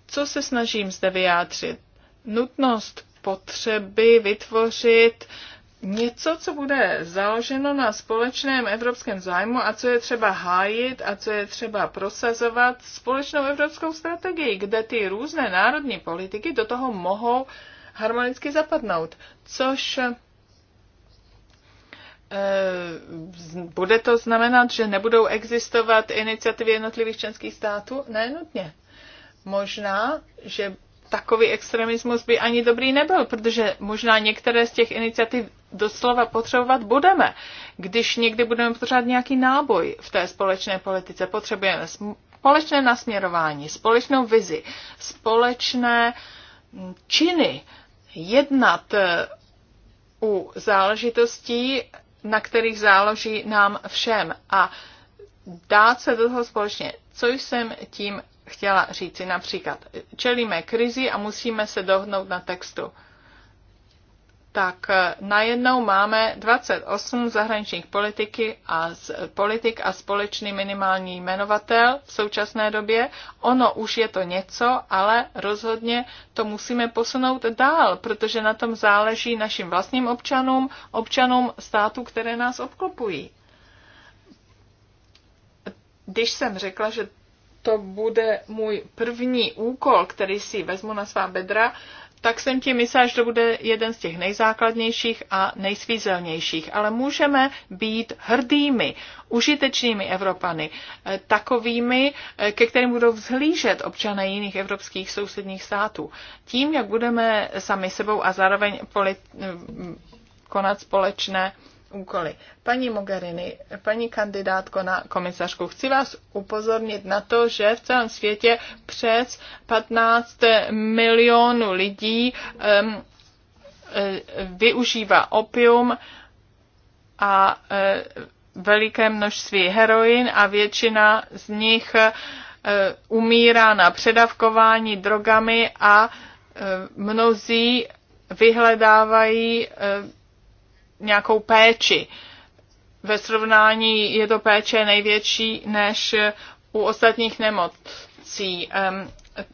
Co se snažím zde vyjádřit? Nutnost potřeby vytvořit něco, co bude založeno na společném evropském zájmu a co je třeba hájit a co je třeba prosazovat společnou evropskou strategii, kde ty různé národní politiky do toho mohou harmonicky zapadnout, což eh, bude to znamenat, že nebudou existovat iniciativy jednotlivých členských států? Ne nutně. Možná, že takový extremismus by ani dobrý nebyl, protože možná některé z těch iniciativ doslova potřebovat budeme. Když někdy budeme potřebovat nějaký náboj v té společné politice, potřebujeme společné nasměrování, společnou vizi, společné mm, činy, jednat eh, u záležitostí, na kterých záleží nám všem a dát se do toho společně. Co jsem tím chtěla říci. Například, čelíme krizi a musíme se dohnout na textu. Tak eh, najednou máme 28 zahraničních politiky a politik a společný minimální jmenovatel v současné době. Ono už je to něco, ale rozhodně to musíme posunout dál, protože na tom záleží našim vlastním občanům, občanům států, které nás obklopují když jsem řekla, že to bude můj první úkol, který si vezmu na svá bedra, tak jsem ti myslela, že to bude jeden z těch nejzákladnějších a nejsvízelnějších. Ale můžeme být hrdými, užitečnými Evropany, eh, takovými, eh, ke kterým budou vzhlížet občané jiných evropských sousedních států. Tím, jak budeme sami sebou a zároveň polit, konat společné úkoly. Paní Mogherini, paní kandidátko na komisařku, chci vás upozornit na to, že v celém světě přes 15 milionů lidí um, využívá opium a eh, veliké množství heroin a většina z nich eh, umírá na předavkování drogami a mnozí vyhledávají nějakou péči. Ve srovnání je to péče největší než u ostatních nemocí.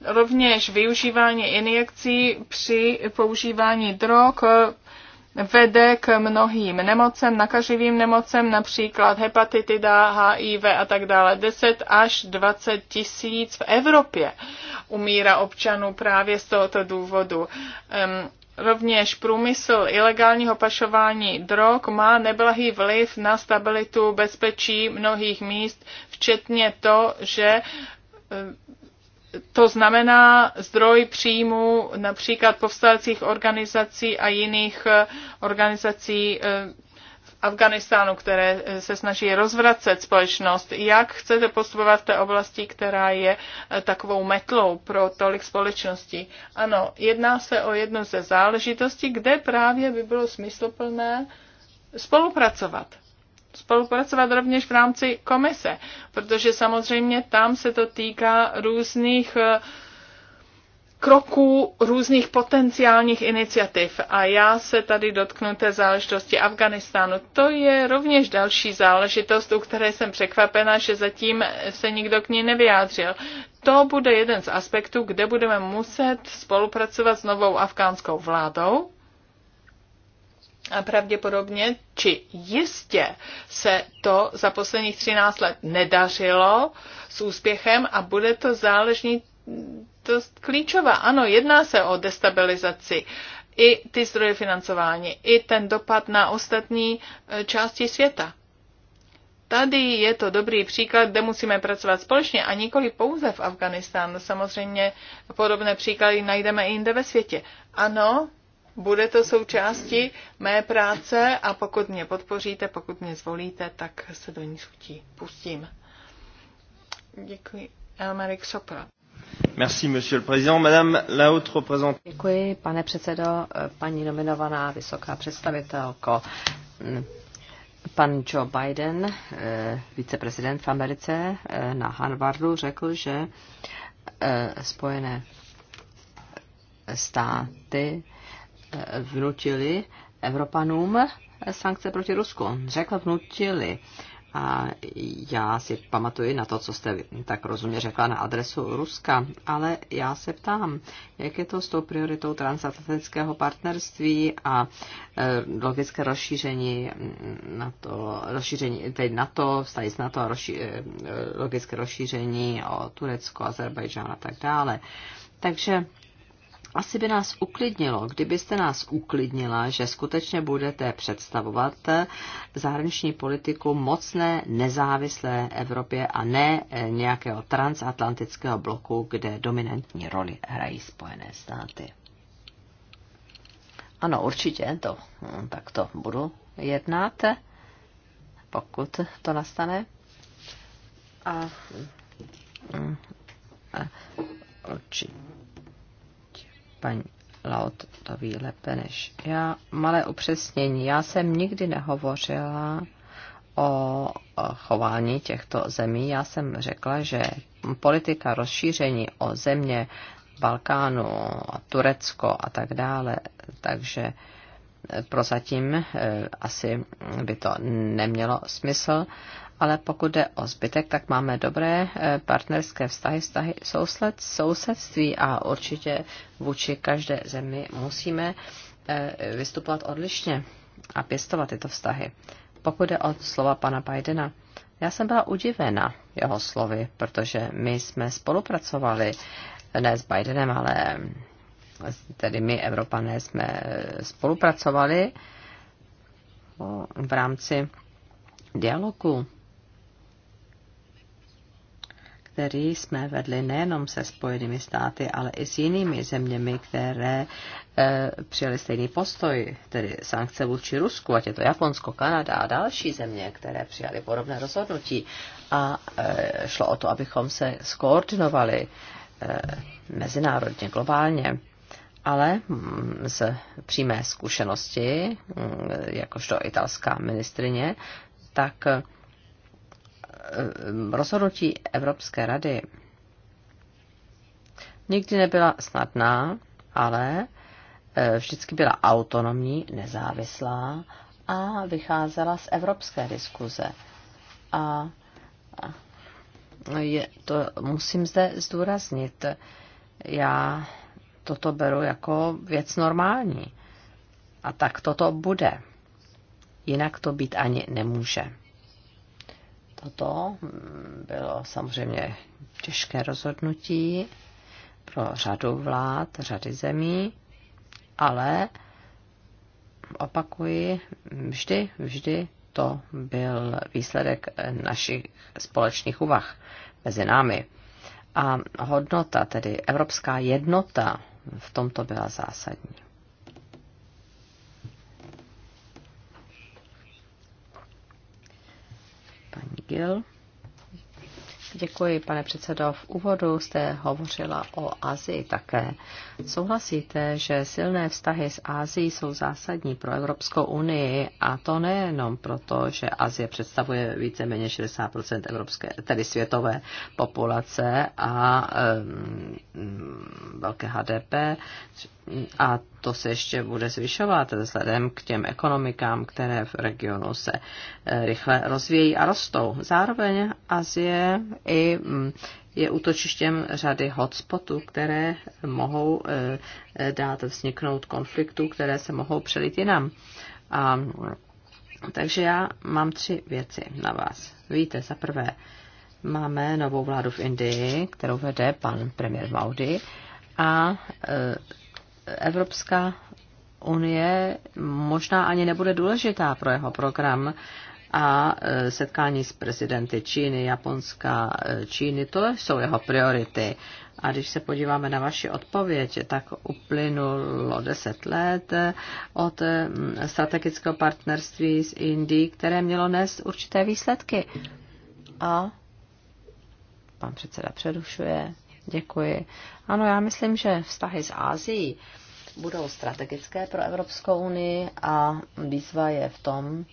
Rovněž využívání injekcí při používání drog eh, vede k mnohým nemocem, nakaživým nemocem, například hepatitida, HIV a tak dále. 10 až 20 tisíc v Evropě umírá občanů právě z tohoto důvodu. Um, Rovněž průmysl ilegálního pašování drog má neblahý vliv na stabilitu bezpečí mnohých míst, včetně to, že eh, to znamená zdroj příjmu například povstalcích organizací a jiných eh, organizací eh, Afganistánu, které eh, se snaží rozvracet společnost. Jak chcete postupovat v té oblasti, která je eh, takovou metlou pro tolik společností? Ano, jedná se o jednu ze záležitostí, kde právě by bylo smysluplné spolupracovat. Spolupracovat rovněž v rámci komise, protože samozřejmě tam se to týká různých uh, kroků různých potenciálních iniciativ. A já se tady dotknu té záležitosti Afganistánu. To je rovněž další záležitost, u které jsem překvapena, že zatím se nikdo k ní nevyjádřil. To bude jeden z aspektů, kde budeme muset spolupracovat s novou afgánskou vládou. A pravděpodobně, či jistě se to za posledních 13 let nedařilo s úspěchem a bude to záležní dost klíčová. Ano, jedná se o destabilizaci i ty zdroje financování, i ten dopad na ostatní e, části světa. Tady je to dobrý příklad, kde musíme pracovat společně a nikoli pouze v Afganistánu. Samozřejmě podobné příklady najdeme i jinde ve světě. Ano, bude to součástí mé práce a pokud mě podpoříte, pokud mě zvolíte, tak se do ní pustím. Děkuji. Elmerik Sopra. Děkuji, pane předsedo, paní nominovaná vysoká představitelko. Pan Joe Biden, eh, viceprezident v Americe eh, na Harvardu, řekl, že eh, Spojené státy vnutili Evropanům sankce proti Rusku. Řekl vnutili. A já si pamatuji na to, co jste tak rozumně řekla na adresu Ruska, ale já se ptám, jak je to s tou prioritou transatlantického partnerství a e, logické rozšíření na to, rozšíření teď NATO, vztahy na to a rozší, e, logické rozšíření o Turecko, Azerbajdžán a tak dále. Takže asi by nás uklidnilo, kdybyste nás uklidnila, že skutečně budete představovat eh, zahraniční politiku mocné, nezávislé Evropě a ne eh, nějakého transatlantického bloku, kde dominantní roli hrají Spojené státy. Ano, určitě, to, hm, tak to budu jednat, pokud to nastane. A, hm, hm, a určitě Paní Laot to ví lépe než já. Malé upřesnění. Já jsem nikdy nehovořila o chování těchto zemí. Já jsem řekla, že politika rozšíření o země Balkánu, Turecko a tak dále, takže prozatím eh, asi by to nemělo smysl ale pokud jde o zbytek, tak máme dobré eh, partnerské vztahy, vztahy soused, sousedství a určitě vůči každé zemi musíme eh, vystupovat odlišně a pěstovat tyto vztahy. Pokud jde o slova pana Bidena, já jsem byla udivena jeho slovy, protože my jsme spolupracovali eh, ne s Bidenem, ale tedy my, Evropané, jsme spolupracovali v rámci dialogu který jsme vedli nejenom se Spojenými státy, ale i s jinými zeměmi, které e, přijali stejný postoj, tedy sankce vůči Rusku, ať je to Japonsko, Kanada a další země, které přijali podobné rozhodnutí. A e, šlo o to, abychom se skoordinovali e, mezinárodně, globálně ale mm, z přímé zkušenosti, mm, jakožto italská ministrině, tak rozhodnutí Evropské rady nikdy nebyla snadná, ale e, vždycky byla autonomní, nezávislá a vycházela z evropské diskuze. A je, to musím zde zdůraznit. Já toto beru jako věc normální. A tak toto bude. Jinak to být ani nemůže. Toto mm, bylo samozřejmě těžké rozhodnutí pro řadu vlád, řady zemí, ale opakuji, vždy, vždy to byl výsledek našich společných úvah mezi námi. A hodnota, tedy evropská jednota, v tomto byla zásadní. Gil. Děkuji, pane předsedo. V úvodu jste hovořila o Asii také. Souhlasíte, že silné vztahy s Ázií jsou zásadní pro Evropskou unii a to nejenom proto, že Asie představuje víceméně 60 evropské, tedy světové populace a um, velké HDP, a to se ještě bude zvyšovat vzhledem k těm ekonomikám, které v regionu se eh, rychle rozvíjí a rostou. Zároveň Azie i mm, je útočištěm řady hotspotů, které mohou eh, dát vzniknout konfliktů, které se mohou přelit jinam. A, mm, takže já mám tři věci na vás. Víte, za prvé, máme novou vládu v Indii, kterou vede pan premiér Maudy a eh, Evropská unie možná ani nebude důležitá pro jeho program a e, setkání s prezidenty Číny, Japonska, e, Číny, to jsou jeho priority. A když se podíváme na vaši odpověď, tak uplynulo deset let od strategického partnerství s Indií, které mělo nést určité výsledky. A pan předseda přerušuje. Děkuji. Ano, já myslím, že vztahy s Ázií budou strategické pro Evropskou unii a výzva je v tom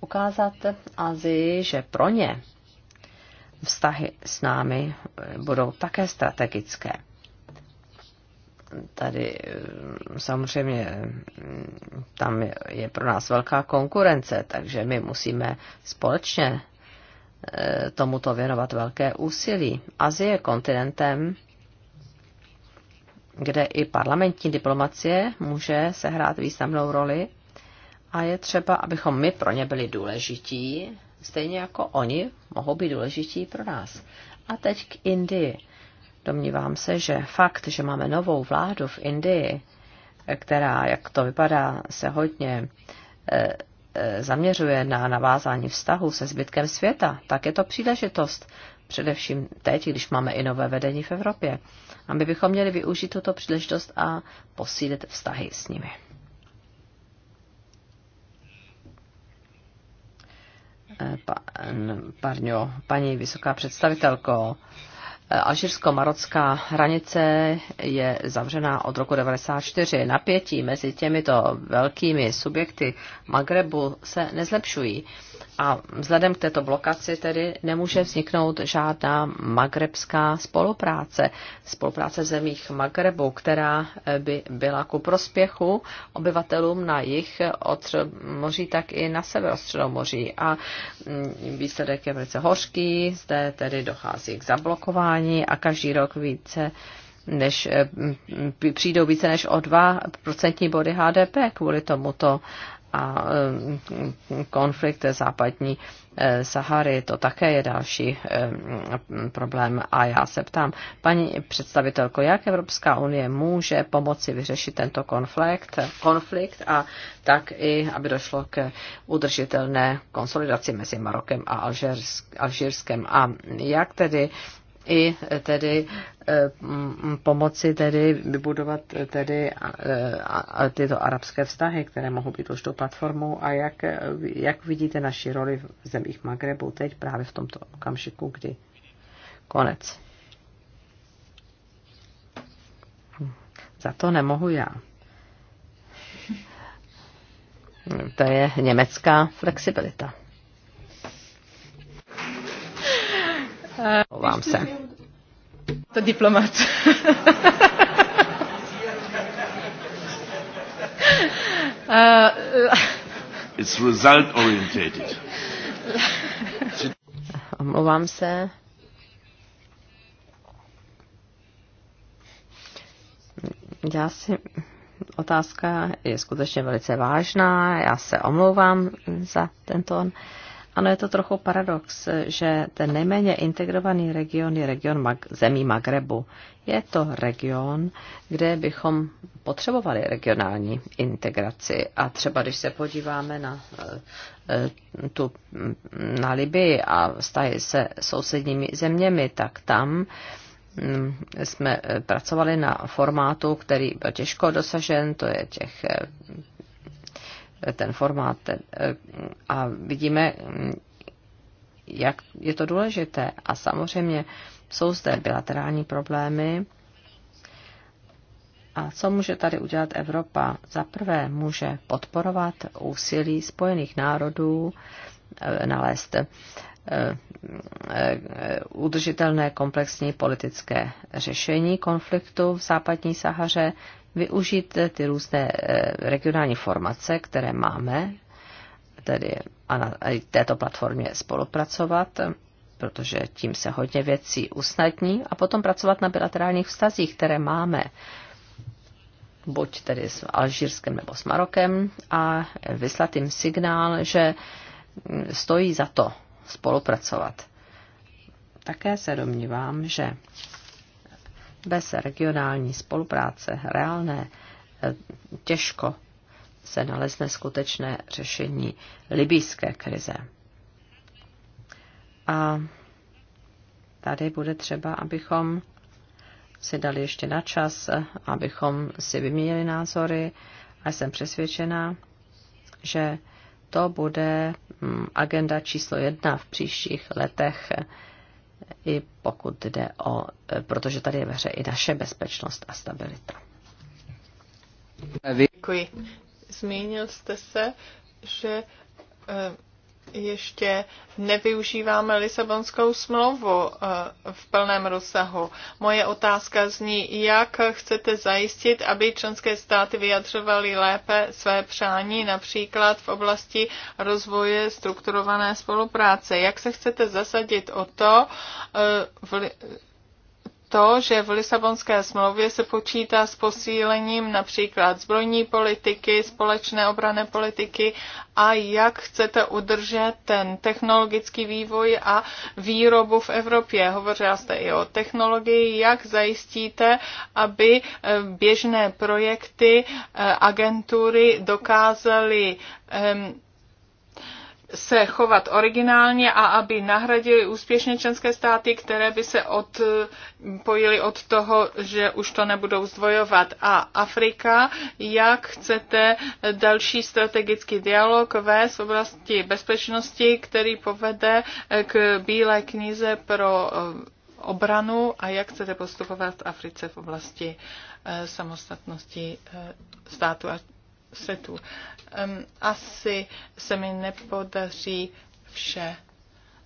ukázat Ázii, že pro ně vztahy s námi budou také strategické. Tady eh, samozřejmě mm, tam je pro nás velká konkurence, takže my musíme společně Eh, tomuto věnovat velké úsilí. Azie je kontinentem, kde i parlamentní diplomacie může sehrát významnou roli a je třeba, abychom my pro ně byli důležití, stejně jako oni mohou být důležití pro nás. A teď k Indii. Domnívám se, že fakt, že máme novou vládu v Indii, která, jak to vypadá, se hodně eh, Eh, zaměřuje na navázání vztahu se zbytkem světa, tak je to příležitost, především teď, když máme i nové vedení v Evropě, aby bychom měli využít tuto příležitost a posílit vztahy s nimi. Eh, Pan, parňo, paní vysoká představitelko, Alžírsko-marocká hranice je zavřená od roku 1994. Napětí mezi těmito velkými subjekty Magrebu se nezlepšují. A vzhledem k této blokaci tedy nemůže vzniknout žádná magrebská spolupráce, spolupráce zemích Magrebu, která eh, by byla ku prospěchu obyvatelům na jich od moří, tak i na severostředomoří. A mm, výsledek je velice hořký, zde tedy dochází k zablokování a každý rok více než eh, přijdou více než o 2 procentní body HDP kvůli tomuto a eh, konflikt západní eh, Sahary, to také je další eh, problém. A já se ptám, paní představitelko, jak Evropská unie může pomoci vyřešit tento konflikt, konflikt a tak i, aby došlo k udržitelné konsolidaci mezi Marokem a Alžírskem. A jak tedy i tedy e, pomoci tedy vybudovat tedy e, tyto arabské vztahy, které mohou být už tou platformou a jak, jak vidíte naši roli v zemích Magrebu teď právě v tomto okamžiku, kdy konec. Za to nemohu já. To je německá flexibilita. Ovám se. To diplomat. It's result orientated. Omlouvám se. Já si... Otázka je skutečně velice vážná. Já se omlouvám za tento ano, je to trochu paradox, že ten nejméně integrovaný region je region Mag- zemí Magrebu. Je to region, kde bychom potřebovali regionální integraci. A třeba když se podíváme na, eh, tu, na Libii a vztahy se sousedními zeměmi, tak tam hm, jsme eh, pracovali na formátu, který byl těžko dosažen, to je těch eh, ten formát. Ten, eh, a vidíme, jak je to důležité. A samozřejmě jsou zde bilaterální problémy. A co může tady udělat Evropa? Za prvé může podporovat úsilí Spojených národů eh, nalézt eh, udržitelné komplexní politické řešení konfliktu v západní Sahaře využít eh, ty různé eh, regionální formace, které máme, tedy a na této platformě spolupracovat, protože tím se hodně věcí usnadní a potom pracovat na bilaterálních vztazích, které máme buď tedy s Alžírskem nebo s Marokem a vyslat jim signál, že mm, stojí za to spolupracovat. Také se domnívám, že bez regionální spolupráce, reálné, eh, těžko se nalezne skutečné řešení libijské krize. A tady bude třeba, abychom si dali ještě na čas, abychom si vyměnili názory a jsem přesvědčena, že to bude mm, agenda číslo jedna v příštích letech i pokud jde o, protože tady je ve hře i naše bezpečnost a stabilita. Děkuji. Zmínil jste se, že eh, ještě nevyužíváme Lisabonskou smlouvu eh, v plném rozsahu. Moje otázka zní, jak chcete zajistit, aby členské státy vyjadřovaly lépe své přání, například v oblasti rozvoje strukturované spolupráce. Jak se chcete zasadit o to, eh, to, že v Lisabonské smlouvě se počítá s posílením například zbrojní politiky, společné obrané politiky a jak chcete udržet ten technologický vývoj a výrobu v Evropě. Hovořila jste i o technologii, jak zajistíte, aby eh, běžné projekty eh, agentury dokázaly se chovat originálně a aby nahradili úspěšně členské státy, které by se odpojily od toho, že už to nebudou zdvojovat. A Afrika, jak chcete další strategický dialog vést v oblasti bezpečnosti, který povede k Bílé knize pro eh, obranu a jak chcete postupovat v Africe v oblasti eh, samostatnosti eh, státu a Um, Asi se mi nepodaří vše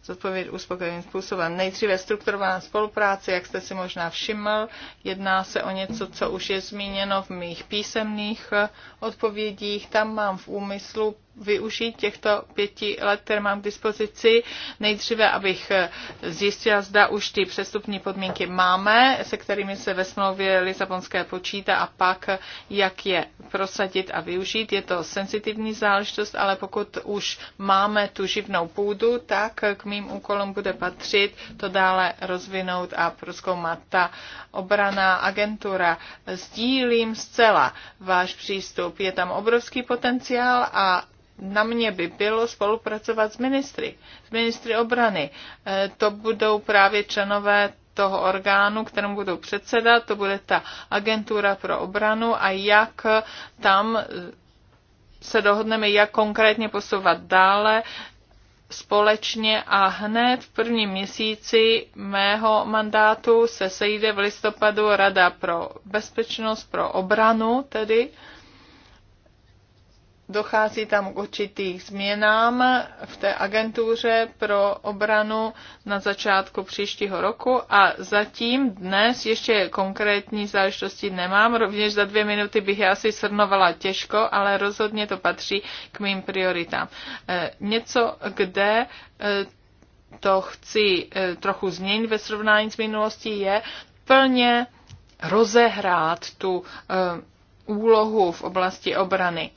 zodpovědět uspokojivým způsobem. Nejdříve strukturovaná spolupráce, jak jste si možná všiml, jedná se o něco, co už je zmíněno v mých písemných odpovědích. Tam mám v úmyslu využít těchto pěti let, které mám k dispozici. Nejdříve, abych zjistila, zda už ty přestupní podmínky máme, se kterými se ve smlouvě Lisabonské počítá a pak, jak je prosadit a využít. Je to sensitivní záležitost, ale pokud už máme tu živnou půdu, tak k mým úkolům bude patřit to dále rozvinout a proskoumat ta obraná agentura. Sdílím zcela váš přístup. Je tam obrovský potenciál a na mě by bylo spolupracovat s ministry, s ministry obrany. E, to budou právě členové toho orgánu, kterému budou předsedat, to bude ta agentura pro obranu a jak tam e, se dohodneme, jak konkrétně posouvat dále společně a hned v prvním měsíci mého mandátu se sejde v listopadu Rada pro bezpečnost, pro obranu tedy, dochází tam k určitých změnám v té agentuře pro obranu na začátku příštího roku a zatím dnes ještě konkrétní záležitosti nemám. Rovněž za dvě minuty bych je asi srnovala těžko, ale rozhodně to patří k mým prioritám. Eh, něco, kde eh, to chci eh, trochu změnit ve srovnání s minulostí, je plně rozehrát tu úlohu v oblasti obrany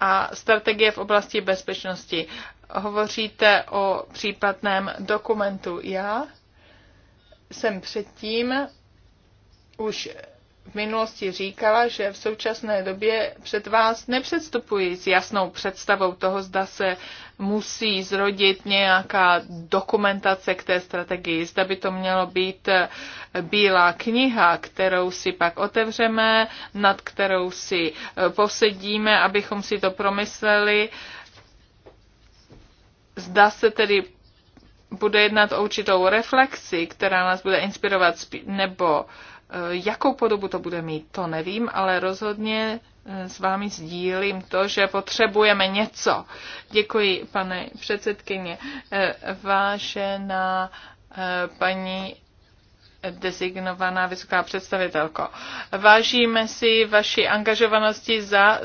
a strategie v oblasti bezpečnosti. Hovoříte o případném dokumentu. Já jsem předtím už v minulosti říkala, že v současné době před vás nepředstupuji s jasnou představou toho, zda se musí zrodit nějaká dokumentace k té strategii, zda by to mělo být bílá kniha, kterou si pak otevřeme, nad kterou si eh, posedíme, abychom si to promysleli. Zda se tedy bude jednat o určitou reflexi, která nás bude inspirovat, nebo uh, Eh, jakou podobu to bude mít, to nevím, ale rozhodně eh, s vámi sdílím to, že potřebujeme něco. Děkuji, pane předsedkyně. Eh, vážená paní designovaná vysoká představitelko. Vážíme si vaši angažovanosti za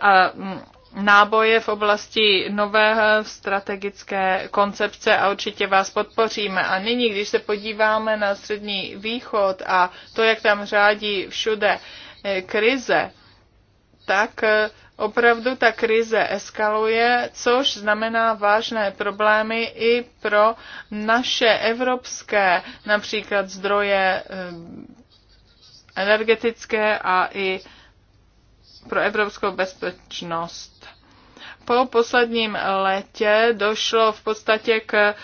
a mm, náboje v oblasti nové strategické koncepce a určitě vás podpoříme. A nyní, když se podíváme na Střední východ a to, jak tam řádí všude eh, krize, tak eh, opravdu ta krize eskaluje, což znamená vážné problémy i pro naše evropské například zdroje eh, energetické a i pro evropskou bezpečnost. Po posledním letě došlo v podstatě k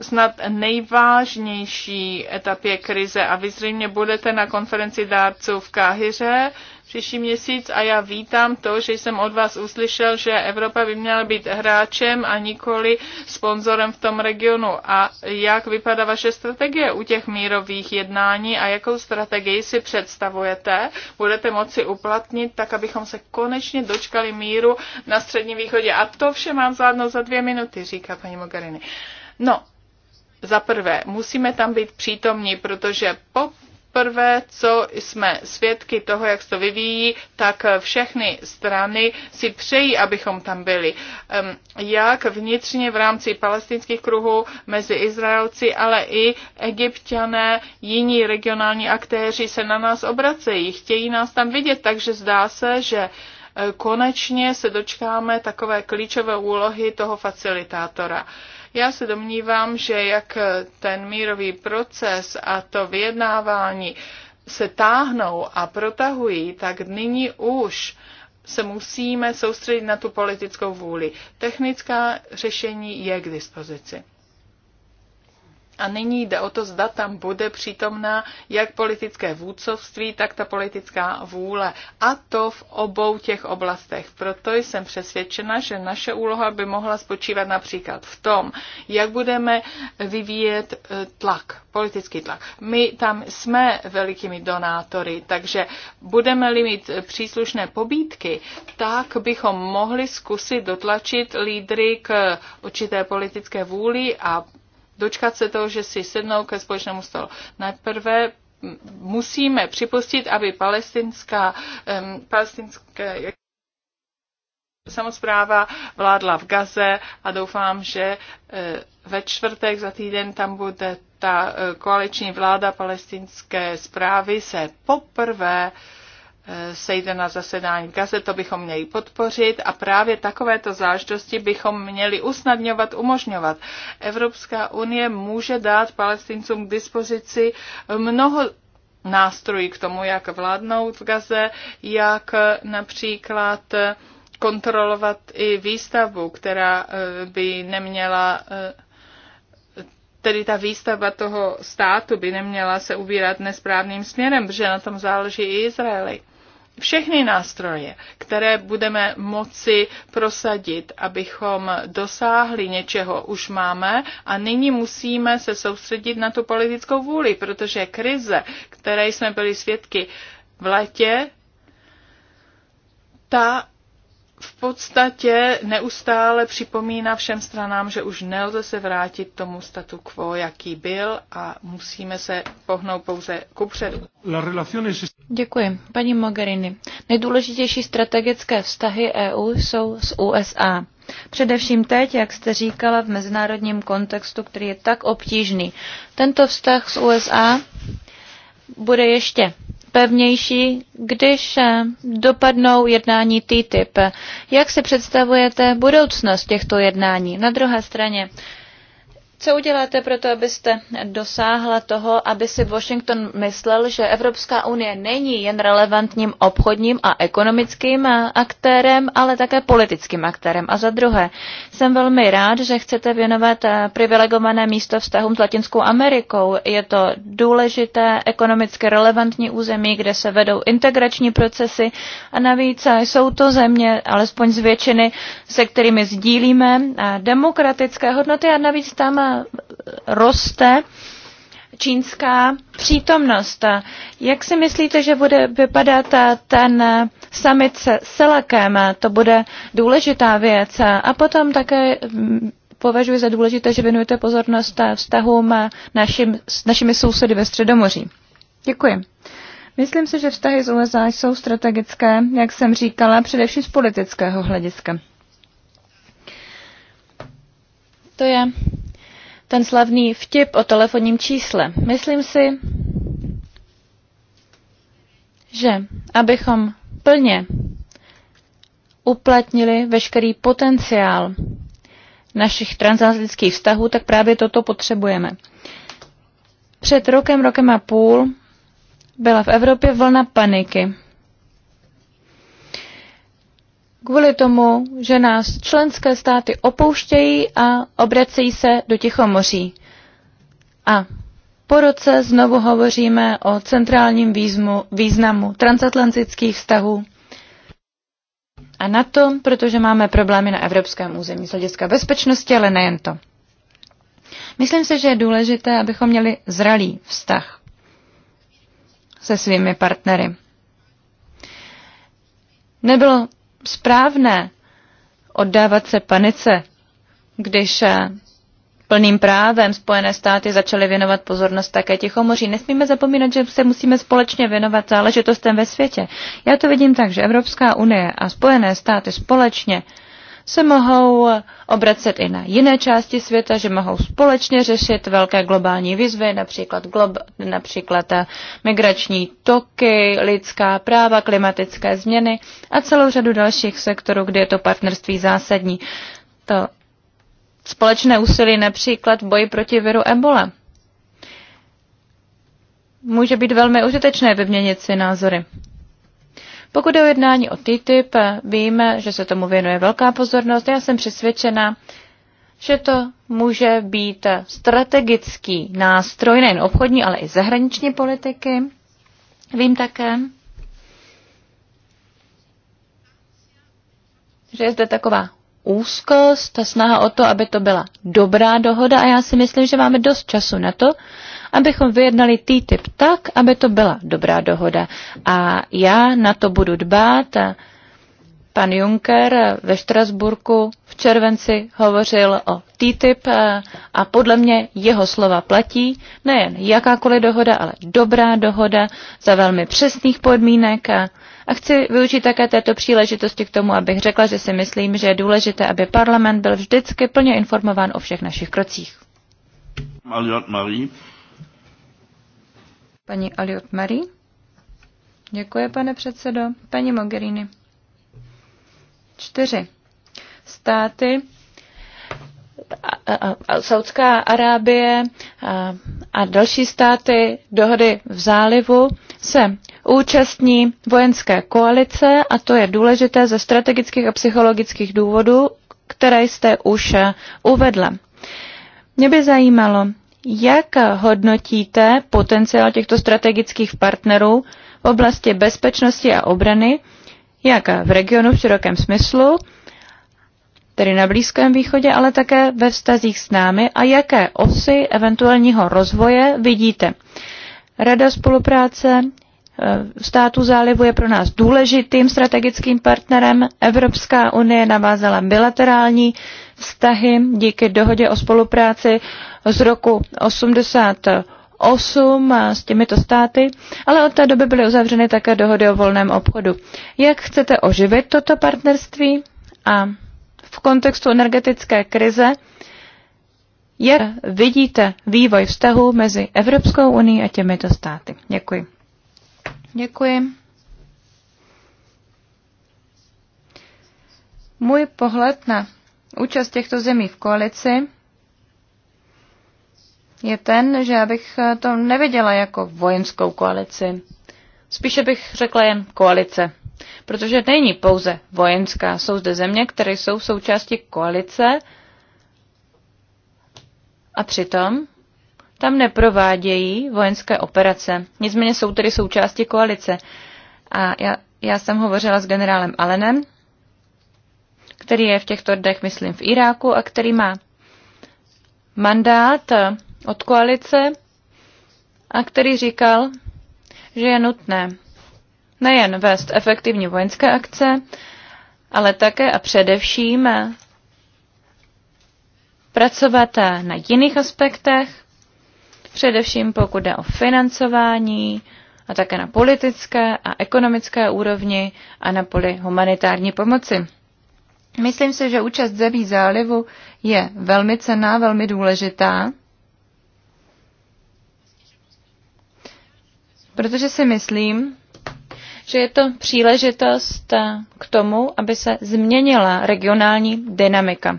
snad nejvážnější etapě krize a vy zřejmě budete na konferenci dárců v Káhyře, příští měsíc a já vítám to, že jsem od vás uslyšel, že Evropa by měla být hráčem a nikoli sponzorem v tom regionu. A jak vypadá vaše strategie u těch mírových jednání a jakou strategii si představujete, budete moci uplatnit, tak abychom se konečně dočkali míru na Středním východě. A to vše mám zvládnout za dvě minuty, říká paní Mogherini. No, za prvé, musíme tam být přítomní, protože po prvé, co jsme svědky toho, jak se to vyvíjí, tak všechny strany si přejí, abychom tam byli. Jak vnitřně v rámci palestinských kruhů mezi Izraelci, ale i egyptiané, jiní regionální aktéři se na nás obracejí, chtějí nás tam vidět, takže zdá se, že e, konečně se dočkáme takové klíčové úlohy toho facilitátora. Já se domnívám, že jak ten mírový proces a to vyjednávání se táhnou a protahují, tak nyní už se musíme soustředit na tu politickou vůli. Technická řešení je k dispozici. A nyní jde o to, zda tam bude přítomná jak politické vůdcovství, tak ta politická vůle. A to v obou těch oblastech. Proto jsem přesvědčena, že naše úloha by mohla spočívat například v tom, jak budeme vyvíjet e, tlak, politický tlak. My tam jsme velikými donátory, takže budeme-li mít příslušné pobídky, tak bychom mohli zkusit dotlačit lídry k určité politické vůli a dočkat se toho, že si sednou ke společnému stolu. Nejprve musíme připustit, aby palestinská, um, palestinská samozpráva vládla v Gaze a doufám, že e, ve čtvrtek za týden tam bude ta e, koaliční vláda palestinské zprávy se poprvé uh, Eh, sejde na zasedání gazet, to bychom měli podpořit a právě takovéto záždosti bychom měli usnadňovat, umožňovat. Evropská unie může dát palestincům k dispozici mnoho nástrojů k tomu, jak vládnout v Gaze, jak eh, například eh, kontrolovat i výstavu, která by neměla tedy ta výstava toho státu by neměla se ubírat nesprávným směrem, protože na tom záleží i Izraeli všechny nástroje, které budeme moci prosadit, abychom dosáhli něčeho, už máme a nyní musíme se soustředit na tu politickou vůli, protože krize, které jsme byli svědky v letě, ta v podstatě neustále připomíná všem stranám, že už nelze se vrátit tomu statu quo, jaký byl a musíme se pohnout pouze kupředu. Děkuji. Paní Mogherini, nejdůležitější strategické vztahy EU jsou s USA. Především teď, jak jste říkala, v mezinárodním kontextu, který je tak obtížný. Tento vztah s USA bude ještě pevnější, když eh, dopadnou jednání TTIP. Jak si představujete budoucnost těchto jednání? Na druhé straně, co uděláte pro to, abyste dosáhla toho, aby si Washington myslel, že Evropská unie není jen relevantním obchodním a ekonomickým aktérem, ale také politickým aktérem? A za druhé, jsem velmi rád, že chcete věnovat privilegované místo vztahům s Latinskou Amerikou. Je to důležité ekonomicky relevantní území, kde se vedou integrační procesy a navíc jsou to země, alespoň z většiny, se kterými sdílíme demokratické hodnoty a navíc tam roste čínská přítomnost. Jak si myslíte, že bude vypadat ten summit se Selakem? To bude důležitá věc. A potom také mm, považuji za důležité, že věnujete pozornost vztahům našim, s našimi sousedy ve Středomoří. Děkuji. Myslím si, že vztahy z USA jsou strategické, jak jsem říkala, především z politického hlediska. To je ten slavný vtip o telefonním čísle. Myslím si, že abychom plně uplatnili veškerý potenciál našich transatlantických vztahů, tak právě toto potřebujeme. Před rokem, rokem a půl byla v Evropě vlna paniky kvůli tomu, že nás členské státy opouštějí a obracejí se do Tichomoří. A po roce znovu hovoříme o centrálním výzmu, významu transatlantických vztahů a na to, protože máme problémy na evropském území z hlediska bezpečnosti, ale nejen to. Myslím se, že je důležité, abychom měli zralý vztah se svými partnery. Nebylo správné oddávat se panice, když eh, plným právem Spojené státy začaly věnovat pozornost také Tichomoří. Nesmíme zapomínat, že se musíme společně věnovat záležitostem ve světě. Já to vidím tak, že Evropská unie a Spojené státy společně se mohou obracet i na jiné části světa, že mohou společně řešit velké globální výzvy, například, glob, například migrační toky, lidská práva, klimatické změny a celou řadu dalších sektorů, kde je to partnerství zásadní. To společné úsilí například v boji proti viru Ebola. Může být velmi užitečné vyměnit si názory. Pokud je o jednání o TTIP, víme, že se tomu věnuje velká pozornost. Já jsem přesvědčena, že to může být strategický nástroj nejen obchodní, ale i zahraniční politiky. Vím také, že je zde taková úzkost, ta snaha o to, aby to byla dobrá dohoda a já si myslím, že máme dost času na to, abychom vyjednali TTIP tak, aby to byla dobrá dohoda. A já na to budu dbát. A pan Juncker ve Štrasburku v červenci hovořil o TTIP eh, a podle mě jeho slova platí nejen jakákoliv dohoda, ale dobrá dohoda za velmi přesných podmínek. A a chci využít také této příležitosti k tomu, abych řekla, že si myslím, že je důležité, aby parlament byl vždycky plně informován o všech našich krocích. Marie. Paní Aliot Marie. Děkuji, pane předsedo. Paní Mogherini. Čtyři. Státy Saudská Arábie a, a další státy dohody v zálivu se účastní vojenské koalice a to je důležité ze strategických a psychologických důvodů, které jste už uvedla. Mě by zajímalo, jak hodnotíte potenciál těchto strategických partnerů v oblasti bezpečnosti a obrany, jak v regionu v širokém smyslu, tedy na Blízkém východě, ale také ve vztazích s námi a jaké osy eventuálního rozvoje vidíte? Rada spolupráce eh, států zálivu je pro nás důležitým strategickým partnerem. Evropská unie navázala bilaterální vztahy díky dohodě o spolupráci z roku 88 eh, s těmito státy, ale od té doby byly uzavřeny také dohody o volném obchodu. Jak chcete oživit toto partnerství a v kontextu energetické krize, jak vidíte vývoj vztahu mezi Evropskou unii a těmito státy? Děkuji. Děkuji. Můj pohled na účast těchto zemí v koalici je ten, že abych eh, to neviděla jako vojenskou koalici. Spíše bych řekla jen koalice, protože není pouze vojenská. Jsou zde země, které jsou součástí koalice a přitom tam neprovádějí vojenské operace. Nicméně jsou tedy součástí koalice. A já, já jsem hovořila s generálem Allenem, který je v těchto dnech, myslím, v Iráku a který má mandát od koalice a který říkal, že je nutné nejen vést efektivní vojenské akce, ale také a především pracovat na jiných aspektech, především pokud jde o financování a také na politické a ekonomické úrovni a na poli humanitární pomoci. Myslím si, že účast zemí zálivu je velmi cená, velmi důležitá protože si myslím, že je to příležitost eh, k tomu, aby se změnila regionální dynamika.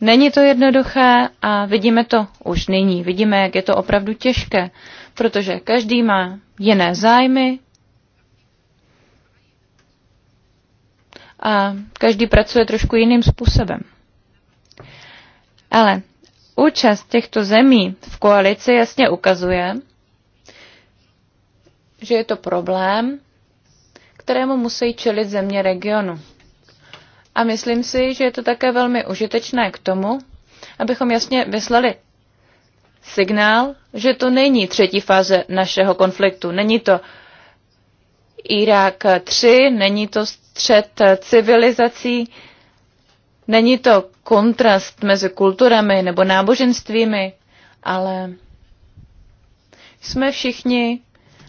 Není to jednoduché a vidíme to už nyní. Vidíme, jak je to opravdu těžké, protože každý má jiné zájmy a každý pracuje trošku jiným způsobem. Ale účast těchto zemí v koalici jasně ukazuje, že je to problém, kterému musí čelit země regionu. A myslím si, že je to také velmi užitečné k tomu, abychom jasně vyslali signál, že to není třetí fáze našeho konfliktu. Není to Irák 3, není to střed civilizací, není to kontrast mezi kulturami nebo náboženstvími, ale jsme všichni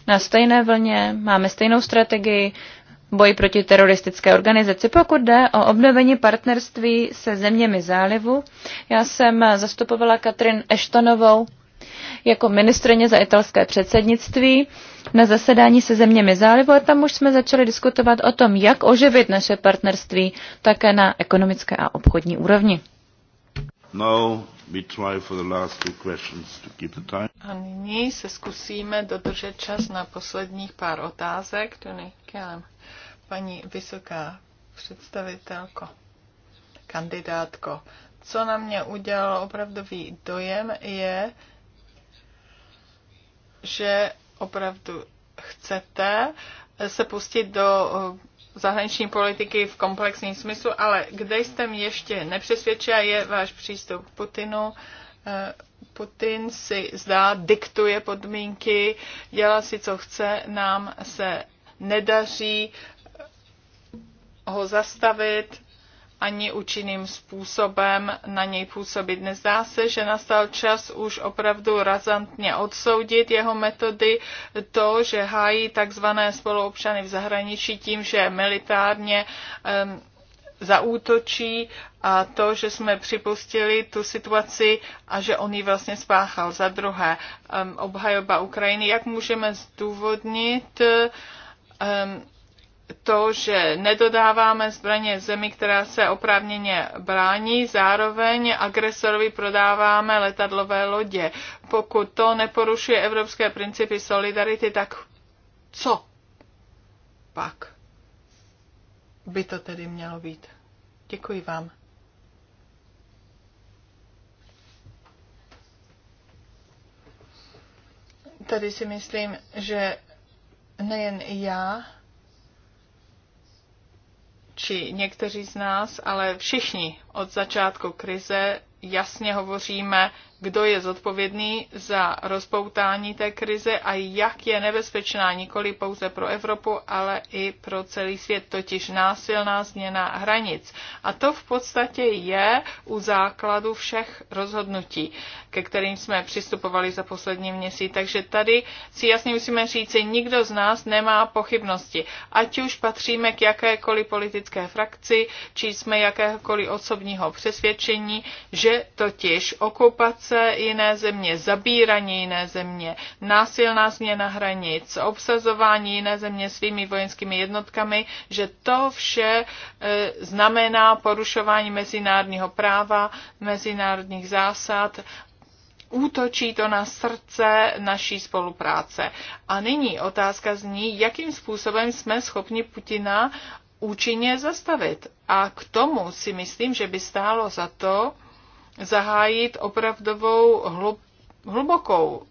na stejné vlně, máme stejnou strategii boji proti teroristické organizaci. Pokud jde o obnovení partnerství se zeměmi zálivu, já jsem zastupovala Katrin Eštonovou jako ministrině za italské předsednictví na zasedání se zeměmi zálivu a tam už jsme začali diskutovat o tom, jak oživit naše partnerství také na ekonomické a obchodní úrovni. Now we try for the last two questions to keep the time. A nyní se zkusíme dodržet čas na posledních pár otázek. Tony Kellem, paní vysoká představitelko, kandidátko, co na mě udělalo opravdový dojem je, že opravdu chcete se pustit do zahraniční politiky v komplexním smyslu, ale kde jste mě ještě nepřesvědčila, je váš přístup k Putinu. Eh, Putin si zdá, diktuje podmínky, dělá si, co chce, nám se nedaří ho zastavit, ani účinným způsobem na něj působit. Nezdá se, že nastal čas už opravdu razantně odsoudit jeho metody, to, že hájí takzvané spoluobčany v zahraničí tím, že militárně um, zaútočí a to, že jsme připustili tu situaci a že on ji vlastně spáchal. Za druhé, um, obhajoba Ukrajiny, jak můžeme zdůvodnit um, to, že nedodáváme zbraně zemi, která se oprávněně brání, zároveň agresorovi prodáváme letadlové lodě. Pokud to neporušuje evropské principy solidarity, tak co pak by to tedy mělo být? Děkuji vám. Tady si myslím, že nejen já, či někteří z nás, ale všichni od začátku krize jasně hovoříme kdo je zodpovědný za rozpoutání té krize a jak je nebezpečná nikoli pouze pro Evropu, ale i pro celý svět, totiž násilná změna hranic. A to v podstatě je u základu všech rozhodnutí, ke kterým jsme přistupovali za poslední měsíc. Takže tady si jasně musíme říci, nikdo z nás nemá pochybnosti. Ať už patříme k jakékoliv politické frakci, či jsme jakéhokoliv osobního přesvědčení, že totiž okupace okupace jiné země, zabíraní jiné země, násilná změna hranic, obsazování jiné země svými vojenskými jednotkami, že to vše e, znamená porušování mezinárodního práva, mezinárodních zásad útočí to na srdce naší spolupráce. A nyní otázka zní, jakým způsobem jsme schopni Putina účinně zastavit. A k tomu si myslím, že by stálo za to zahájit opravdovou hlubokou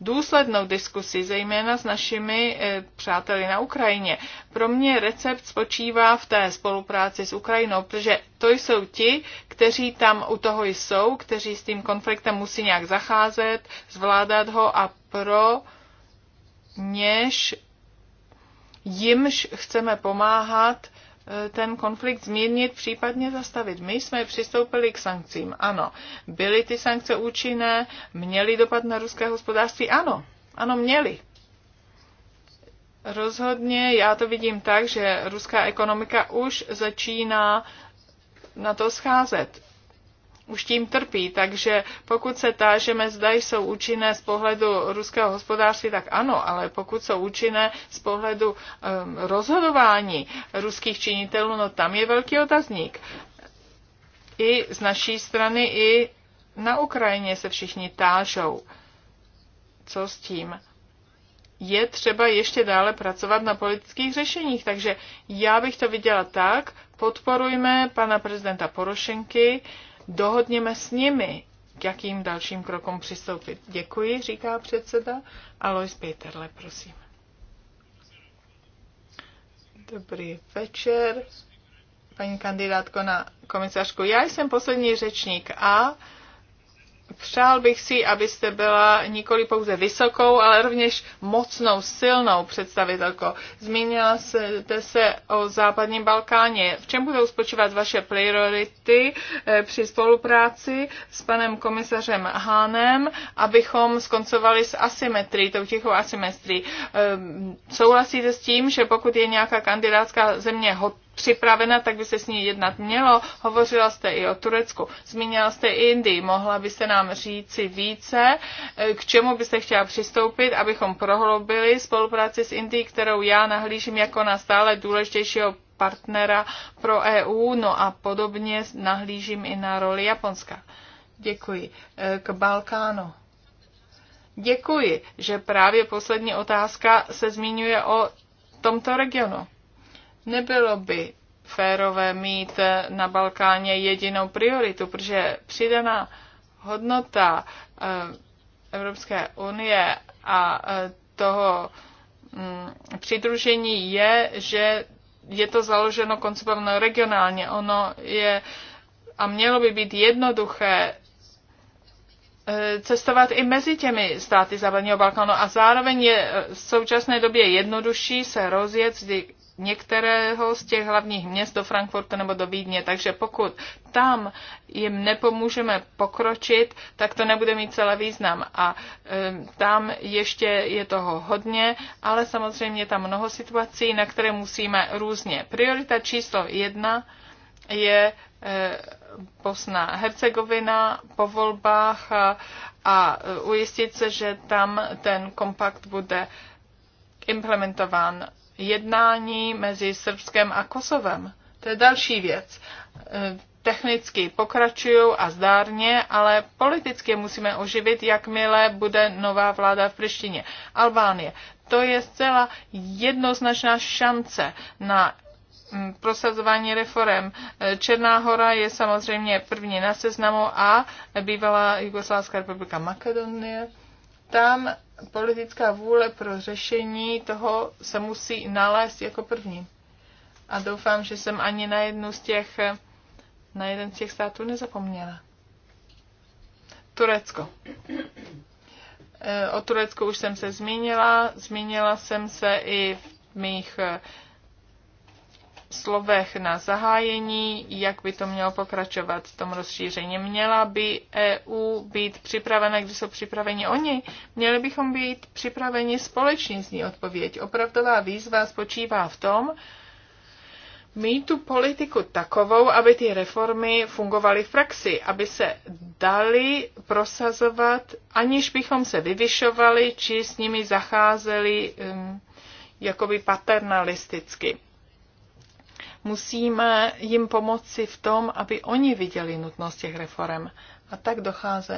důslednou diskusi, zejména s našimi eh, přáteli na Ukrajině. Pro mě recept spočívá v té spolupráci s Ukrajinou, protože to jsou ti, kteří tam u toho jsou, kteří s tím konfliktem musí nějak zacházet, zvládat ho a pro něž jimž chceme pomáhat ten konflikt zmírnit, případně zastavit. My jsme přistoupili k sankcím, ano. Byly ty sankce účinné, měly dopad na ruské hospodářství, ano. Ano, měly. Rozhodně já to vidím tak, že ruská ekonomika už začíná na to scházet už tím trpí. Takže pokud se tážeme, zda jsou účinné z pohledu ruského hospodářství, tak ano, ale pokud jsou účinné z pohledu um, rozhodování ruských činitelů, no tam je velký otazník. I z naší strany, i na Ukrajině se všichni tážou. Co s tím? Je třeba ještě dále pracovat na politických řešeních, takže já bych to viděla tak, podporujme pana prezidenta Porošenky, dohodněme s nimi, k jakým dalším krokům přistoupit. Děkuji, říká předseda. Alois Peterle, prosím. Dobrý večer, paní kandidátko na komisařku. Já jsem poslední řečník a Přál bych si, abyste byla nikoli pouze vysokou, ale rovněž mocnou, silnou představitelkou. Zmínila jste se o západním Balkáně. V čem budou spočívat vaše priority eh, při spolupráci s panem komisařem Hánem, abychom skoncovali s asymetrií, tou tichou asymetrií? Ehm, souhlasíte s tím, že pokud je nějaká kandidátská země hot připravena, tak by se s ní jednat mělo. Hovořila jste i o Turecku, zmínila jste i Indii. Mohla byste nám říci více, eh, k čemu byste chtěla přistoupit, abychom prohloubili spolupráci s Indií, kterou já nahlížím jako na stále důležitějšího partnera pro EU, no a podobně nahlížím i na roli Japonska. Děkuji. Eh, k Balkánu. Děkuji, že právě poslední otázka se zmiňuje o tomto regionu. Nebylo by férové mít na Balkáně jedinou prioritu, protože přidaná hodnota eh, Evropské unie a eh, toho mm, přidružení je, že je to založeno koncipováno regionálně. Ono je a mělo by být jednoduché eh, cestovat i mezi těmi státy západního Balkánu a zároveň je v současné době jednodušší se rozjet některého z těch hlavních měst do Frankfurtu nebo do Vídně. Takže pokud tam jim nepomůžeme pokročit, tak to nebude mít celý význam. A e, tam ještě je toho hodně, ale samozřejmě je tam mnoho situací, na které musíme různě. Priorita číslo jedna je eh, Bosna Hercegovina po volbách a, a ujistit se, že tam ten kompakt bude implementován jednání mezi Srbskem a Kosovem. To je další věc. E, technicky pokračují a zdárně, ale politicky musíme oživit, jakmile bude nová vláda v Prištině. Albánie. To je zcela jednoznačná šance na mm, prosazování reform. E, Černá hora je samozřejmě první na seznamu a bývalá Jugoslávská republika Makedonie. Tam politická vůle pro řešení toho se musí nalézt jako první. A doufám, že jsem ani na jednu z těch, na jeden z těch států nezapomněla. Turecko. Eh, o Turecku už jsem se zmínila, zmínila jsem se i v mých slovech na zahájení, jak by to mělo pokračovat v tom rozšíření. Měla by EU být připravena, když jsou připraveni oni? Měli bychom být připraveni společně ní odpověď. Opravdová výzva spočívá v tom, mít tu politiku takovou, aby ty reformy fungovaly v praxi, aby se dali prosazovat, aniž bychom se vyvyšovali či s nimi zacházeli um, jakoby paternalisticky. Musíme jim pomoci v tom, aby oni viděli nutnost těch reform. A tak dochází